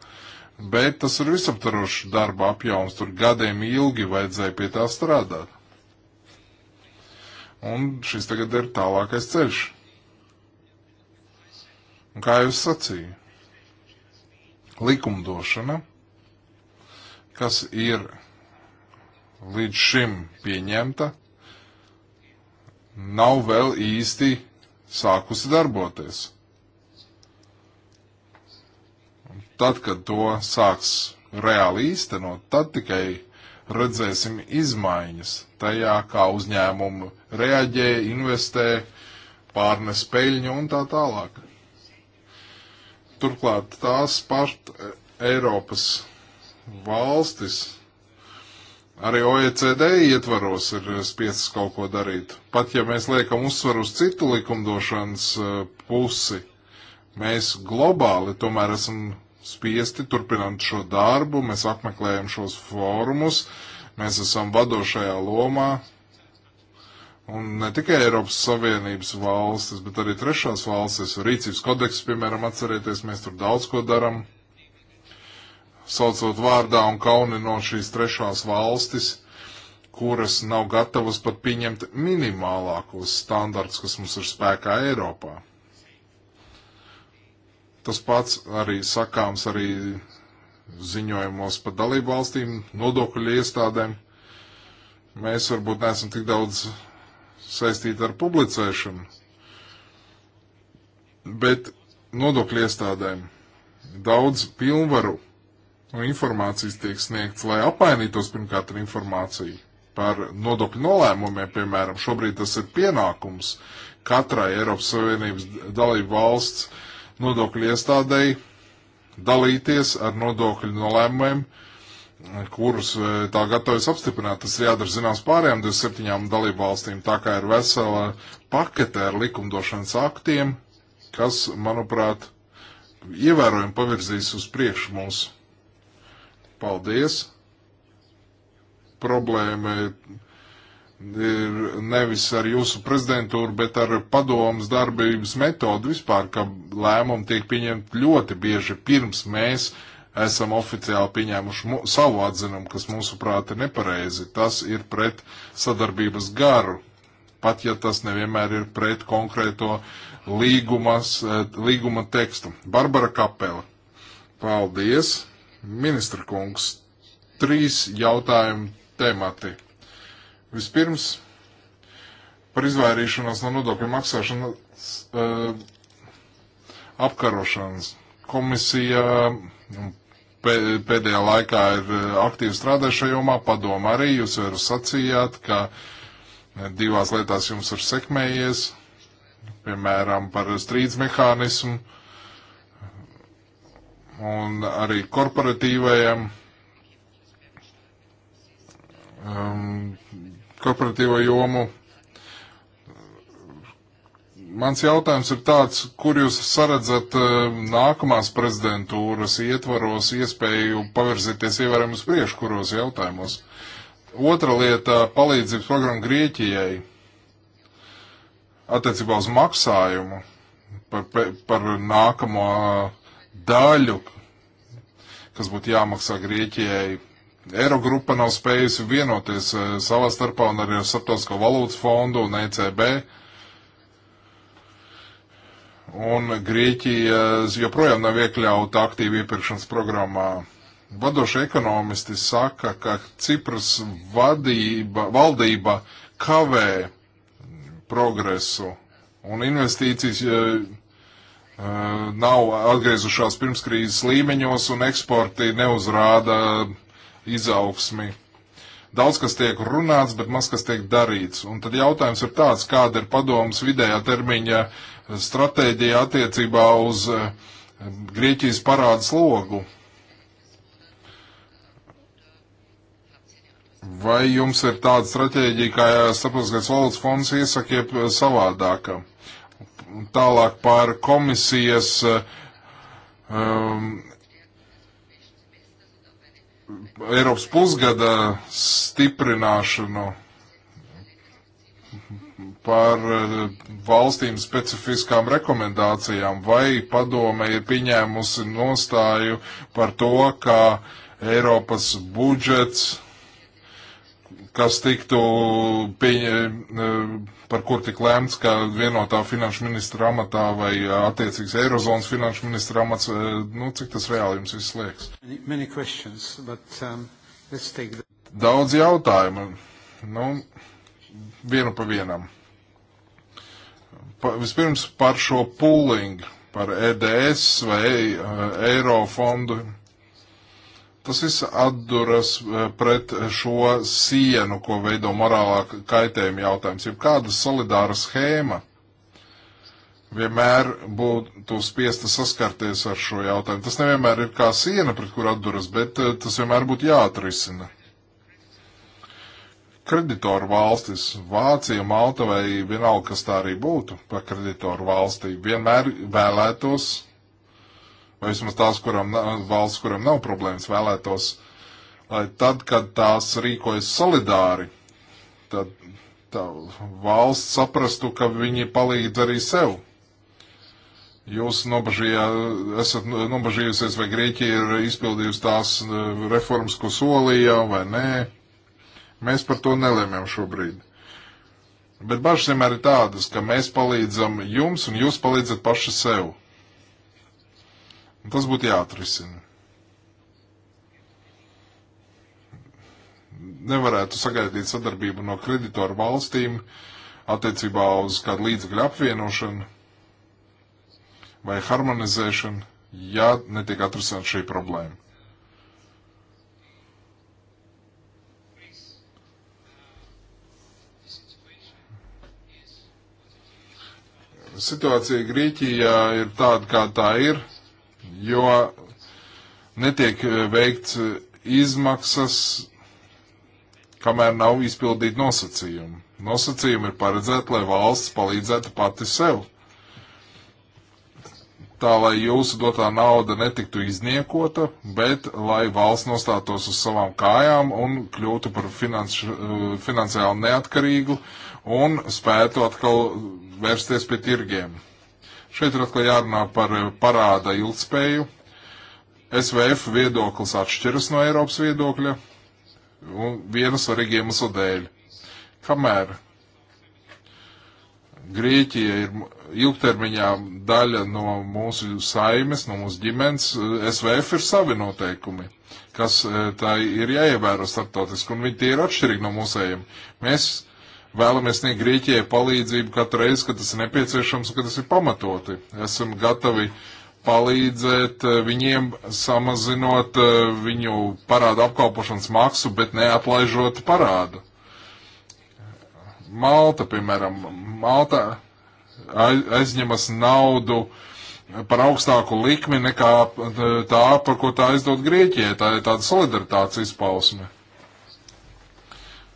Bet tas ir visaptvarošs darba apjoms, tur gadiem ilgi vajadzēja pie tā strādāt. Un šis tagad ir tālākais ceļš. Un kā jau es sacīju, likumdošana, kas ir līdz šim pieņemta, nav vēl īsti sākusi darboties. Un tad, kad to sāks reāli īstenot, tad tikai redzēsim izmaiņas tajā, kā uzņēmumu reaģē, investē, pārnes peļņu un tā tālāk. Turklāt tās pat e, Eiropas valstis arī OECD ietvaros ir spiestas kaut ko darīt. Pat ja mēs liekam uzsvaru uz citu likumdošanas e, pusi, mēs globāli tomēr esam spiesti turpināt šo darbu, mēs apmeklējam šos fórumus, uh, Mēs esam vadošajā lomā, un ne tikai Eiropas Savienības valstis, bet arī trešās valstis. Rīcības kodeks, piemēram, atcerieties, mēs tur daudz ko daram, saucot vārdā un kauni no šīs trešās valstis kuras nav gatavas pat pieņemt minimālākos standarts, kas mums ir spēkā Eiropā. Tas pats arī sakāms arī ziņojumos par dalību valstīm, nodokļu iestādēm. Mēs varbūt neesam tik daudz saistīti ar publicēšanu, bet nodokļu iestādēm daudz pilnvaru un informācijas tiek sniegts, lai apmainītos pirmkārt ar informāciju par nodokļu nolēmumiem, piemēram, šobrīd tas ir pienākums katrai Eiropas Savienības dalību valsts nodokļu iestādēji dalīties ar nodokļu nolēmumiem, kurus eh, tā gatavojas apstiprināt. Tas ir jādara zināms pārējām 27 dalību valstīm, tā kā ir vesela pakete ar likumdošanas aktiem, kas, manuprāt, ievērojami pavirzīs uz priekšu mūs. Paldies! Problēma ir ir nevis ar jūsu prezidentūru, bet ar padomas darbības metodu vispār, ka lēmumi tiek pieņemti ļoti bieži pirms mēs esam oficiāli pieņēmuši savu atzinumu, kas mūsuprāt ir nepareizi. Tas ir pret sadarbības garu, pat ja tas nevienmēr ir pret konkrēto līgumas, eh, līguma tekstu. Barbara Kapela. Paldies, ministra kungs. Trīs jautājumu temati Vispirms par izvairīšanos no nodokļu maksāšanas uh, apkarošanas. Komisija mm, pēdējā laikā ir eh, aktīvi strādājuši šajā jomā, padoma arī, jūs jau sacījāt, ka eh, divās lietās jums ir sekmējies, piemēram, par strīdz mehānismu un arī korporatīvajiem um, korporatīvo jomu. Mans jautājums ir tāds, kur jūs saredzat eh, nākamās prezidentūras ietvaros iespēju pavirzīties ievērojami uz priekšu, kuros jautājumos? Otra lieta - palīdzības programma Grieķijai attiecībā uz maksājumu par, par nākamo daļu, kas būtu jāmaksā Grieķijai Eirogrupa nav spējusi vienoties eh, savā starpā un arī ar Startautisko valūtas fondu un ECB. Un Grieķija eh, joprojām nav iekļauta aktīvu iepirkšanas programmā. Vadošie ekonomisti saka, ka Cipras vadība, valdība kavē progresu un investīcijas eh, nav atgriezušās pirmskrīzes līmeņos un eksporti neuzrāda izaugsmi. Daudz kas tiek runāts, bet maz kas tiek darīts. Un tad jautājums ir tāds, kāda ir padomas vidējā termiņa stratēģija attiecībā uz eh, Grieķijas parādas logu. Vai jums ir tāda stratēģija, kā eh, starptautiskais valodas fonds iesaka, jeb eh, savādāka? Tālāk par komisijas um, Eiropas pusgada stiprināšanu par eh, valstīm specifiskām rekomendācijām, vai padome ir pieņēmusi nostāju par to, ka Eiropas budžets kas tiktu, pieņa, e, par kur tik lēmts, ka vienotā finanšu ministra amatā vai e, attiecīgs Eirozonas finanšu ministra amats, e, nu, cik tas reāli jums viss liekas? Many, many but, um, the... Daudz jautājumu, nu, vienu pa vienam. Pa, vispirms par šo pooling, par EDS vai Eiro fondu Tas viss atduras eh, pret šo sienu, ko veido morālā kaitējuma jautājums. Ir kāda solidāra schēma vienmēr būtu spiesta saskarties ar šo jautājumu. Tas nevienmēr ir kā siena, pret kur atduras, bet eh, tas vienmēr būtu jāatrisina. Kreditoru valstis, Vācija, Malta vai vienalga, kas tā arī būtu par kreditoru valstī, vienmēr vēlētos vai vismaz tās, kurām valsts, kurām nav problēmas, vēlētos, lai tad, kad tās rīkojas solidāri, tad tā valsts saprastu, ka viņi palīdz arī sev. Jūs nobažījā, esat nobažījusies, vai Grieķija ir izpildījusi tās e, reformas, ko solīja, vai nē. Mēs par to nelēmjam šobrīd. Bet bažas vienmēr ir tādas, ka mēs palīdzam jums, un jūs palīdzat paši sev. Un tas būtu jāatrisina. Nevarētu sagaidīt sadarbību no kreditoru valstīm attiecībā uz kādu līdzekļu apvienošanu vai harmonizēšanu, ja netiek atrisināt šī problēma. situācija Grieķijā ir tāda, kā tā ir jo netiek eh, veikts eh, izmaksas, kamēr nav izpildīti nosacījumi. Nosacījumi ir paredzēti, lai valsts palīdzētu pati sev. Tā, lai jūsu dotā nauda netiktu izniekota, bet lai valsts nostātos uz savām kājām un kļūtu par finans, eh, finansiāli neatkarīgu un spētu atkal vērsties pie tirgiem. Šeit ir atkal jārunā par eh, parāda ilgspēju. SVF viedoklis atšķiras no Eiropas viedokļa un viena svarīga iemesla dēļ. Kamēr Grieķija ir ilgtermiņā daļa no mūsu saimes, no mūsu ģimenes, eh, SVF ir savi noteikumi, kas eh, tā ir jāievēro starptautiski, un viņi tie ir atšķirīgi no mūsējiem. Mēs Vēlamies sniegt Grieķijai palīdzību katru reizi, kad tas ir nepieciešams un kad tas ir pamatoti. Esam gatavi palīdzēt eh, viņiem samazinot eh, viņu parādu apkalpošanas maksu, bet neatlaižot parādu. Malta, piemēram, Malta aizņemas naudu par augstāku likmi nekā eh, tā, par ko tā aizdod Grieķijai. Tā ir tāda solidaritātes izpausme.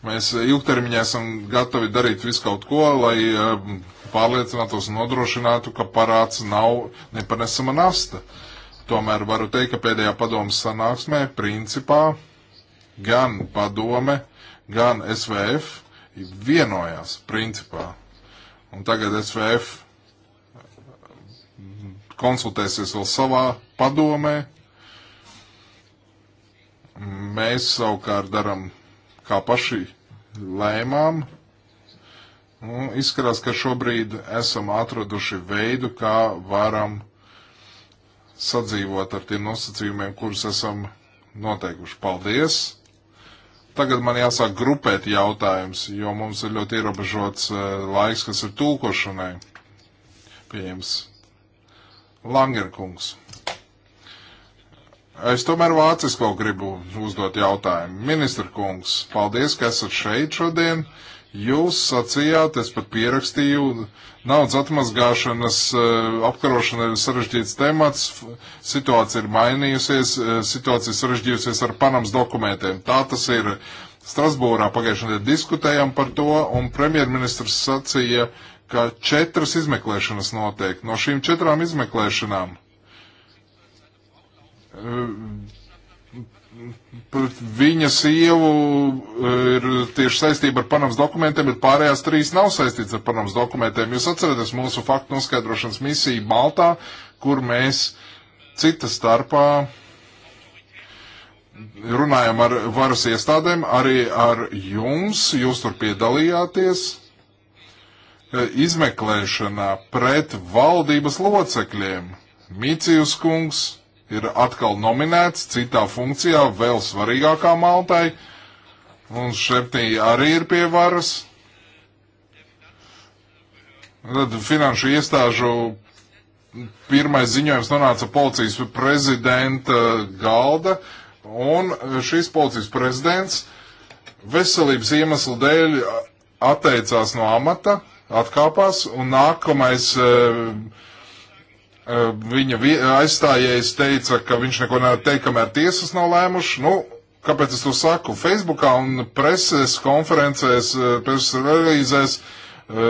Mēs eh, ilgtermiņā esam gatavi darīt visu kaut ko, lai eh, pārliecinātos un nodrošinātu, ka parāds nav nepanesama nasta. Tomēr varu teikt, ka pēdējā padomas sanāksmē principā gan padome, gan SVF vienojās principā. Un tagad SVF eh, konsultēsies vēl savā padomē. Mēs savukārt darām kā paši lēmām. Un nu, izskatās, ka šobrīd esam atraduši veidu, kā varam sadzīvot ar tiem nosacījumiem, kurus esam noteikuši. Paldies! Tagad man jāsāk grupēt jautājums, jo mums ir ļoti ierobežots eh, laiks, kas ir tulkošanai. Pieņems Langerkungs. Es tomēr vācisko gribu uzdot jautājumu. Ministra kungs, paldies, ka esat šeit šodien. Jūs sacījāt, es pat pierakstīju, naudas atmazgāšanas eh, apkarošana ir sarežģīts temats, situācija ir mainījusies, eh, situācija sarežģījusies ar Panamas dokumentiem. Tā tas ir. Strasbūrā pagājušajā nedēļā diskutējām par to, un premjerministrs sacīja, ka četras izmeklēšanas notiek. No šīm četrām izmeklēšanām Viņa sievu e, ir tieši saistība ar Panamas dokumentiem, bet pārējās trīs nav saistīts ar Panamas dokumentiem. Jūs atceraties mūsu faktu noskaidrošanas misiju Maltā, kur mēs cita starpā runājam ar varas iestādēm, arī ar jums, jūs tur piedalījāties e, izmeklēšanā pret valdības locekļiem. Mīcijus kungs ir atkal nominēts citā funkcijā, vēl svarīgākā Maltai, un Šeptī arī ir pie varas. Tad finanšu iestāžu pirmais ziņojums nonāca policijas prezidenta galda, un šis policijas prezidents veselības iemeslu dēļ atteicās no amata, atkāpās, un nākamais uh, Eh, viņa aizstājējs teica, ka viņš neko nevar teikt, kamēr tiesas nav lēmuši. Nu, kāpēc es to saku? Facebookā un preses konferencēs, eh, preses relīzēs eh,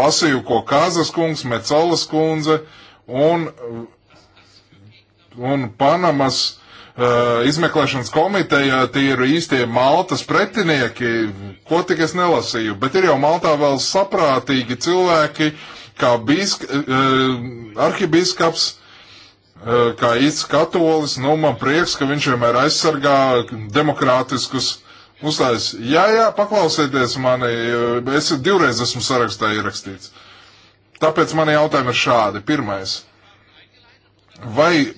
lasīju, ko Kāzas kungs, Mecalas kundze un, un Panamas izmeklēšanas komiteja, tie ir īstie Maltas pretinieki, ko tik es nelasīju, bet ir jau Maltā vēl saprātīgi cilvēki, uh, kā bisk, eh, eh, arhibiskaps, eh, kā īsts katolis, nu man prieks, ka viņš vienmēr aizsargā demokrātiskus uzstājas. Jā, jā, paklausieties mani, es divreiz esmu sarakstā ierakstīts. Tāpēc mani jautājumi ir šādi. Pirmais. Vai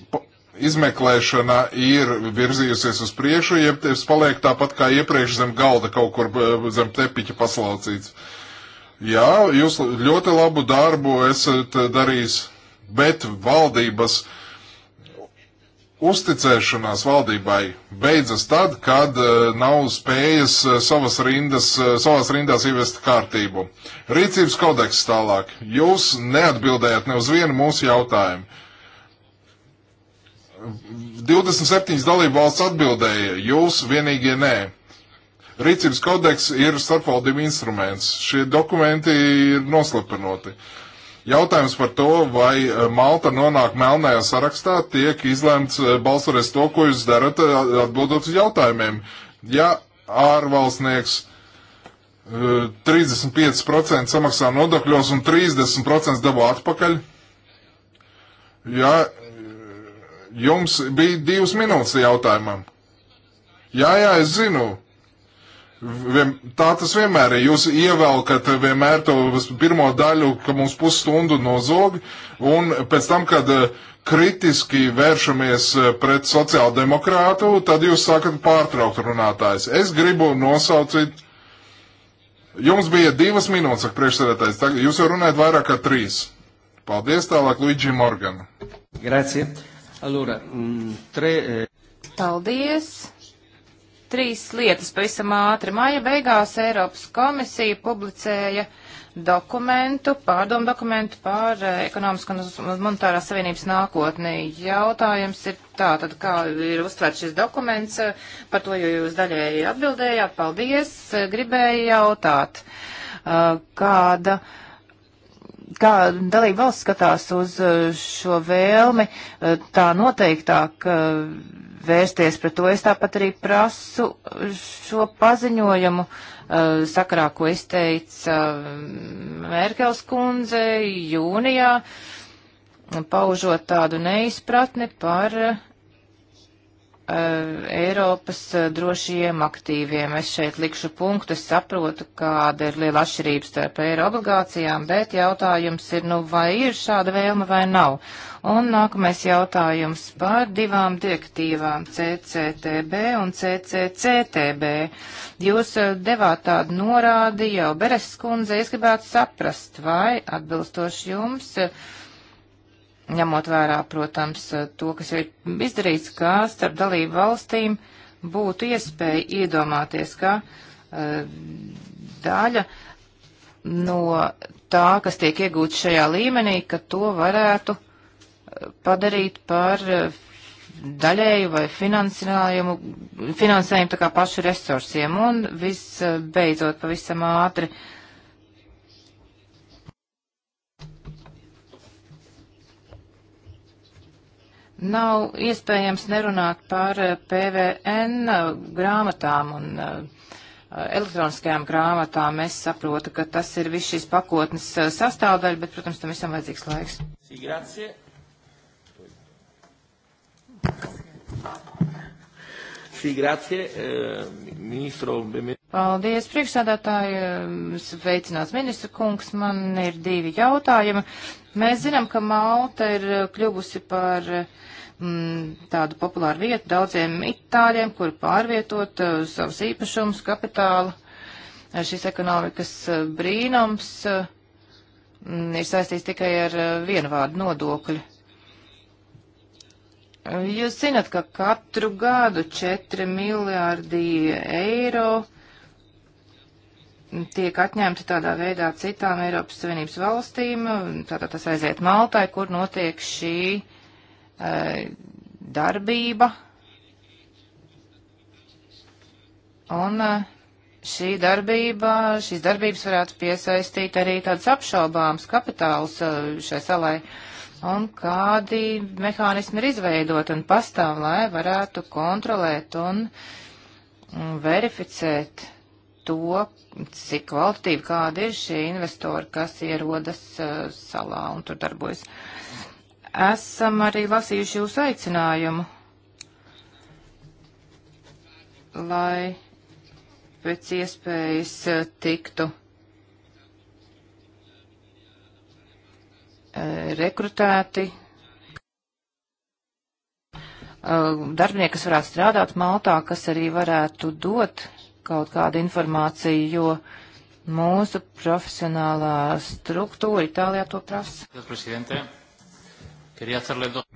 izmeklēšana ir virzījusies uz priekšu, jeb tas paliek tāpat kā iepriekš zem galda kaut kur zem tepiķa paslaucīts? Uh, jā, jūs ļoti labu darbu esat darījis, bet valdības uzticēšanās valdībai beidzas tad, kad e, nav spējas e, savas, rindas, e, savas rindās ievest kārtību. Rīcības kodeks tālāk. Jūs neatbildējat ne uz vienu mūsu jautājumu. 27 dalību valsts atbildēja, jūs vienīgie nē. Rīcības kodeks ir starpvaldību instruments. Šie dokumenti ir noslepenoti. Jautājums par to, vai e, Malta nonāk melnajā sarakstā, tiek izlemts e, balsoties to, ko jūs darat, e, atbildot uz jautājumiem. Ja ārvalstnieks 35% samaksā nodokļos un 30% dabū atpakaļ, ja jums bija divas minūtes jautājumam. Jā, jā, es zinu. Vien, tā tas vienmēr ir. Jūs ievelkat vienmēr to pirmo daļu, ka mums pusstundu nozog, un pēc tam, kad eh, kritiski vēršamies eh, pret sociāldemokrātu, tad jūs sākat pārtraukt runātājs. Es gribu nosaucīt. Jums bija divas minūtes, saka priekšsēdētājs. Tagad jūs jau runājat vairāk kā trīs. Paldies tālāk Luigi Morgana. Grazie. Allora, mm, tre. Eh, Paldies. Trīs lietas pavisam ātri. Māja beigās Eiropas komisija publicēja dokumentu, pārdomu dokumentu par eh, ekonomisko un monetārās savienības nākotni. Jautājums ir tā, tad kā ir uztvērts šis dokuments, par to jau jūs daļēji atbildējāt, paldies, gribēju jautāt, eh, kāda, kā dalība valsts skatās uz eh, šo vēlmi tā noteiktāk vērsties pret to. Es tāpat arī prasu šo paziņojumu uh, sakarā, ko izteica uh, Merkels kundze jūnijā, paužot tādu neizpratni par uh, Eh, Eiropas eh, drošiem aktīviem. Es šeit likšu punktu, es saprotu, kāda ir liela atšķirība starp eiro obligācijām, bet jautājums ir, nu, vai ir šāda vēlme vai nav. Un nākamais jautājums par divām direktīvām CCTB un CCCTB. Jūs eh, devāt tādu norādi jau Beres kundze, es gribētu saprast, vai atbilstoši jums. Uh, ņemot vērā, protams, to, kas jau ir izdarīts, kā starp dalību valstīm būtu iespēja iedomāties, ka eh, daļa no tā, kas tiek iegūts šajā līmenī, ka to varētu eh, padarīt par eh, daļēju vai finansējumu, finansējumu tā kā pašu resursiem. Un visbeidzot, pavisam ātri, uh, Nav iespējams nerunāt par eh, PVN eh, grāmatām un eh, elektroniskajām grāmatām. Es saprotu, ka tas ir viss šīs pakotnes sastāvdaļa, bet, protams, tam visam vajadzīgs laiks. Sī, Sì, grazie, eh, ministro. Paldies, priekšsādātāji. Sveicināts ministra kungs. Man ir divi jautājumi. Mēs zinām, ka Malta ir kļuvusi par mm, tādu populāru vietu daudziem itāļiem, kur pārvietot uh, savus īpašumus, kapitālu. Uh, šis ekonomikas uh, brīnums uh, ir saistīts tikai ar uh, vienu vārdu nodokļu. Jūs zinat, ka katru gadu 4 miljārdi eiro tiek atņemti tādā veidā citām Eiropas Savienības valstīm. Tātad tas aiziet Maltai, kur notiek šī e, darbība. Un e, šī darbība, šīs darbības varētu piesaistīt arī tāds apšaubāms kapitāls e, šai salai. E, un kādi mehānismi ir izveidot un pastāv, lai varētu kontrolēt un verificēt to, cik kvalitatīvi kādi ir šie investori, kas ierodas uh, salā un tur darbojas. Esam arī lasījuši jūsu aicinājumu, lai pēc iespējas uh, tiktu rekrutēti eh, darbinieki, kas varētu strādāt Maltā, kas arī varētu dot kaut kādu informāciju, jo mūsu profesionālā struktūra Itālijā to prasa.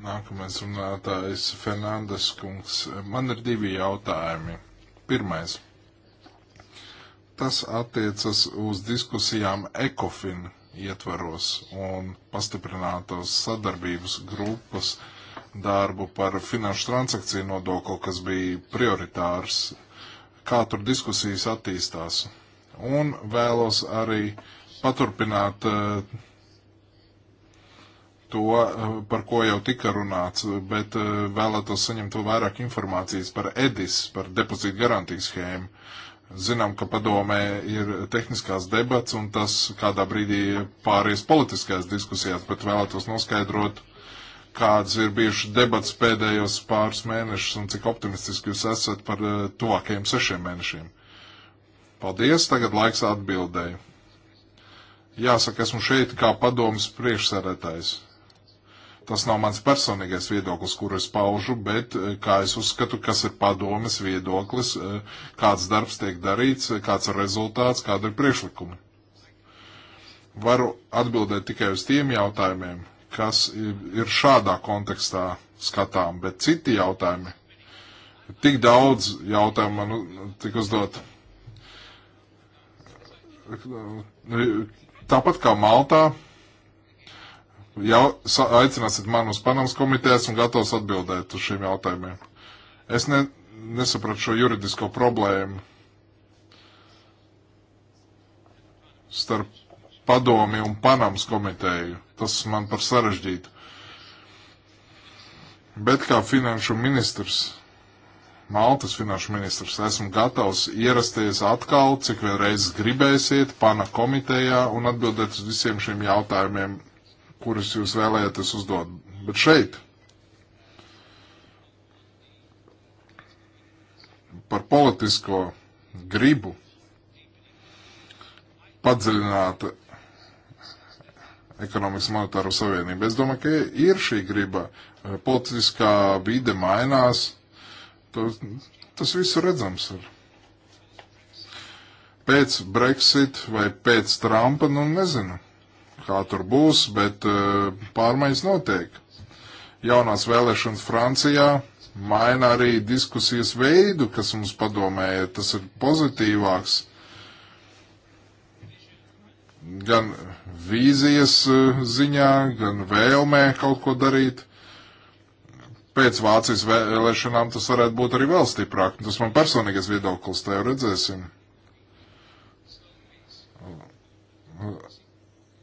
Nākamais runātājs Fernandes kungs. Man ir divi jautājumi. Pirmais. Tas attiecas uz diskusijām ECOFIN ietvaros un pastiprinātos sadarbības grupas darbu par finanšu transakciju nodokli, kas bija prioritārs, kā tur diskusijas attīstās. Un vēlos arī paturpināt eh, to, eh, par ko jau tika runāts, bet eh, vēlētos saņemt vairāk informācijas par EDIS, par depozītu garantijas schēmu Zinām, ka padomē ir tehniskās debats un tas kādā brīdī pāries politiskās diskusijās, bet vēlētos noskaidrot, kādas ir bijušas debats pēdējos pāris mēnešus un cik optimistiski jūs esat par eh, tuvākajiem sešiem mēnešiem. Paldies, tagad laiks atbildēju. Jāsaka, esmu šeit kā padomas priekšsēdētājs. Tas nav mans personīgais viedoklis, kuru es paužu, bet eh, kā es uzskatu, kas ir padomes viedoklis, eh, kāds darbs tiek darīts, eh, kāds ir rezultāts, kāda ir priekšlikumi. Varu atbildēt tikai uz tiem jautājumiem, kas ir šādā kontekstā skatām, bet citi jautājumi. Tik daudz jautājumu man nu, tik uzdot. Tāpat kā Maltā, jau aicināsiet mani uz Panamas komitejas un gatavs atbildēt uz šiem jautājumiem. Es ne, nesapratu šo juridisko problēmu starp padomi un Panamas komiteju. Tas man par sarežģītu. Bet kā finanšu ministrs, Maltas finanšu ministrs, esmu gatavs ierasties atkal, cik vien reizes gribēsiet, pana komitejā un atbildēt uz visiem šiem jautājumiem kurus jūs vēlējaties uzdot. Bet šeit par politisko gribu padziļināt ekonomikas monetāru savienību. Es domāju, ka ir šī griba. Politiskā vide mainās. Tas, tas viss redzams ir. Pēc Brexit vai pēc Trumpa, nu nezinu kā tur būs, bet eh, pārmaiņas notiek. Jaunās vēlēšanas Francijā maina arī diskusijas veidu, kas mums padomē, tas ir pozitīvāks. Gan vīzijas eh, ziņā, gan vēlmē kaut ko darīt pēc Vācijas vēlēšanām tas varētu būt arī vēl stiprāk. Tas man personīgais viedoklis, tā jau redzēsim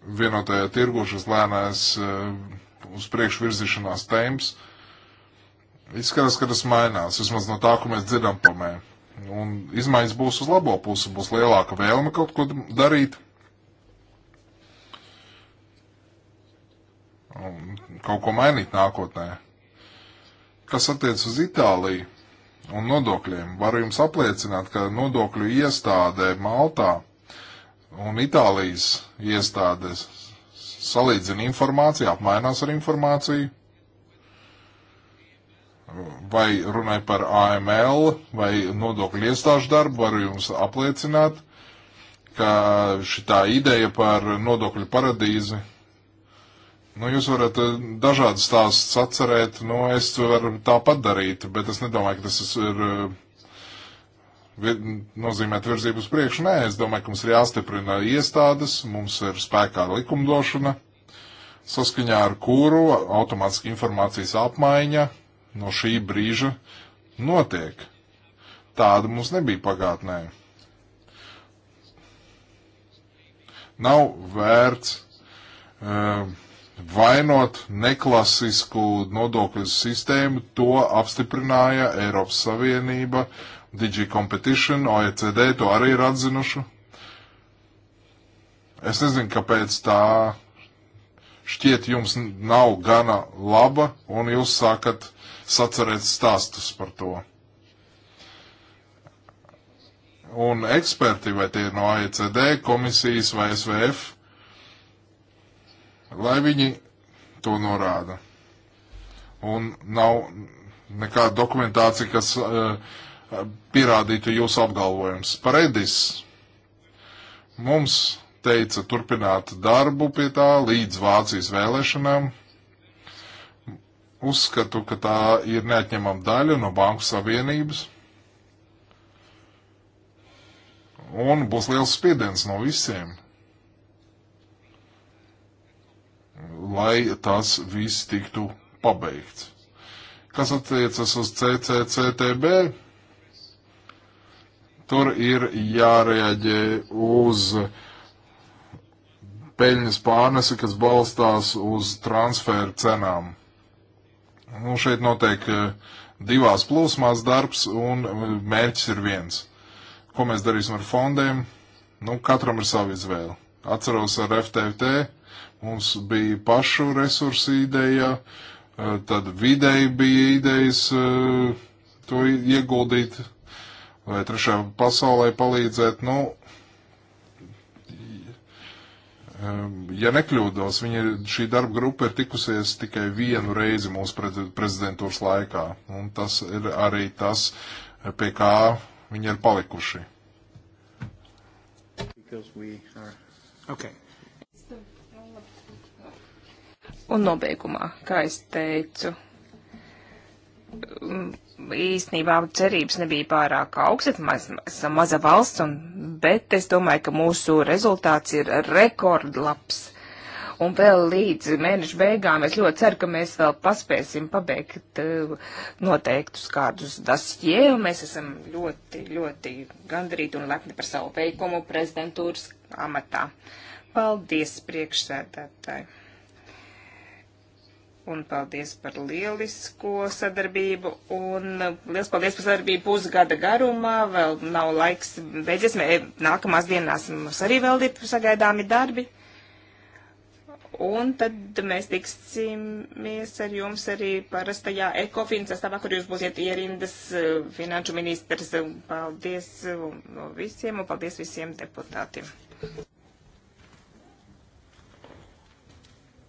vienotajā tirgu šis lēnais eh, uz priekšu virzīšanās temps. Izskatās, ka tas mainās, vismaz no tā, ko mēs dzirdam pamē. Un izmaiņas būs uz labo pusi, būs lielāka vēlme kaut ko darīt. Un kaut ko mainīt nākotnē. Kas attiec uz Itāliju un nodokļiem, varu jums apliecināt, ka nodokļu iestādē Maltā un Itālijas iestādes salīdzina informāciju, apmainās ar informāciju, vai runāja par AML vai nodokļu iestāžu darbu, varu jums apliecināt, ka šitā ideja par nodokļu paradīzi Nu, jūs varat eh, dažādas stāstus atcerēt, nu, es varu tāpat darīt, bet es nedomāju, ka tas ir eh, nozīmēt virzību uz priekšu? Nē, es domāju, ka mums ir jāstiprina iestādes, mums ir spēkā likumdošana, saskaņā ar kuru automātiski informācijas apmaiņa no šī brīža notiek. Tāda mums nebija pagātnē. Nav vērts uh, vainot neklasisku nodokļu sistēmu, to apstiprināja Eiropas Savienība uh, DG Competition, OECD to arī ir atzinuši. Es nezinu, kāpēc tā šķiet jums nav gana laba, un jūs sākat sacerēt stāstus par to. Un eksperti, vai tie no OECD komisijas vai SVF, lai viņi to norāda. Un nav nekāda dokumentācija, kas uh, pierādītu jūsu apgalvojums. Par Edis mums teica turpināt darbu pie tā līdz Vācijas vēlēšanām. Uzskatu, ka tā ir neatņemama daļa no Banku Savienības. Un būs liels spiediens no visiem, lai tas viss tiktu pabeigts. Kas attiecas uz CCCTB? Tur ir jārēģē uz peļņas pārnesi, kas balstās uz transferu cenām. Nu, šeit notiek eh, divās plūsmās darbs un eh, mērķis ir viens. Ko mēs darīsim ar fondiem? Nu, katram ir sava izvēle. Atceros ar FTT, mums bija pašu resursu ideja, eh, tad videi bija idejas to ieguldīt vai trešā pasaulē palīdzēt, nu, ehm, ja nekļūdos, viņa šī darba grupa ir tikusies tikai vienu reizi mūsu prezidentūras laikā. Un tas ir arī tas, pie kā viņi ir palikuši. Are... Okay. Un nobeigumā, kā es teicu, īstenībā cerības nebija pārāk augstas, mēs esam maza valsts, un, bet es domāju, ka mūsu rezultāts ir rekordlabs. Un vēl līdz mēneša beigām es ļoti ceru, ka mēs vēl paspēsim pabeigt eh, noteiktus kādus dasjē, un mēs esam ļoti, ļoti gandrīti un lepni par savu veikumu prezidentūras amatā. Paldies priekšsēdētāji! un paldies par lielisko sadarbību, un liels paldies par sadarbību pusgada garumā, vēl nav laiks beidzies, mē, nākamās dienās mums arī vēl ir sagaidāmi darbi, un tad mēs tiksimies ar jums arī parastajā ekofīna sastāvā, kur jūs būsiet ierindas eh, finanšu ministrs. Paldies eh, visiem, un paldies visiem deputātiem.